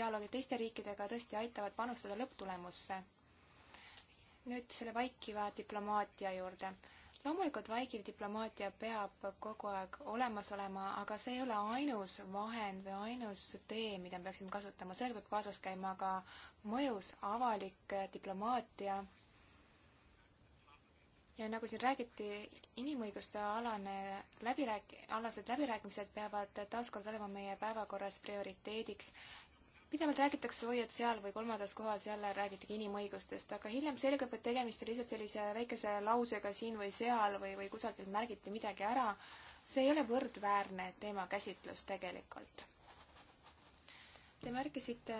dialoogid teiste riikidega tõesti aitavad panustada lõpptulemusse? nüüd selle vaikiva diplomaatia juurde loomulikult vaikiv diplomaatia peab kogu aeg olemas olema, aga see ei ole ainus vahend või ainus tee, mida me peaksime kasutama, sellega peab kaasas käima ka mõjus avalik diplomaatia. ja nagu siin räägiti, inimõiguste alane läbirääk-, alased läbirääkimised peavad taaskord olema meie päevakorras prioriteediks pidevalt räägitakse, oi, et seal või kolmandas kohas jälle räägitigi inimõigustest, aga hiljem selgub, et tegemist oli lihtsalt sellise väikese lausega siin või seal või, või kusagil märgiti midagi ära. see ei ole võrdväärne teemakäsitlus tegelikult. Te märkisite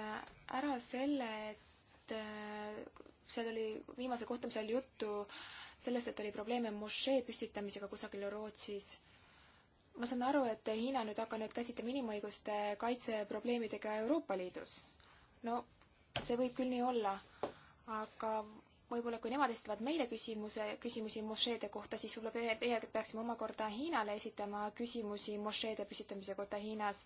ära selle, et äh, seal oli viimasel kohtumisel juttu sellest, et oli probleeme mošee püstitamisega kusagil Rootsis ma saan aru, et Hiina nüüd hakanud käsitlema inimõiguste kaitseprobleemidega Euroopa Liidus. no see võib küll nii olla, aga võib-olla kui nemad esitavad meile küsimuse, küsimusi mošeede kohta, siis võib-olla meie peaksime omakorda Hiinale esitama küsimusi mošeede püsitamise kohta Hiinas.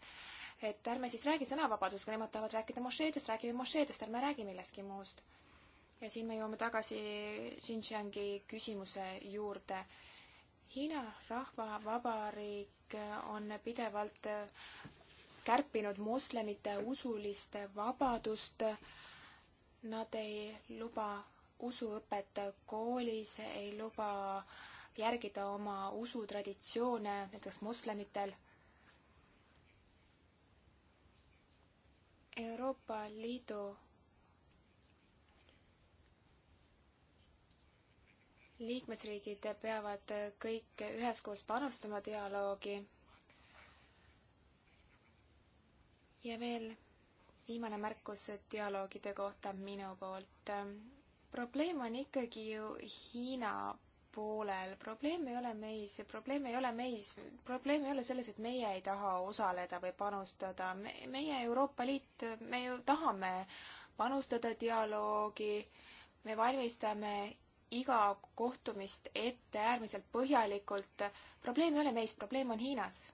et ärme siis räägi sõnavabadusest, kui nemad tahavad rääkida mošeedest, räägime mošeedest, ärme räägi millestki muust. ja siin me jõuame tagasi Xinjiangi küsimuse juurde Hiina Rahvavabariik on pidevalt kärpinud moslemite usulist vabadust. Nad ei luba usuõpet koolis, ei luba järgida oma usutraditsioone näiteks moslemitel. Euroopa Liidu liikmesriigid peavad kõik üheskoos panustama dialoogi. ja veel viimane märkus dialoogide kohta minu poolt. probleem on ikkagi ju Hiina poolel, probleem ei ole meis, probleem ei ole meis, probleem ei ole selles, et meie ei taha osaleda või panustada, me, meie Euroopa Liit, me ju tahame panustada dialoogi, me valmistame iga kohtumist ette äärmiselt põhjalikult. probleem ei ole meis, probleem on Hiinas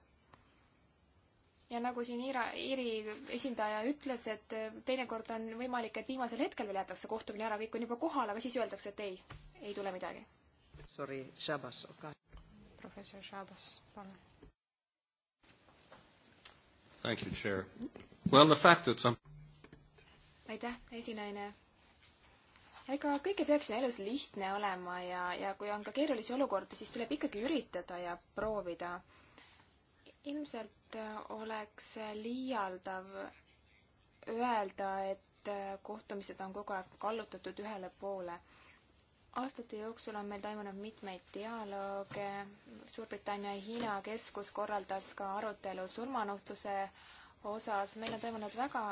ja nagu siin Iira, Iiri esindaja ütles, et äh, teinekord on võimalik, et viimasel hetkel veel jäetakse kohtumine ära, kõik on juba kohal, aga siis öeldakse, et ei, ei tule midagi. Sorry, Shabas, okei okay.. professor Shabas, palun. Thank you, chair. Well, the fact that some aitäh, esinaine ega kõik ei peaks elus lihtne olema ja, ja kui on ka keerulisi olukordi, siis tuleb ikkagi üritada ja proovida. ilmselt äh, oleks liialdav öelda, et äh, kohtumised on kogu aeg kallutatud ühele poole. aastate jooksul on meil toimunud mitmeid dialoog, Suurbritannia ja Hiina keskus korraldas ka arutelu surmanuhtluse osas, meil on toimunud väga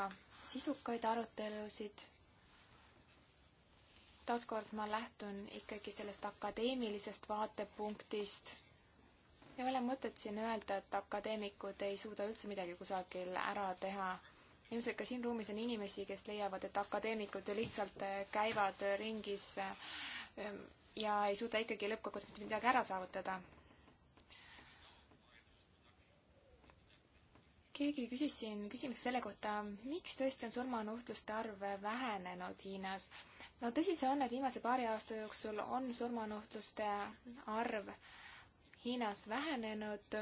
sisukaid arutelusid taaskord ma lähtun ikkagi sellest akadeemilisest vaatepunktist. ei ole mõtet siin öelda, et akadeemikud ei suuda üldse midagi kusagil ära teha. ilmselt ka siin ruumis on inimesi, kes leiavad, et akadeemikud lihtsalt äh, käivad ringis ähm, ja ei suuda ikkagi lõppkokkuvõttes mitte midagi ära saavutada. keegi küsis siin küsimuse selle kohta, miks tõesti on surmanuhtluste arv vähenenud Hiinas. no tõsi see on, et viimase paari aasta jooksul on surmanuhtluste arv Hiinas vähenenud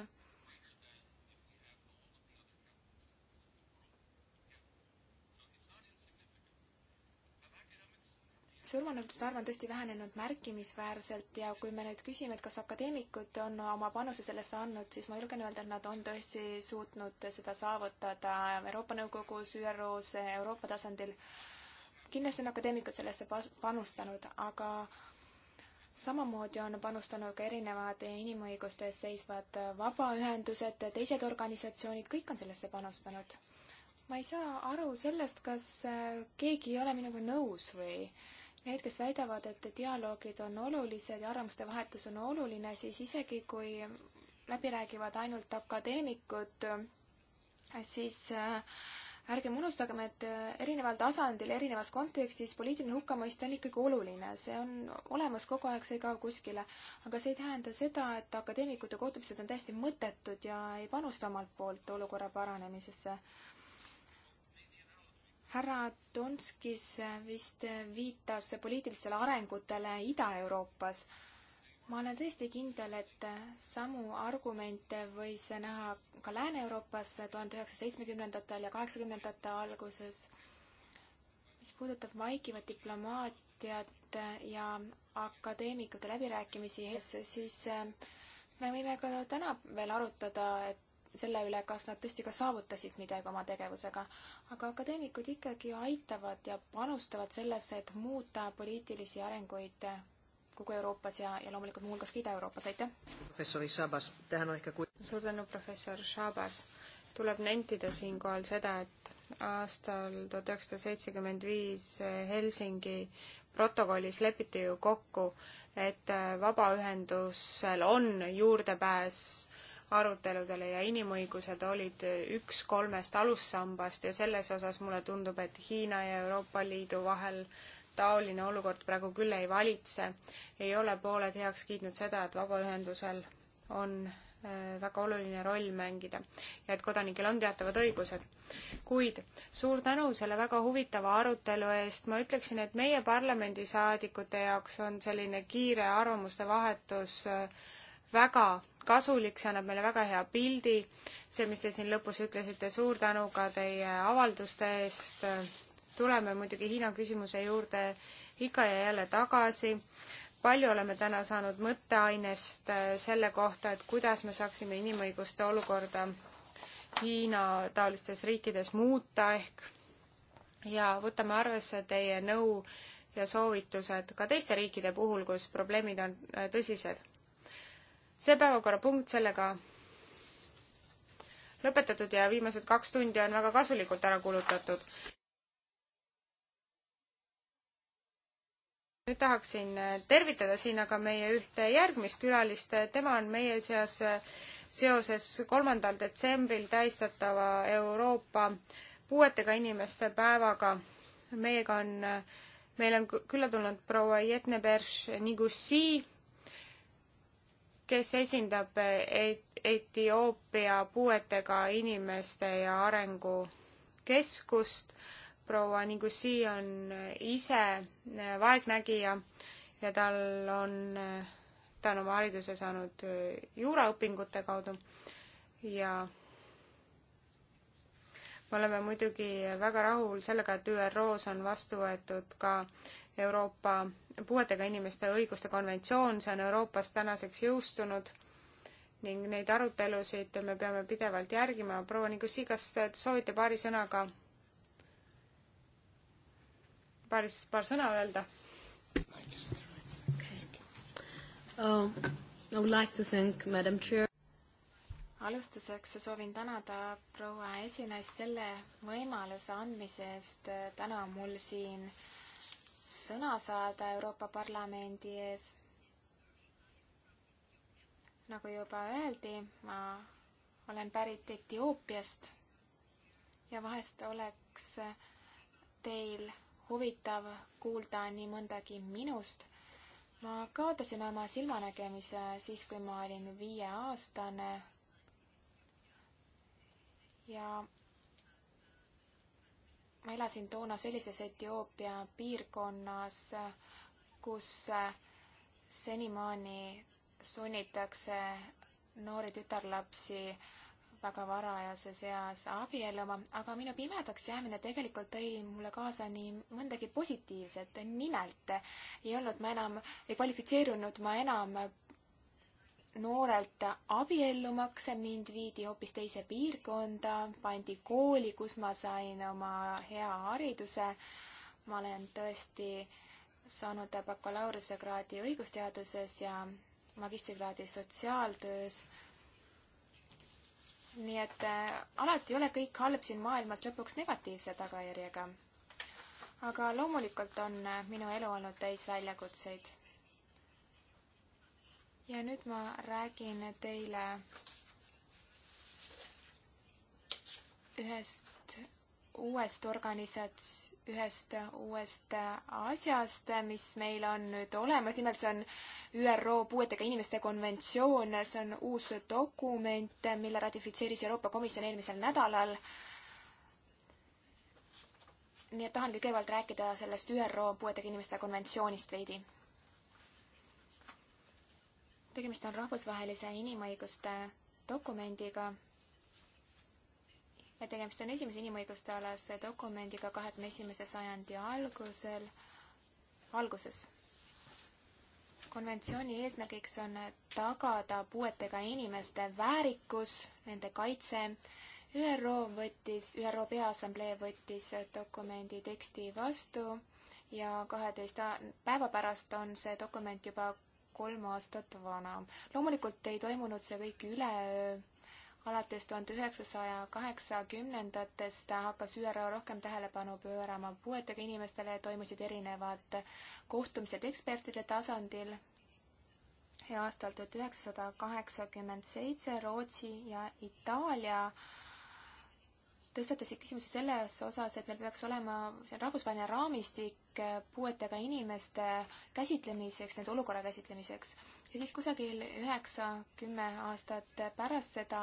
surmanutest arv on tõesti vähenenud märkimisväärselt ja kui me nüüd küsime, et kas akadeemikud on oma panuse sellesse andnud, siis ma julgen öelda, et nad on tõesti suutnud seda saavutada Euroopa Nõukogus, ÜRO-s, Euroopa tasandil. kindlasti on akadeemikud sellesse panustanud, aga samamoodi on panustanud ka erinevad inimõiguste eest seisvad vabaühendused, teised organisatsioonid, kõik on sellesse panustanud ma ei saa aru sellest, kas keegi ei ole minuga nõus või Need, kes väidavad, et dialoogid on olulised ja arvamuste vahetus on oluline, siis isegi kui läbi räägivad ainult akadeemikud, siis äh, ärgem unustagem, et äh, erineval tasandil, erinevas kontekstis poliitiline hukkamõist on ikkagi oluline, see on olemas kogu aeg, see ei kao kuskile. aga see ei tähenda seda, et akadeemikute kohtumised on täiesti mõttetud ja ei panusta omalt poolt olukorra paranemisesse härra Donskis vist viitas poliitilistele arengutele Ida-Euroopas. ma olen tõesti kindel, et samu argumente võis näha ka Lääne-Euroopas tuhande üheksasaja seitsmekümnendatel ja kaheksakümnendate alguses. mis puudutab vaikivat diplomaatiat ja akadeemikute läbirääkimisi, siis me võime ka täna veel arutada, et selle üle, kas nad tõesti ka saavutasid midagi oma tegevusega. aga akadeemikud ikkagi aitavad ja panustavad sellesse, et muuta poliitilisi arenguid kogu Euroopas ja, ja loomulikult muuhulgas ka Ida-Euroopas, aitäh! professor Šabas, tänan ehk kui suur tänu, professor Šabas! tuleb nentida siinkohal seda, et aastal tuhat üheksasada seitsekümmend viis Helsingi protokollis lepiti ju kokku, et vabaühendusel on juurdepääs aruteludele ja inimõigused olid üks kolmest alussambast ja selles osas mulle tundub, et Hiina ja Euroopa Liidu vahel taoline olukord praegu küll ei valitse. ei ole pooled heaks kiitnud seda, et vabaühendusel on äh, väga oluline roll mängida ja et kodanikel on teatavad õigused. kuid suur tänu selle väga huvitava arutelu eest, ma ütleksin, et meie parlamendisaadikute jaoks on selline kiire arvamuste vahetus äh, väga kasulik, see annab meile väga hea pildi. see, mis te siin lõpus ütlesite, suur tänu ka teie avalduste eest. tuleme muidugi Hiina küsimuse juurde ikka ja jälle tagasi. palju oleme täna saanud mõtteainest äh, selle kohta, et kuidas me saaksime inimõiguste olukorda Hiina taolistes riikides muuta ehk ja võtame arvesse teie nõu ja soovitused ka teiste riikide puhul, kus probleemid on äh, tõsised see päevakorrapunkt sellega lõpetatud ja viimased kaks tundi on väga kasulikult ära kulutatud. nüüd tahaksin eh, tervitada siin aga meie ühte järgmist külalist, tema on meie seas eh, seoses kolmandal detsembril tähistatava Euroopa puuetega inimeste päevaga. meiega on, eh, meil on külla tulnud proua Jetne Berš-Nigusi kes esindab eh, Etioopia puuetega inimeste ja arengukeskust. proua Nigusi on eh, ise eh, vaegnägija ja tal on, ta on oma hariduse saanud juuraõpingute kaudu ja me oleme muidugi väga rahul sellega, et ÜRO-s on vastu võetud ka Euroopa puuetega inimeste õiguste konventsioon, see on Euroopas tänaseks jõustunud ning neid arutelusid me peame pidevalt järgima. proua Nigusi, kas te soovite paari sõnaga, paaris, paar sõna öelda? Okay. Oh, uh, I would like to thank Madam Chair alustuseks soovin tänada proua esinaist selle võimaluse andmise eest äh, täna mul siin sõna saada Euroopa Parlamendi ees. nagu juba öeldi, ma olen pärit Etioopiast ja vahest oleks teil huvitav kuulda nii mõndagi minust. ma kaotasin oma silmanägemise siis, kui ma olin viieaastane ja ma elasin toona sellises Etioopia piirkonnas, kus senimaani sunnitakse noori tütarlapsi väga varajases eas abielluma, aga minu pimedaks jäämine tegelikult tõi mulle kaasa nii mõndagi positiivset. nimelt ei olnud ma enam, ei kvalifitseerunud ma enam noorelt abiellumakse, mind viidi hoopis teise piirkonda, pandi kooli, kus ma sain oma hea hariduse. ma olen tõesti saanud bakalaureusekraadi õigusteaduses ja magistrikraadi sotsiaaltöös nii et äh, alati ei ole kõik halb siin maailmas lõpuks negatiivse tagajärjega. aga loomulikult on äh, minu elu olnud täis väljakutseid ja nüüd ma räägin teile ühest uuest organisats-, ühest uuest asjast, mis meil on nüüd olemas, nimelt see on ÜRO puuetega inimeste konventsioon, see on uus dokument, mille ratifitseeris Euroopa Komisjon eelmisel nädalal. nii et tahangi kõigepealt rääkida sellest ÜRO puuetega inimeste konventsioonist veidi tegemist on rahvusvahelise inimõiguste dokumendiga ja tegemist on esimese inimõiguste alase dokumendiga kahekümne esimese sajandi algusel, alguses. konventsiooni eesmärgiks on tagada puuetega inimeste väärikus, nende kaitse. ÜRO võttis, ÜRO Peaassamblee võttis dokumendi teksti vastu ja kaheteist päeva pärast on see dokument juba kolm aastat vana. loomulikult ei toimunud see kõik üleöö alates tuhande üheksasaja kaheksakümnendatest hakkas ÜRO rohkem tähelepanu pöörama puuetega inimestele ja toimusid erinevad kohtumised ekspertide tasandil. ja aastal tuhat üheksasada kaheksakümmend seitse Rootsi ja Itaalia tõstatasid küsimuse selles osas, et meil peaks olema see rahvusvaheline raamistik eh, puuetega inimeste käsitlemiseks, nende olukorra käsitlemiseks. ja siis kusagil üheksa, kümme aastat pärast seda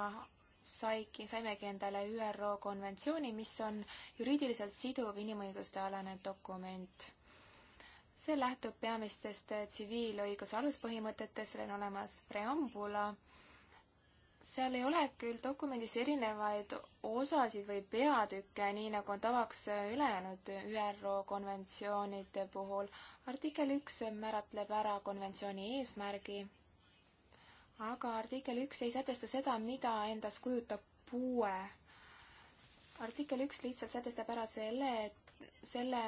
saigi, saimegi endale ÜRO konventsiooni, mis on juriidiliselt siduv inimõiguste alane dokument. see lähtub peamistest tsiviilõiguse aluspõhimõtetest, sellel on olemas preambula seal ei ole küll dokumendis erinevaid osasid või peatükke, nii nagu on tavaks ülejäänud ÜRO konventsioonide puhul. artikkel üks määratleb ära konventsiooni eesmärgi, aga artikkel üks ei sätesta seda, mida endas kujutab puue. artikkel üks lihtsalt sätestab ära selle, et selle,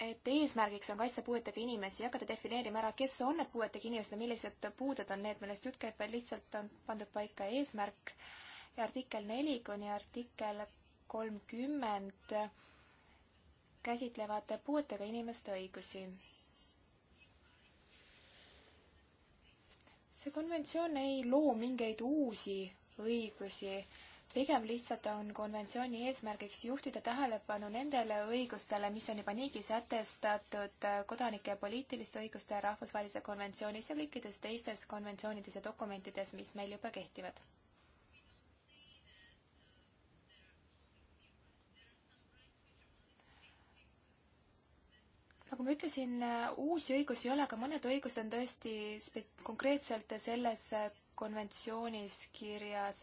et eesmärgiks on kaitsta puuetega inimesi ja hakata defineerima ära, kes on need puuetega inimesed ja millised puuded on need, millest jutt käib, vaid lihtsalt on pandud paika eesmärk. ja artikkel neli kuni artikkel kolmkümmend käsitlevad puuetega inimeste õigusi. see konventsioon ei loo mingeid uusi õigusi pigem lihtsalt on konventsiooni eesmärgiks juhtida tähelepanu nendele õigustele, mis on juba niigi sätestatud kodanike poliitiliste õiguste rahvusvahelise konventsioonis ja kõikides teistes konventsioonides ja dokumentides, mis meil juba kehtivad. nagu ma ütlesin, uusi õigusi ei ole, aga mõned õigused on tõesti konkreetselt selles konventsioonis kirjas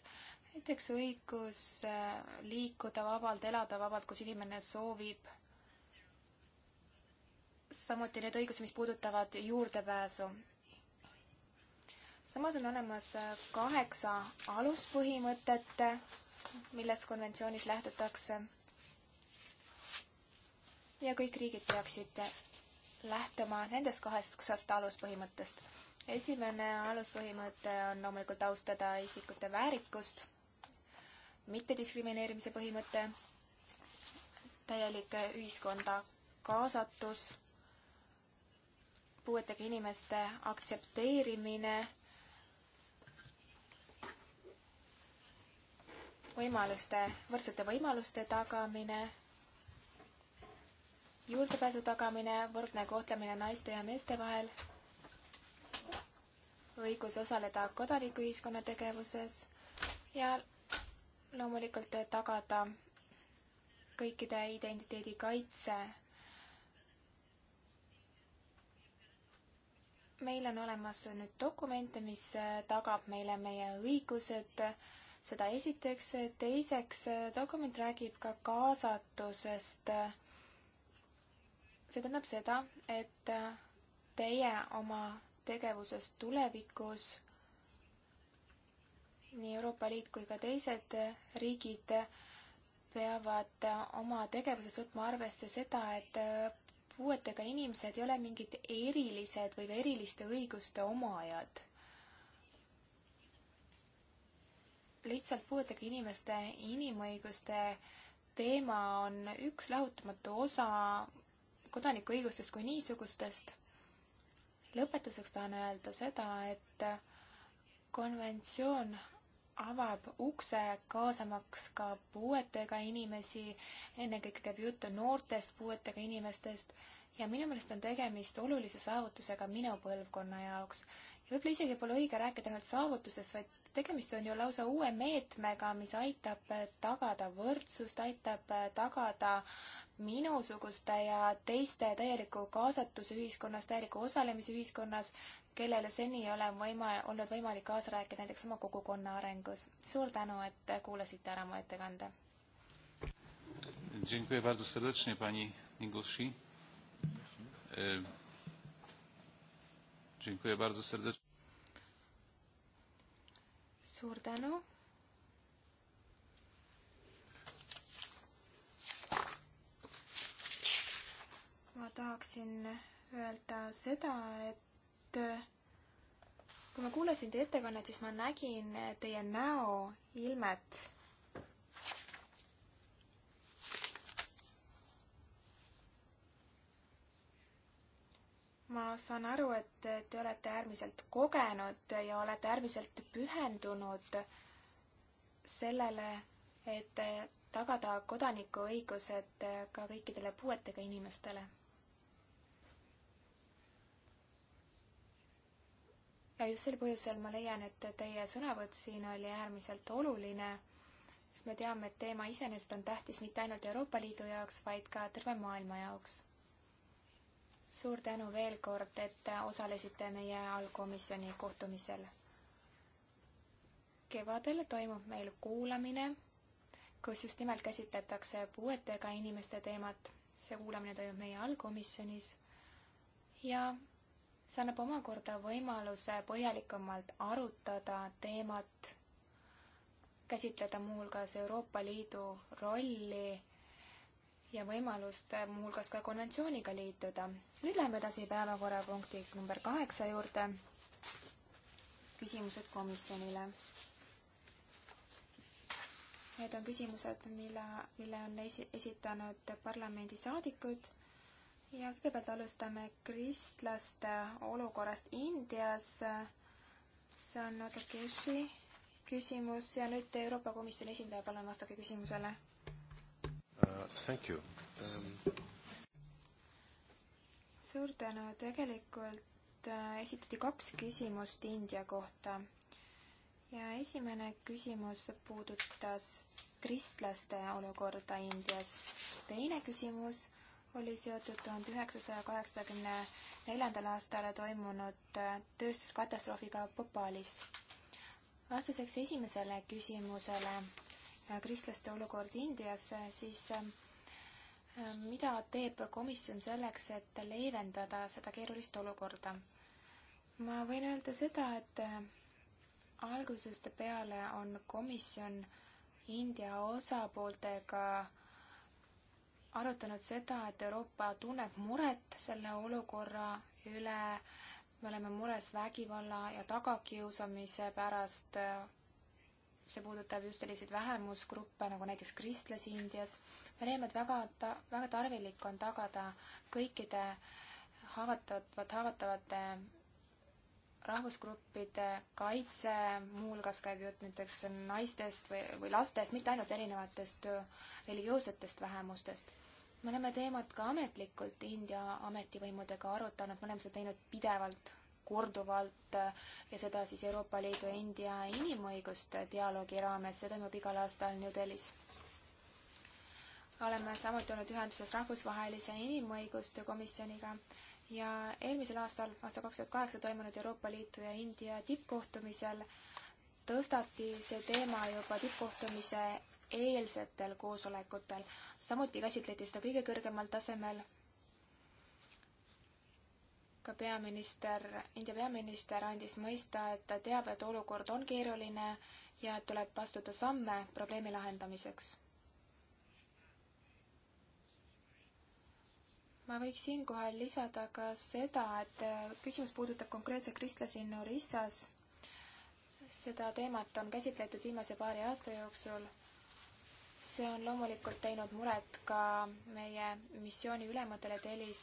näiteks õigus äh, liikuda vabalt, elada vabalt, kus inimene soovib. samuti need õigused, mis puudutavad juurdepääsu. samas on olemas äh, kaheksa aluspõhimõtet, millest konventsioonis lähtutakse. ja kõik riigid peaksid lähtuma nendest kaheksast aluspõhimõttest. esimene aluspõhimõte on loomulikult austada isikute väärikust mittediskrimineerimise põhimõte, täielik ühiskonda kaasatus, puuetega inimeste aktsepteerimine, võimaluste, võrdsete võimaluste tagamine, juurdepääsu tagamine, võrdne kohtlemine naiste ja meeste vahel, õigus osaleda kodanikuühiskonna tegevuses ja loomulikult tagada kõikide identiteedi kaitse. meil on olemas nüüd dokumente, mis tagab meile meie õigused, seda esiteks, teiseks dokument räägib ka kaasatusest. see tähendab seda, et teie oma tegevuses tulevikus nii Euroopa Liit kui ka teised riigid peavad oma tegevuses võtma arvesse seda, et puuetega inimesed ei ole mingid erilised või eriliste õiguste omajad. lihtsalt puuetega inimeste inimõiguste teema on üks lahutamatu osa kodanikuõigustest kui niisugustest. lõpetuseks tahan öelda seda, et konventsioon avab ukse kaasamaks ka puuetega inimesi, ennekõike käib juttu noortest puuetega inimestest ja minu meelest on tegemist olulise saavutusega minu põlvkonna jaoks. ja võib-olla isegi pole õige rääkida ainult saavutusest, vaid tegemist on ju lausa uue meetmega, mis aitab tagada võrdsust, aitab tagada minusuguste ja teiste täieliku kaasatuse ühiskonnas, täieliku osalemise ühiskonnas, kellel seni ei ole võima-, olnud võimalik kaasa rääkida näiteks oma kogukonna arengus. suur tänu, et kuulasite ära mu ettekande. Dziękuję bardzo serdecznie pani Ningushi. E, dziękuję bardzo serdecznie. Suur tänu. ma tahaksin öelda seda, et et äh, kui ma kuulasin teie ettekannet, siis ma nägin äh, teie näo ilmet. ma saan aru, et äh, te olete äärmiselt kogenud ja olete äärmiselt pühendunud sellele, et tagada kodanikuõigused ka kõikidele puuetega inimestele ja just sel põhjusel ma leian, et teie sõnavõtt siin oli äärmiselt oluline, sest me teame, et teema iseenesest on tähtis mitte ainult Euroopa Liidu jaoks, vaid ka terve maailma jaoks. suur tänu veel kord, et osalesite meie allkomisjoni kohtumisel. kevadel toimub meil kuulamine, kus just nimelt käsitletakse puuetega inimeste teemat. see kuulamine toimub meie allkomisjonis ja see annab omakorda võimaluse põhjalikumalt arutada teemat, käsitleda muuhulgas Euroopa Liidu rolli ja võimalust muuhulgas ka konventsiooniga liituda. nüüd läheme edasi päevakorrapunkti number kaheksa juurde. küsimused komisjonile. Need on küsimused, mille, mille on esi-, esitanud parlamendisaadikud ja kõigepealt alustame kristlaste olukorrast Indias. see on Odakeshi küsimus ja nüüd Euroopa Komisjoni esindaja, palun vastake küsimusele uh,. Thank you um.... suur tänu, tegelikult uh, esitati kaks küsimust India kohta. ja esimene küsimus puudutas kristlaste olukorda Indias. teine küsimus oli seotud tuhande üheksasaja kaheksakümne neljandal aastal toimunud äh, tööstuskatastroofiga Bhopalis. vastuseks esimesele küsimusele, äh, kristlaste olukord Indias, äh, siis mida teeb komisjon selleks, et leevendada seda keerulist olukorda? ma võin öelda seda, et algusest peale on komisjon India osapooltega arutanud seda, et Euroopa tunneb muret selle olukorra üle. me oleme mures vägivalla ja tagakiusamise pärast. see puudutab just selliseid vähemusgruppe nagu näiteks kristlasi Indias. me leiame, et väga ta-, väga tarvilik on tagada kõikide haavatavat, haavatavate rahvusgruppide kaitse, muuhulgas käib jutt näiteks naistest või, või lastest, mitte ainult erinevatest äh, religioossetest vähemustest me oleme teemat ka ametlikult India ametivõimudega arutanud, me oleme seda teinud pidevalt, korduvalt äh, ja seda siis Euroopa Liidu ja India inimõiguste dialoogi raames, see toimub igal aastal New Delhis. oleme samuti olnud ühenduses Rahvusvahelise Inimõiguste Komisjoniga ja eelmisel aastal, aasta kaks tuhat kaheksa toimunud Euroopa Liidu ja India tippkohtumisel tõstati see teema juba tippkohtumise eelsetel koosolekutel. samuti käsitleti seda kõige kõrgemal tasemel. ka peaminister, India peaminister andis mõista, et ta teab, et olukord on keeruline ja et tuleb astuda samme probleemi lahendamiseks. ma võiks siinkohal lisada ka seda, et küsimus puudutab konkreetselt kristlasi Norissas seda teemat on käsitletud viimase paari aasta jooksul see on loomulikult teinud muret ka meie missiooni ülematele Telis.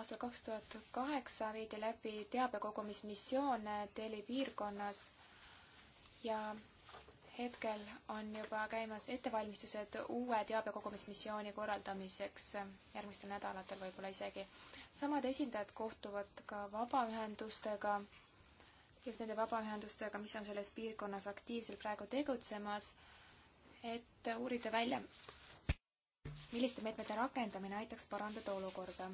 aastal kaks tuhat kaheksa viidi läbi teabekogumismissioon Teli piirkonnas ja hetkel on juba käimas ettevalmistused uue teabekogumismissiooni korraldamiseks järgmistel nädalatel võib-olla isegi. samad esindajad kohtuvad ka vabaühendustega, just nende vabaühendustega, mis on selles piirkonnas aktiivselt praegu tegutsemas et uurida välja, milliste meetmete rakendamine aitaks parandada olukorda.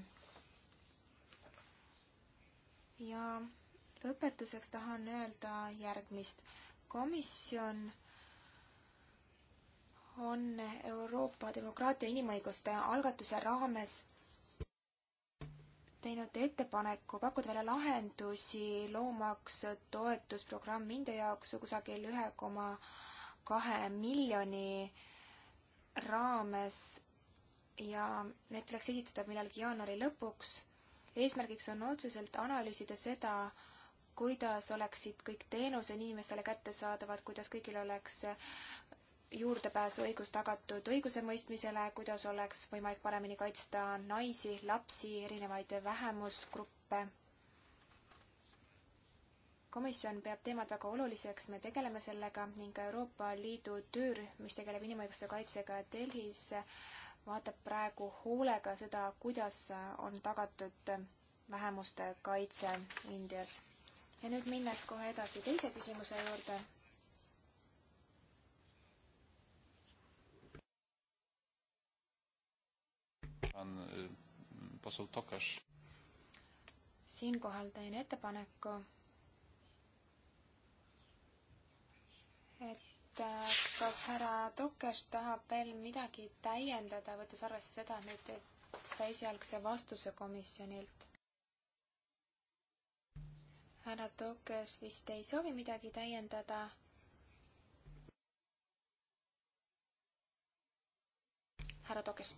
ja lõpetuseks tahan öelda järgmist. komisjon on Euroopa demokraatia inimõiguste algatuse raames teinud ettepaneku pakkuda välja lahendusi, loomaks toetusprogramm nende jaoks kusagil ühe koma kahe miljoni raames ja need tuleks esitada millalgi jaanuari lõpuks. eesmärgiks on otseselt analüüsida seda, kuidas oleksid kõik teenused inimestele kättesaadavad, kuidas kõigil oleks juurdepääsuõigus tagatud õigusemõistmisele, kuidas oleks võimalik paremini kaitsta naisi, lapsi, erinevaid vähemusgruppe komisjon peab teemat väga oluliseks, me tegeleme sellega ning Euroopa Liidu töörühm, mis tegeleb inimõiguste kaitsega Delhis, vaatab praegu hoolega seda, kuidas on tagatud vähemuste kaitse Indias. ja nüüd minnes kohe edasi teise küsimuse juurde. on, on, siinkohal teen ettepaneku et äh, kas härra Tokes tahab veel midagi täiendada, võttes arvesse seda, et nüüd et sai esialgse vastuse komisjonilt? härra Tokes vist ei soovi midagi täiendada härra Tokes.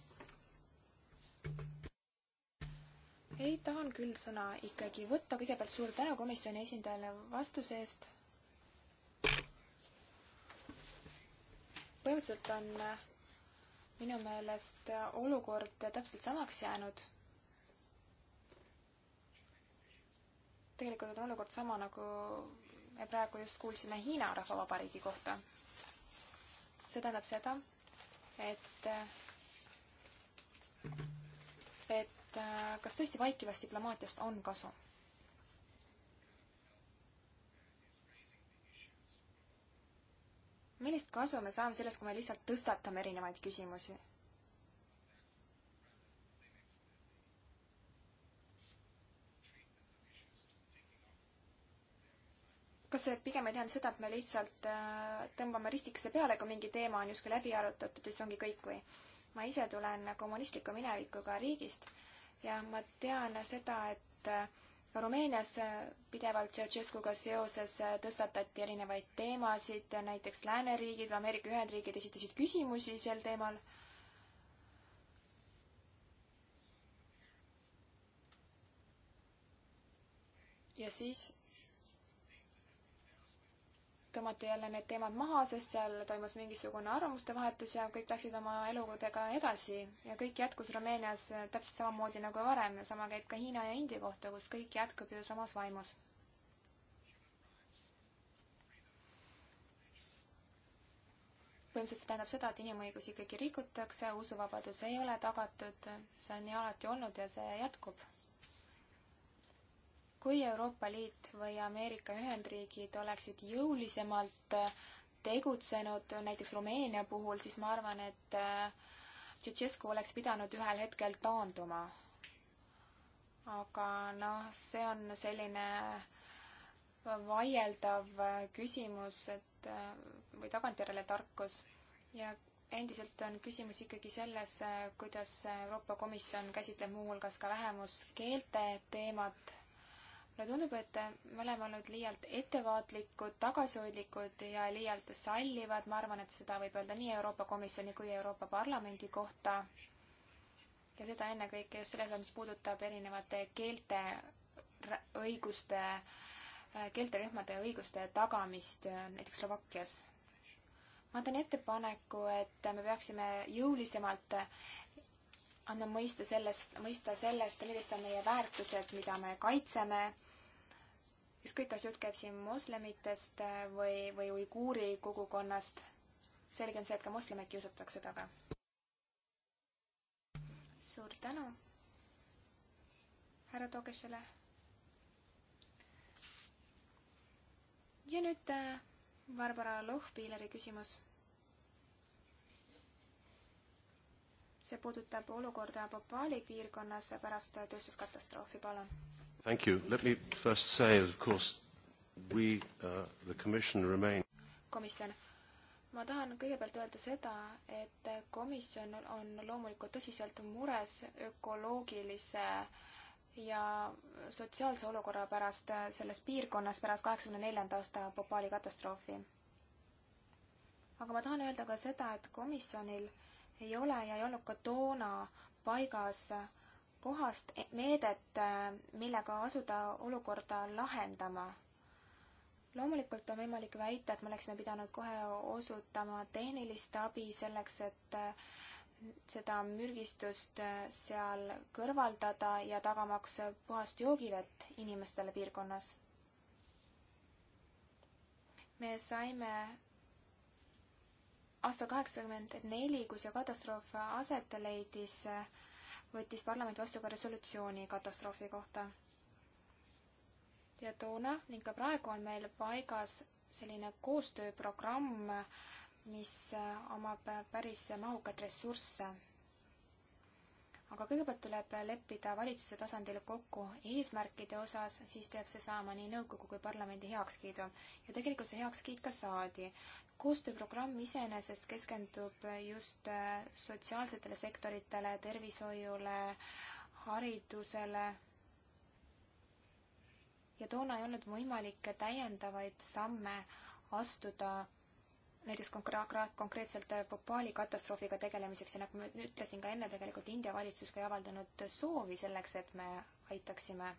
ei, tahan küll sõna ikkagi võtta, kõigepealt suur tänu komisjoni esindajale vastuse eest. põhimõtteliselt on äh, minu meelest äh, olukord täpselt samaks jäänud. tegelikult on olukord sama, nagu me praegu just kuulsime Hiina Rahvavabariigi kohta. see tähendab seda, et, äh, et kas tõesti vaikivast diplomaatiast on kasu millist kasu me saame sellest, kui me lihtsalt tõstatame erinevaid küsimusi? kas see pigem ei tähenda seda, et me lihtsalt äh, tõmbame ristikese peale, kui mingi teema on justkui läbi arutatud ja siis ongi kõik või? ma ise tulen kommunistliku minevikuga riigist ja ma tean seda, et äh, Rumeenias äh, pidevalt Ceausescuga seoses äh, tõstatati erinevaid teemasid, näiteks lääneriigid, Ameerika Ühendriigid esitasid küsimusi sel teemal. ja siis tõmmati jälle need teemad maha, sest seal toimus mingisugune arvamuste vahetus ja kõik läksid oma eludega edasi ja kõik jätkus Rumeenias täpselt samamoodi nagu varem. sama käib ka Hiina ja India kohta, kus kõik jätkub ju samas vaimus. põhimõtteliselt see tähendab seda, et inimõigusi ikkagi rikutakse, usuvabadus ei ole tagatud, see on nii alati olnud ja see jätkub kui Euroopa Liit või Ameerika Ühendriigid oleksid jõulisemalt äh, tegutsenud näiteks Rumeenia puhul, siis ma arvan, et äh, Ceausescu oleks pidanud ühel hetkel taanduma. aga noh, see on selline äh, vaieldav küsimus, et või tagantjärele tarkus ja endiselt on küsimus ikkagi selles, kuidas Euroopa Komisjon käsitleb muuhulgas ka vähemuskeelte teemat mulle tundub, et me oleme olnud liialt ettevaatlikud, tagasihoidlikud ja liialt sallivad, ma arvan, et seda võib öelda nii Euroopa Komisjoni kui Euroopa Parlamendi kohta. ja seda ennekõike just selles osas, mis puudutab erinevate keelte õiguste, keelterühmade õiguste tagamist näiteks Slovakkias. ma teen ettepaneku, et me peaksime jõulisemalt annab mõista sellest, mõista sellest, millised on meie väärtused, mida me kaitseme ükskõik, kas jutt käib siin moslemitest äh, või, või uiguuri kogukonnast, selge on see, et ka moslemeid kiusatakse taga. suur tänu härra Togesele. ja nüüd äh, Barbara Lohpiileri küsimus. see puudutab olukorda Bhopali piirkonnas pärast tööstuskatastroofi, palun Thank you. Let me first say that of course we uh,, the commission remain. komisjon, ma tahan kõigepealt öelda seda, et komisjon on loomulikult tõsiselt mures ökoloogilise ja sotsiaalse olukorra pärast selles piirkonnas pärast kaheksakümne neljanda aasta Bhopali katastroofi. aga ma tahan öelda ka seda, et komisjonil ei ole ja ei olnud ka toona paigas puhast e-, meedet, äh, millega asuda olukorda lahendama. loomulikult on võimalik väita, et me oleksime pidanud kohe osutama tehnilist abi selleks, et äh, seda mürgistust äh, seal kõrvaldada ja tagamaks puhast joogivett inimestele piirkonnas. me saime aastal kaheksakümmend neli, kui see katastroof aset leidis, võttis parlament vastu ka resolutsiooni katastroofi kohta. ja toona ning ka praegu on meil paigas selline koostööprogramm, mis omab päris mahukaid ressursse aga kõigepealt tuleb leppida valitsuse tasandil kokku eesmärkide osas, siis peab see saama nii nõukogu kui parlamendi heakskiidu. ja tegelikult see heakskiit ka saadi. koostööprogramm iseenesest keskendub just äh, sotsiaalsetele sektoritele, tervishoiule, haridusele ja toona ei olnud võimalik täiendavaid samme astuda näiteks konkreetselt äh, Bhopali katastroofiga tegelemiseks ja nagu ma ütlesin ka enne, tegelikult India valitsus ka ei avaldanud soovi selleks, et me aitaksime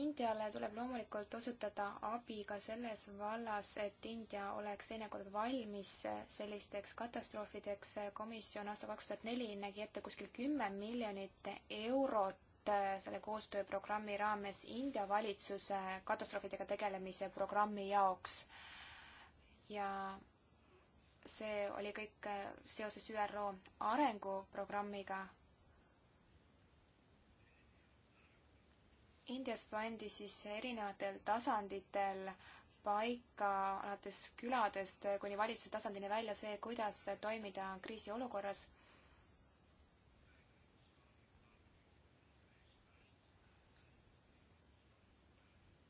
Indiale tuleb loomulikult osutada abi ka selles vallas, et India oleks teinekord valmis äh, sellisteks katastroofideks. komisjon aastal kaks tuhat neli nägi ette kuskil kümme miljonit eurot et äh, selle koostööprogrammi raames India valitsuse katastroofidega tegelemise programmi jaoks. ja see oli kõik äh, seoses ÜRO arenguprogrammiga. Indias pandi siis erinevatel tasanditel paika alates küladest kuni valitsuse tasandini välja see, kuidas toimida kriisiolukorras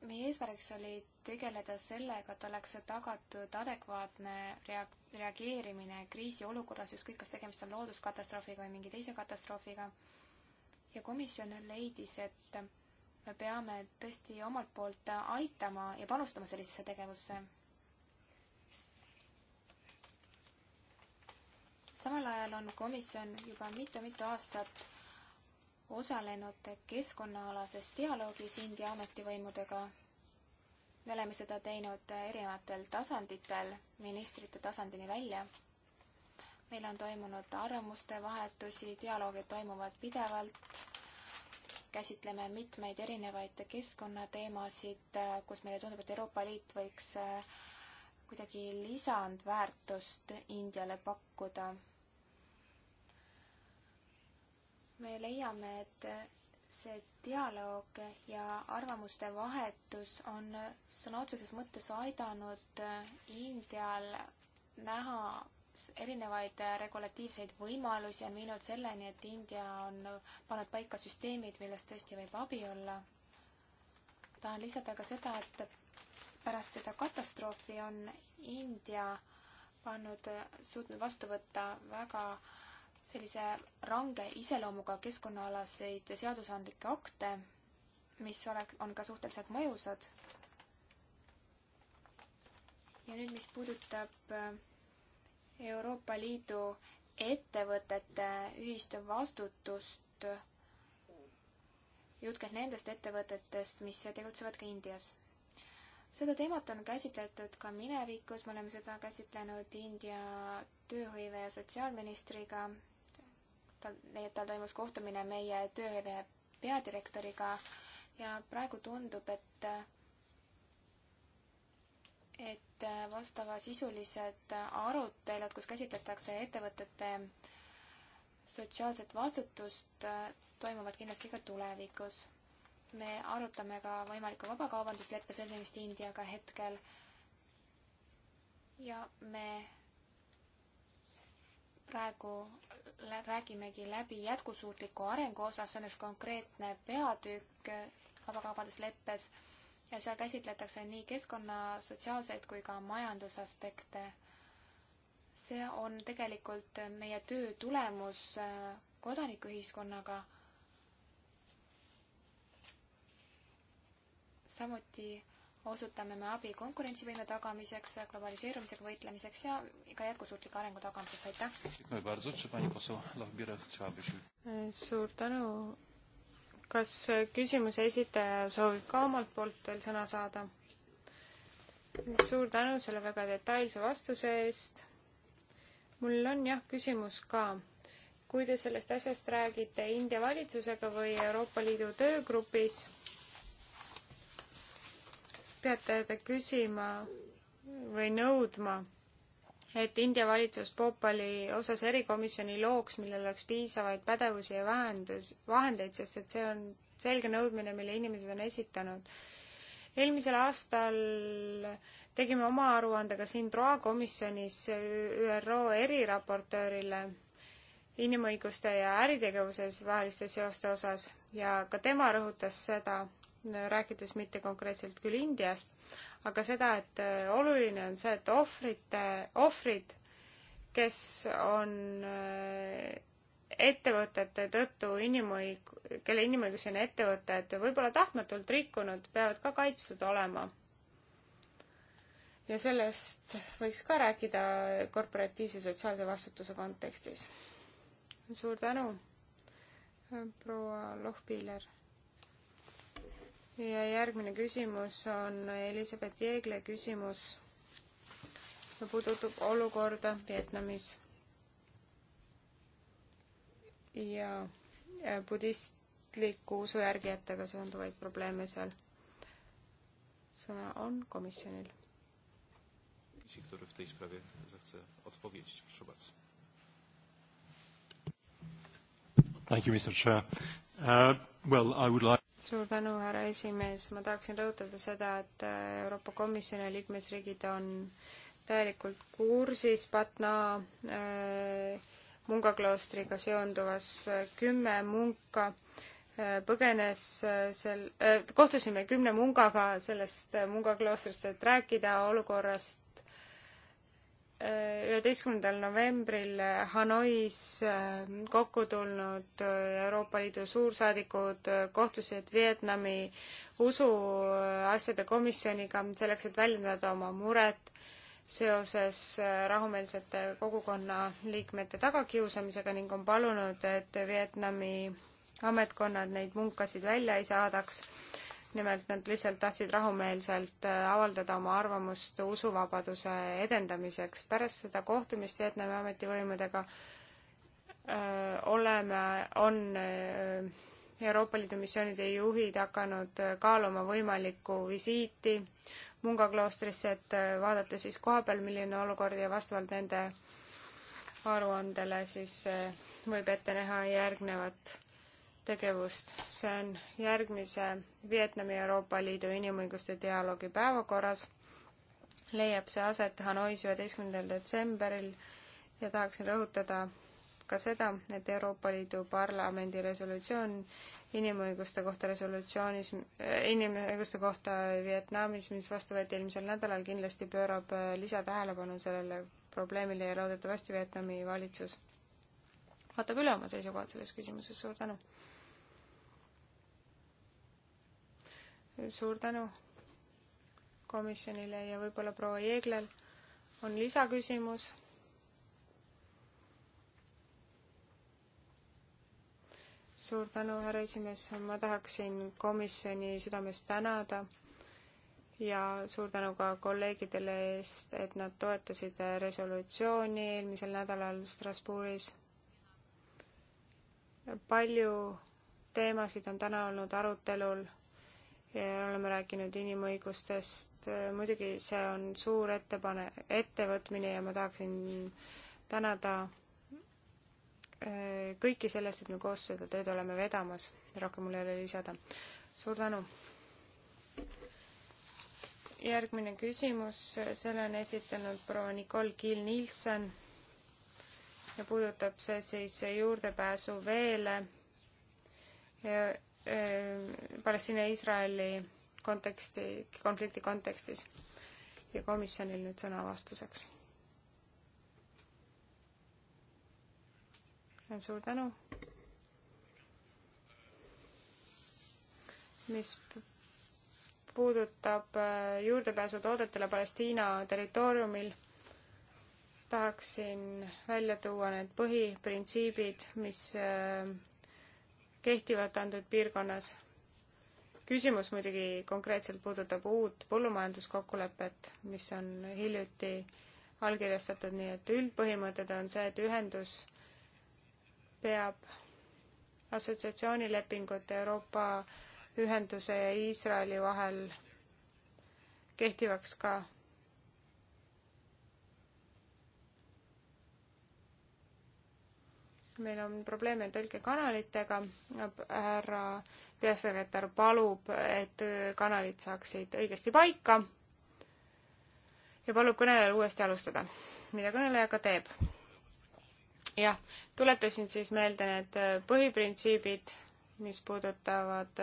meie eesmärgiks oli tegeleda sellega, et oleks tagatud adekvaatne reak-, reageerimine kriisiolukorras, ükskõik kas tegemist on looduskatastroofiga või mingi teise katastroofiga. ja komisjon leidis, et me peame tõesti omalt poolt aitama ja panustama sellisesse tegevusse. samal ajal on komisjon juba mitu-mitu aastat osalenud keskkonnaalases dialoogis India ametivõimudega. me oleme seda teinud erinevatel tasanditel, ministrite tasandini välja. meil on toimunud arvamuste vahetusi, dialoogid toimuvad pidevalt. käsitleme mitmeid erinevaid keskkonnateemasid, kus meile tundub, et Euroopa Liit võiks eh, kuidagi lisandväärtust Indiale pakkuda me leiame, et see dialoog ja arvamuste vahetus on sõna otseses mõttes aidanud Indial näha erinevaid regulatiivseid võimalusi ja on viinud selleni, et India on pannud paika süsteemid, millest tõesti võib abi olla. tahan lisada ka seda, et pärast seda katastroofi on India pannud, suutnud vastu võtta väga äh, sellise range iseloomuga keskkonnaalaseid seadusandlikke akte, mis olek-, on ka suhteliselt mõjusad. ja nüüd, mis puudutab äh, Euroopa Liidu ettevõtete ühist vastutust, jutt käib nendest ettevõtetest, mis tegutsevad ka Indias seda teemat on käsitletud ka minevikus, me oleme seda käsitlenud India tööhõive ja sotsiaalministriga. tal, tal toimus kohtumine meie tööhõive peadirektoriga ja praegu tundub, et et vastavasisulised arutelud, kus käsitletakse ettevõtete sotsiaalset vastutust, toimuvad kindlasti ka tulevikus me arutame ka võimaliku vabakaubandusleppe sõlmimist Indiaga hetkel ja me praegu räägimegi läbi jätkusuutliku arengu osas, see on üks konkreetne peatükk vabakaubandusleppes ja seal käsitletakse nii keskkonna, sotsiaalseid kui ka majandusaspekte. see on tegelikult meie töö tulemus äh, kodanikuühiskonnaga samuti osutame me abi konkurentsivõime tagamiseks, globaliseerumisega võitlemiseks ja ka jätkusuutliku arengu tagamiseks, aitäh! suur tänu! kas küsimuse esitaja soovib ka omalt poolt veel sõna saada? suur tänu selle väga detailse vastuse eest. mul on jah küsimus ka. kui te sellest asjast räägite India valitsusega või Euroopa Liidu töögrupis, peate küsima või nõudma, et India valitsus Poopali osas erikomisjoni looks, millel oleks piisavaid pädevusi ja vähendus, vahendeid, sest et see on selge nõudmine, mille inimesed on esitanud. eelmisel aastal tegime oma aruande ka siin Troa komisjonis ÜRO eriraportöörile inimõiguste ja äritegevuses vaheliste seoste osas ja ka tema rõhutas seda, rääkides mitte konkreetselt küll Indiast, aga seda, et äh, oluline on see, et ohvrite, ohvrid, kes on äh, ettevõtete tõttu inimõig-, kelle inimõigusi on ettevõtted võib-olla tahtmatult rikkunud, peavad ka kaitstud olema. ja sellest võiks ka rääkida korporatiivse sotsiaalse vastutuse kontekstis. suur tänu, äh, proua Lohpiller ja järgmine küsimus on Elizabeth Jeegle küsimus. puudutab olukorda Vietnamis. ja budistliku usu järgijatega seonduvaid probleeme seal. sõna on komisjonil. Jeśli który w tej sprawie zechce odpowiedzieć, proszę bardzo. Thank you, Mr. Chair. Uh, well, I would like suur tänu, härra esimees, ma tahaksin rõhutada seda, et äh, Euroopa Komisjoni liikmesriigid on täielikult kursis Patna äh, munga kloostriga seonduvas äh, kümme munka äh, põgenes äh, sel äh,, kohtusime kümne mungaga sellest munga kloostrist, et rääkida olukorrast üheteistkümnendal novembril Hanois äh, kokku tulnud äh, Euroopa Liidu suursaadikud äh, kohtusid Vietnami usuasjade komisjoniga selleks, et väljendada oma muret seoses rahumeelsete kogukonna liikmete tagakiusamisega ning on palunud, et Vietnami ametkonnad neid munkasid välja ei saadaks nimelt nad lihtsalt tahtsid rahumeelselt äh, avaldada oma arvamust usuvabaduse edendamiseks. pärast seda kohtumist Vietnami ametivõimudega öö, äh, oleme, on öö, äh, Euroopa Liidu missioonide juhid hakanud kaaluma võimalikku visiiti Munga kloostrisse, et vaadata siis kohapeal, milline olukord ja vastavalt nende aruandele siis võib ette näha järgnevat tegevust. see on järgmise Vietnami Euroopa Liidu inimõiguste dialoogi päevakorras. leiab see aset Hanois üheteistkümnendal detsembril ja tahaksin rõhutada ka seda, et Euroopa Liidu Parlamendi resolutsioon inimõiguste kohta resolutsioonis, äh, inimõiguste kohta Vietnamis, mis vastu võeti eelmisel nädalal, kindlasti pöörab äh, lisatähelepanu sellele probleemile ja loodetavasti Vietnami valitsus vaatab üle oma seisukohad selles küsimuses, suur tänu! suur tänu komisjonile ja võib-olla proua Jeeglel on lisaküsimus. suur tänu, härra esimees, ma tahaksin komisjoni südamest tänada ja suur tänu ka kolleegidele eest, et nad toetasid resolutsiooni eelmisel nädalal Strasbourgis. palju teemasid on täna olnud arutelul ja oleme rääkinud inimõigustest, muidugi see on suur ettepane-, ettevõtmine ja ma tahaksin tänada äh, kõiki sellest, et me koos seda tööd oleme vedamas, rohkem mul ei ole lisada. suur tänu! järgmine küsimus, selle on esitanud proua Nicole Kiil-Nielsen ja puudutab see siis juurdepääsu veele Äh, Palestiina ja Iisraeli konteksti, konflikti kontekstis ja komisjonil nüüd sõna vastuseks. suur tänu. mis puudutab äh, juurdepääsu toodetele Palestiina territooriumil, tahaksin välja tuua need põhiprintsiibid, mis äh, kehtivad antud piirkonnas. küsimus muidugi konkreetselt puudutab uut põllumajanduskokkulepet, mis on hiljuti allkirjastatud, nii et üldpõhimõtted on see, et ühendus peab assotsiatsioonilepingut Euroopa ühenduse ja Iisraeli vahel kehtivaks ka meil on probleeme tõlkekanalitega, härra peasekretär palub, et kanalid saaksid õigesti paika ja palub kõnelejal uuesti alustada, mida kõneleja ka teeb. jah, tuletasin siis meelde need põhiprintsiibid, mis puudutavad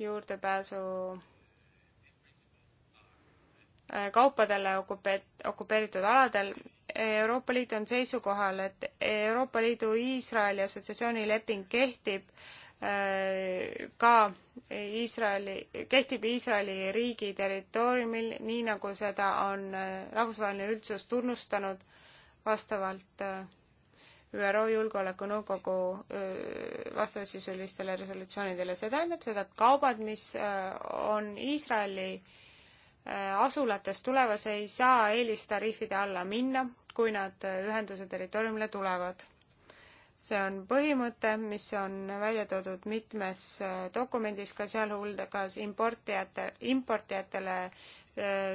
juurdepääsu äh, kaupadele okupet-, okupeeritud aladel Euroopa Liit on seisukohal, et Euroopa Liidu Iisraeli assotsiatsioonileping kehtib äh, ka Iisraeli, kehtib Iisraeli riigi territooriumil, nii nagu seda on äh, rahvusvaheline üldsus tunnustanud vastavalt äh, ÜRO Julgeolekunõukogu vastavasisulistele resolutsioonidele. see tähendab seda, et kaubad, mis on Iisraeli asulates tulevas ei saa eelistariifide alla minna, kui nad ühenduse territooriumile tulevad. see on põhimõte, mis on välja toodud mitmes äh, dokumendis, ka sealhulgas importijate, importijatele äh,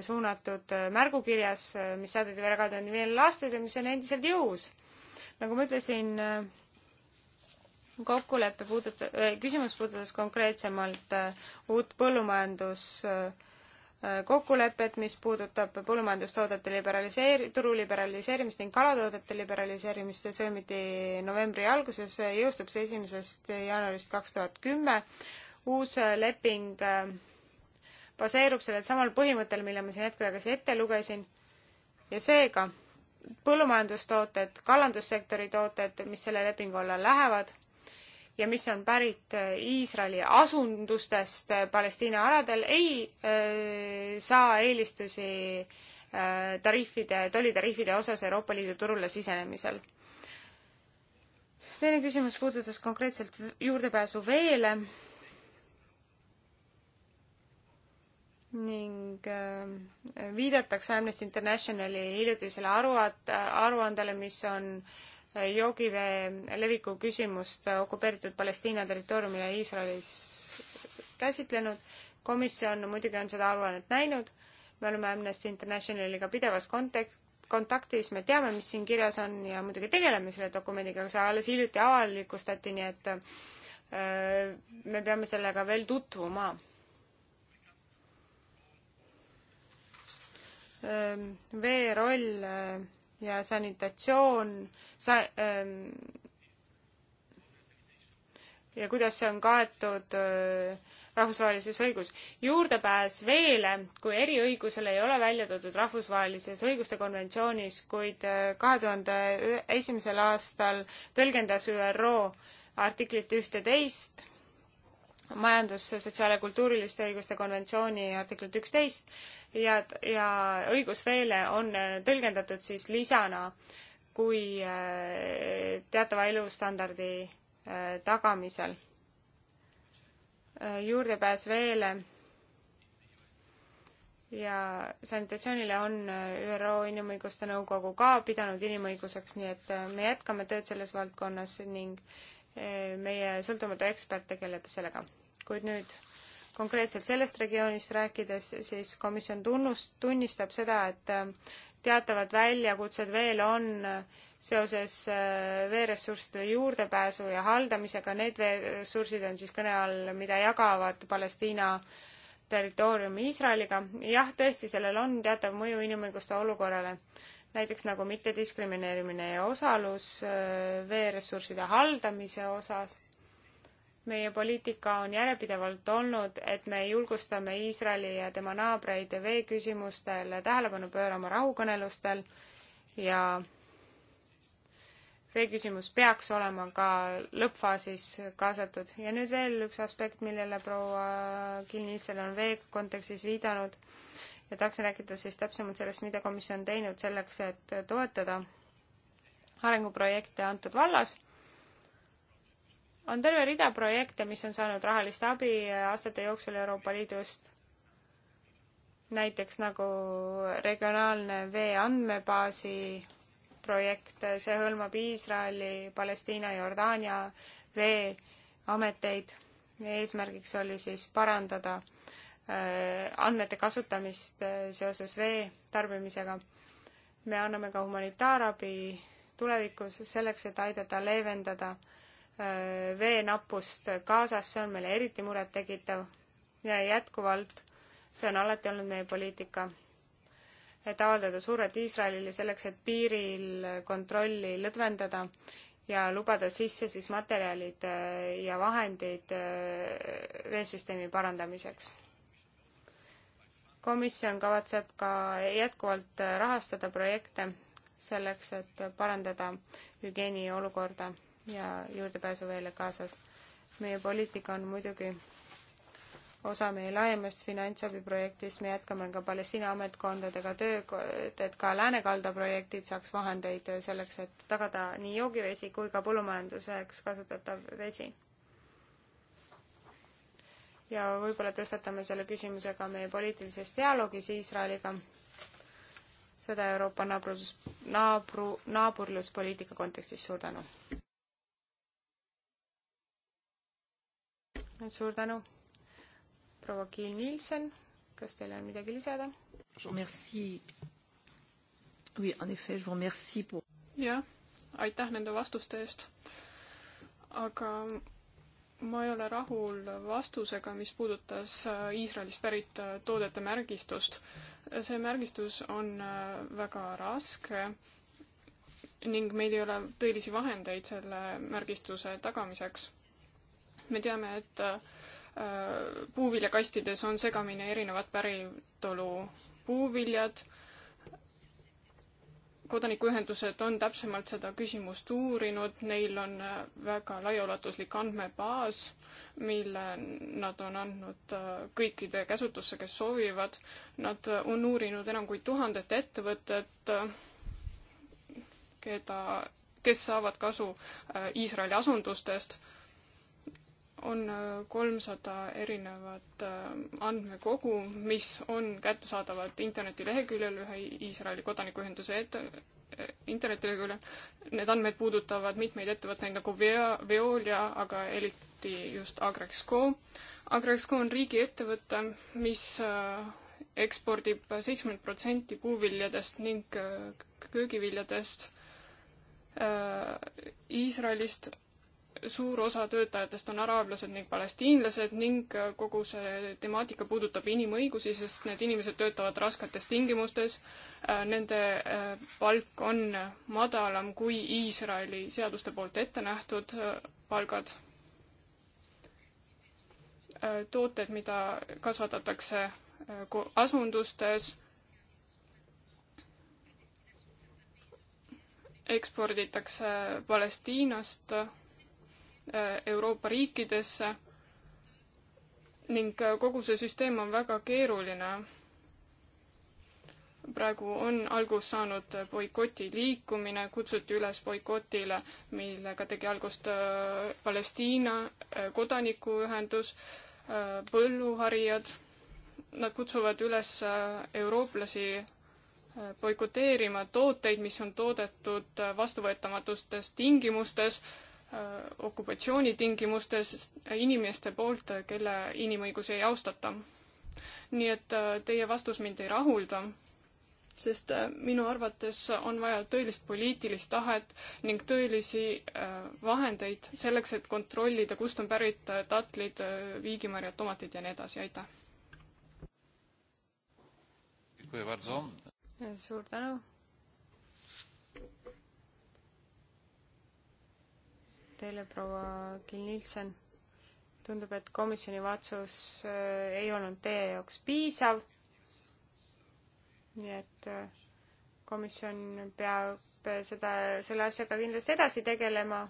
suunatud äh, märgukirjas, mis saadeti välja kahe tuhande viiendal aastal ja mis on endiselt jõus. nagu ma ütlesin, kokkulepe puudutab, küsimus puudutas konkreetsemalt uut põllumajandus äh, kokkulepet, mis puudutab põllumajandustoodete liberaliseer-, turu liberaliseerimist ning kalatoodete liberaliseerimist, see sõlmiti novembri alguses, jõustub see esimesest jaanuarist kaks tuhat kümme. uus leping äh, baseerub sellel samal põhimõttel, mille ma siin hetk tagasi ette lugesin ja seega põllumajandustooted, kalandussektori tooted, mis selle lepingu alla lähevad ja mis on pärit äh, Iisraeli asundustest äh, Palestiina aladel, ei äh, saa eelistusi tariifide, tollitariifide osas Euroopa Liidu turule sisenemisel. teine küsimus puudutas konkreetselt juurdepääsu veele ning viidatakse Amnesty Internationali hiljutisele aruandele, aruandele, mis on äh, joogivee leviku küsimust okupeeritud Palestiina territooriumile Iisraelis käsitlenud. komisjon muidugi on seda aruannet näinud, me oleme Amnesty Internationaliga pidevas kontek-, kontaktis, me teame, mis siin kirjas on ja muidugi tegeleme selle dokumendiga, aga see alles hiljuti avalikustati, nii et öö, äh, me peame sellega veel tutvuma äh, vee roll äh, ja sanitatsioon sa, ähm, ja kuidas see on kaetud äh, rahvusvahelises õigus. juurdepääs veele kui eriõigusele ei ole välja toodud rahvusvahelises õiguste konventsioonis, kuid äh, kahe tuhande esimesel aastal tõlgendas ÜRO artiklit ühteteist majandus, sotsiaal- ja kultuuriliste õiguste konventsiooni artiklit üksteist ja, ja õigusveele on äh, tõlgendatud siis lisana kui äh, teatava elustandardi äh, tagamisel. juurdepääs veele ja sanitatsioonile on ÜRO Inimõiguste Nõukogu ka pidanud inimõiguseks, nii et me jätkame tööd selles valdkonnas ning meie sõltumatu ekspert tegeleb sellega. kuid nüüd konkreetselt sellest regioonist rääkides, siis komisjon tunnus, tunnistab seda, et äh, teatavad väljakutsed veel on äh, seoses äh, veeressursside juurdepääsu ja haldamisega, need veeressursid on siis kõne all, mida jagavad Palestiina territooriumi Iisraeliga. jah, tõesti, sellel on teatav mõju inimõiguste olukorrale näiteks nagu mittediskrimineerimine ja osalus äh, veeressursside haldamise osas. meie poliitika on järjepidevalt olnud, et me julgustame Iisraeli ja tema naabreid veeküsimustele tähelepanu pöörama rahukõnelustel ja veeküsimus peaks olema ka lõppfaasis kaasatud. ja nüüd veel üks aspekt, millele proua Kilnissel on vee kontekstis viidanud ja tahaksin rääkida siis täpsemalt sellest, mida komisjon on teinud selleks, et toetada arenguprojekte antud vallas. on terve rida projekte, mis on saanud rahalist abi aastate jooksul Euroopa Liidust, näiteks nagu regionaalne vee andmebaasi projekt, see hõlmab Iisraeli, Palestiina, Jordaania veeameteid. eesmärgiks oli siis parandada Äh, andmete kasutamist äh, seoses vee tarbimisega. me anname ka humanitaarabi tulevikus selleks, et aidata leevendada äh, veenappust Gazas, see on meile eriti murettekitav ja jätkuvalt, see on alati olnud meie poliitika, et avaldada survet Iisraelile selleks, et piiril kontrolli lõdvendada ja lubada sisse siis materjalid ja vahendid veesüsteemi parandamiseks komisjon kavatseb ka jätkuvalt rahastada projekte selleks, et parandada hügieeni olukorda ja juurdepääsu veele kaasas. meie poliitika on muidugi osa meie laiemast finantsabiprojektist, me jätkame ka Palestiina ametkondadega tööd, et ka läänekalda projektid saaks vahendeid selleks, et tagada nii joogivesi kui ka põllumajanduseks kasutatav vesi ja võib-olla tõstatame selle küsimuse ka meie poliitilises dialoogis Iisraeliga, seda Euroopa naabrus, naabru, naabruspoliitika kontekstis, suur tänu! suur tänu! proua Kiil Nielsen, kas teil on midagi lisada? Merci. Oui, en effet, je vous remercie pour. jah, aitäh nende vastuste eest. aga ma ei ole rahul vastusega, mis puudutas äh, Iisraelist pärit äh, toodete märgistust. see märgistus on äh, väga raske ning meil ei ole tõelisi vahendeid selle märgistuse tagamiseks. me teame, et puuviljakastides on segamini erinevad päritolu puuviljad kodanikuühendused on täpsemalt seda küsimust uurinud, neil on äh, väga laiaulatuslik andmebaas, mille nad on andnud äh, kõikide käsutusse, kes soovivad. Nad äh, on uurinud enam kui tuhandet ettevõtet, keda, kes saavad kasu Iisraeli asundustest on äh, kolmsada erinevat äh, andmekogu, mis on kättesaadavad internetileheküljel, ühe Iisraeli kodanikuühenduse ette, äh, internetileheküljel. Need andmed puudutavad mitmeid ettevõtteid nagu Veo-, Veolia, aga eriti just Agrexco. Agrexco on riigiettevõte, mis ekspordib seitsekümmend protsenti puuviljadest ning köögiviljadest Iisraelist äh, suur osa töötajatest on araablased ning palestiinlased ning äh, kogu see temaatika puudutab inimõigusi, sest need inimesed töötavad rasketes tingimustes. Äh, nende äh, palk on madalam kui Iisraeli seaduste poolt ette nähtud palgad. tooted, mida kasvatatakse asundustes, eksporditakse Palestiinast Äh, Euroopa riikidesse ning äh, kogu see süsteem on väga keeruline. praegu on algust saanud äh, boikoti liikumine, kutsuti üles boikotile, millega tegi algust Palestiina kodanikuühendus, põlluharijad. Nad kutsuvad üles eurooplasi boikoteerima tooteid, mis on toodetud vastuvõetamatustes tingimustes Äh, okupatsioonitingimustes inimeste poolt, kelle inimõigusi ei austata. nii et äh, teie vastus mind ei rahulda, sest äh, minu arvates on vaja tõelist poliitilist tahet ning tõelisi vahendeid selleks, et kontrollida, kust on pärit tatlid, viigimarjad, tomatid ja nii edasi, aitäh! suur tänu! teile, proua Kill-Nielsen. tundub, et komisjoni vastus äh, ei olnud teie jaoks piisav. nii et äh, komisjon peab äh, seda, selle asjaga kindlasti edasi tegelema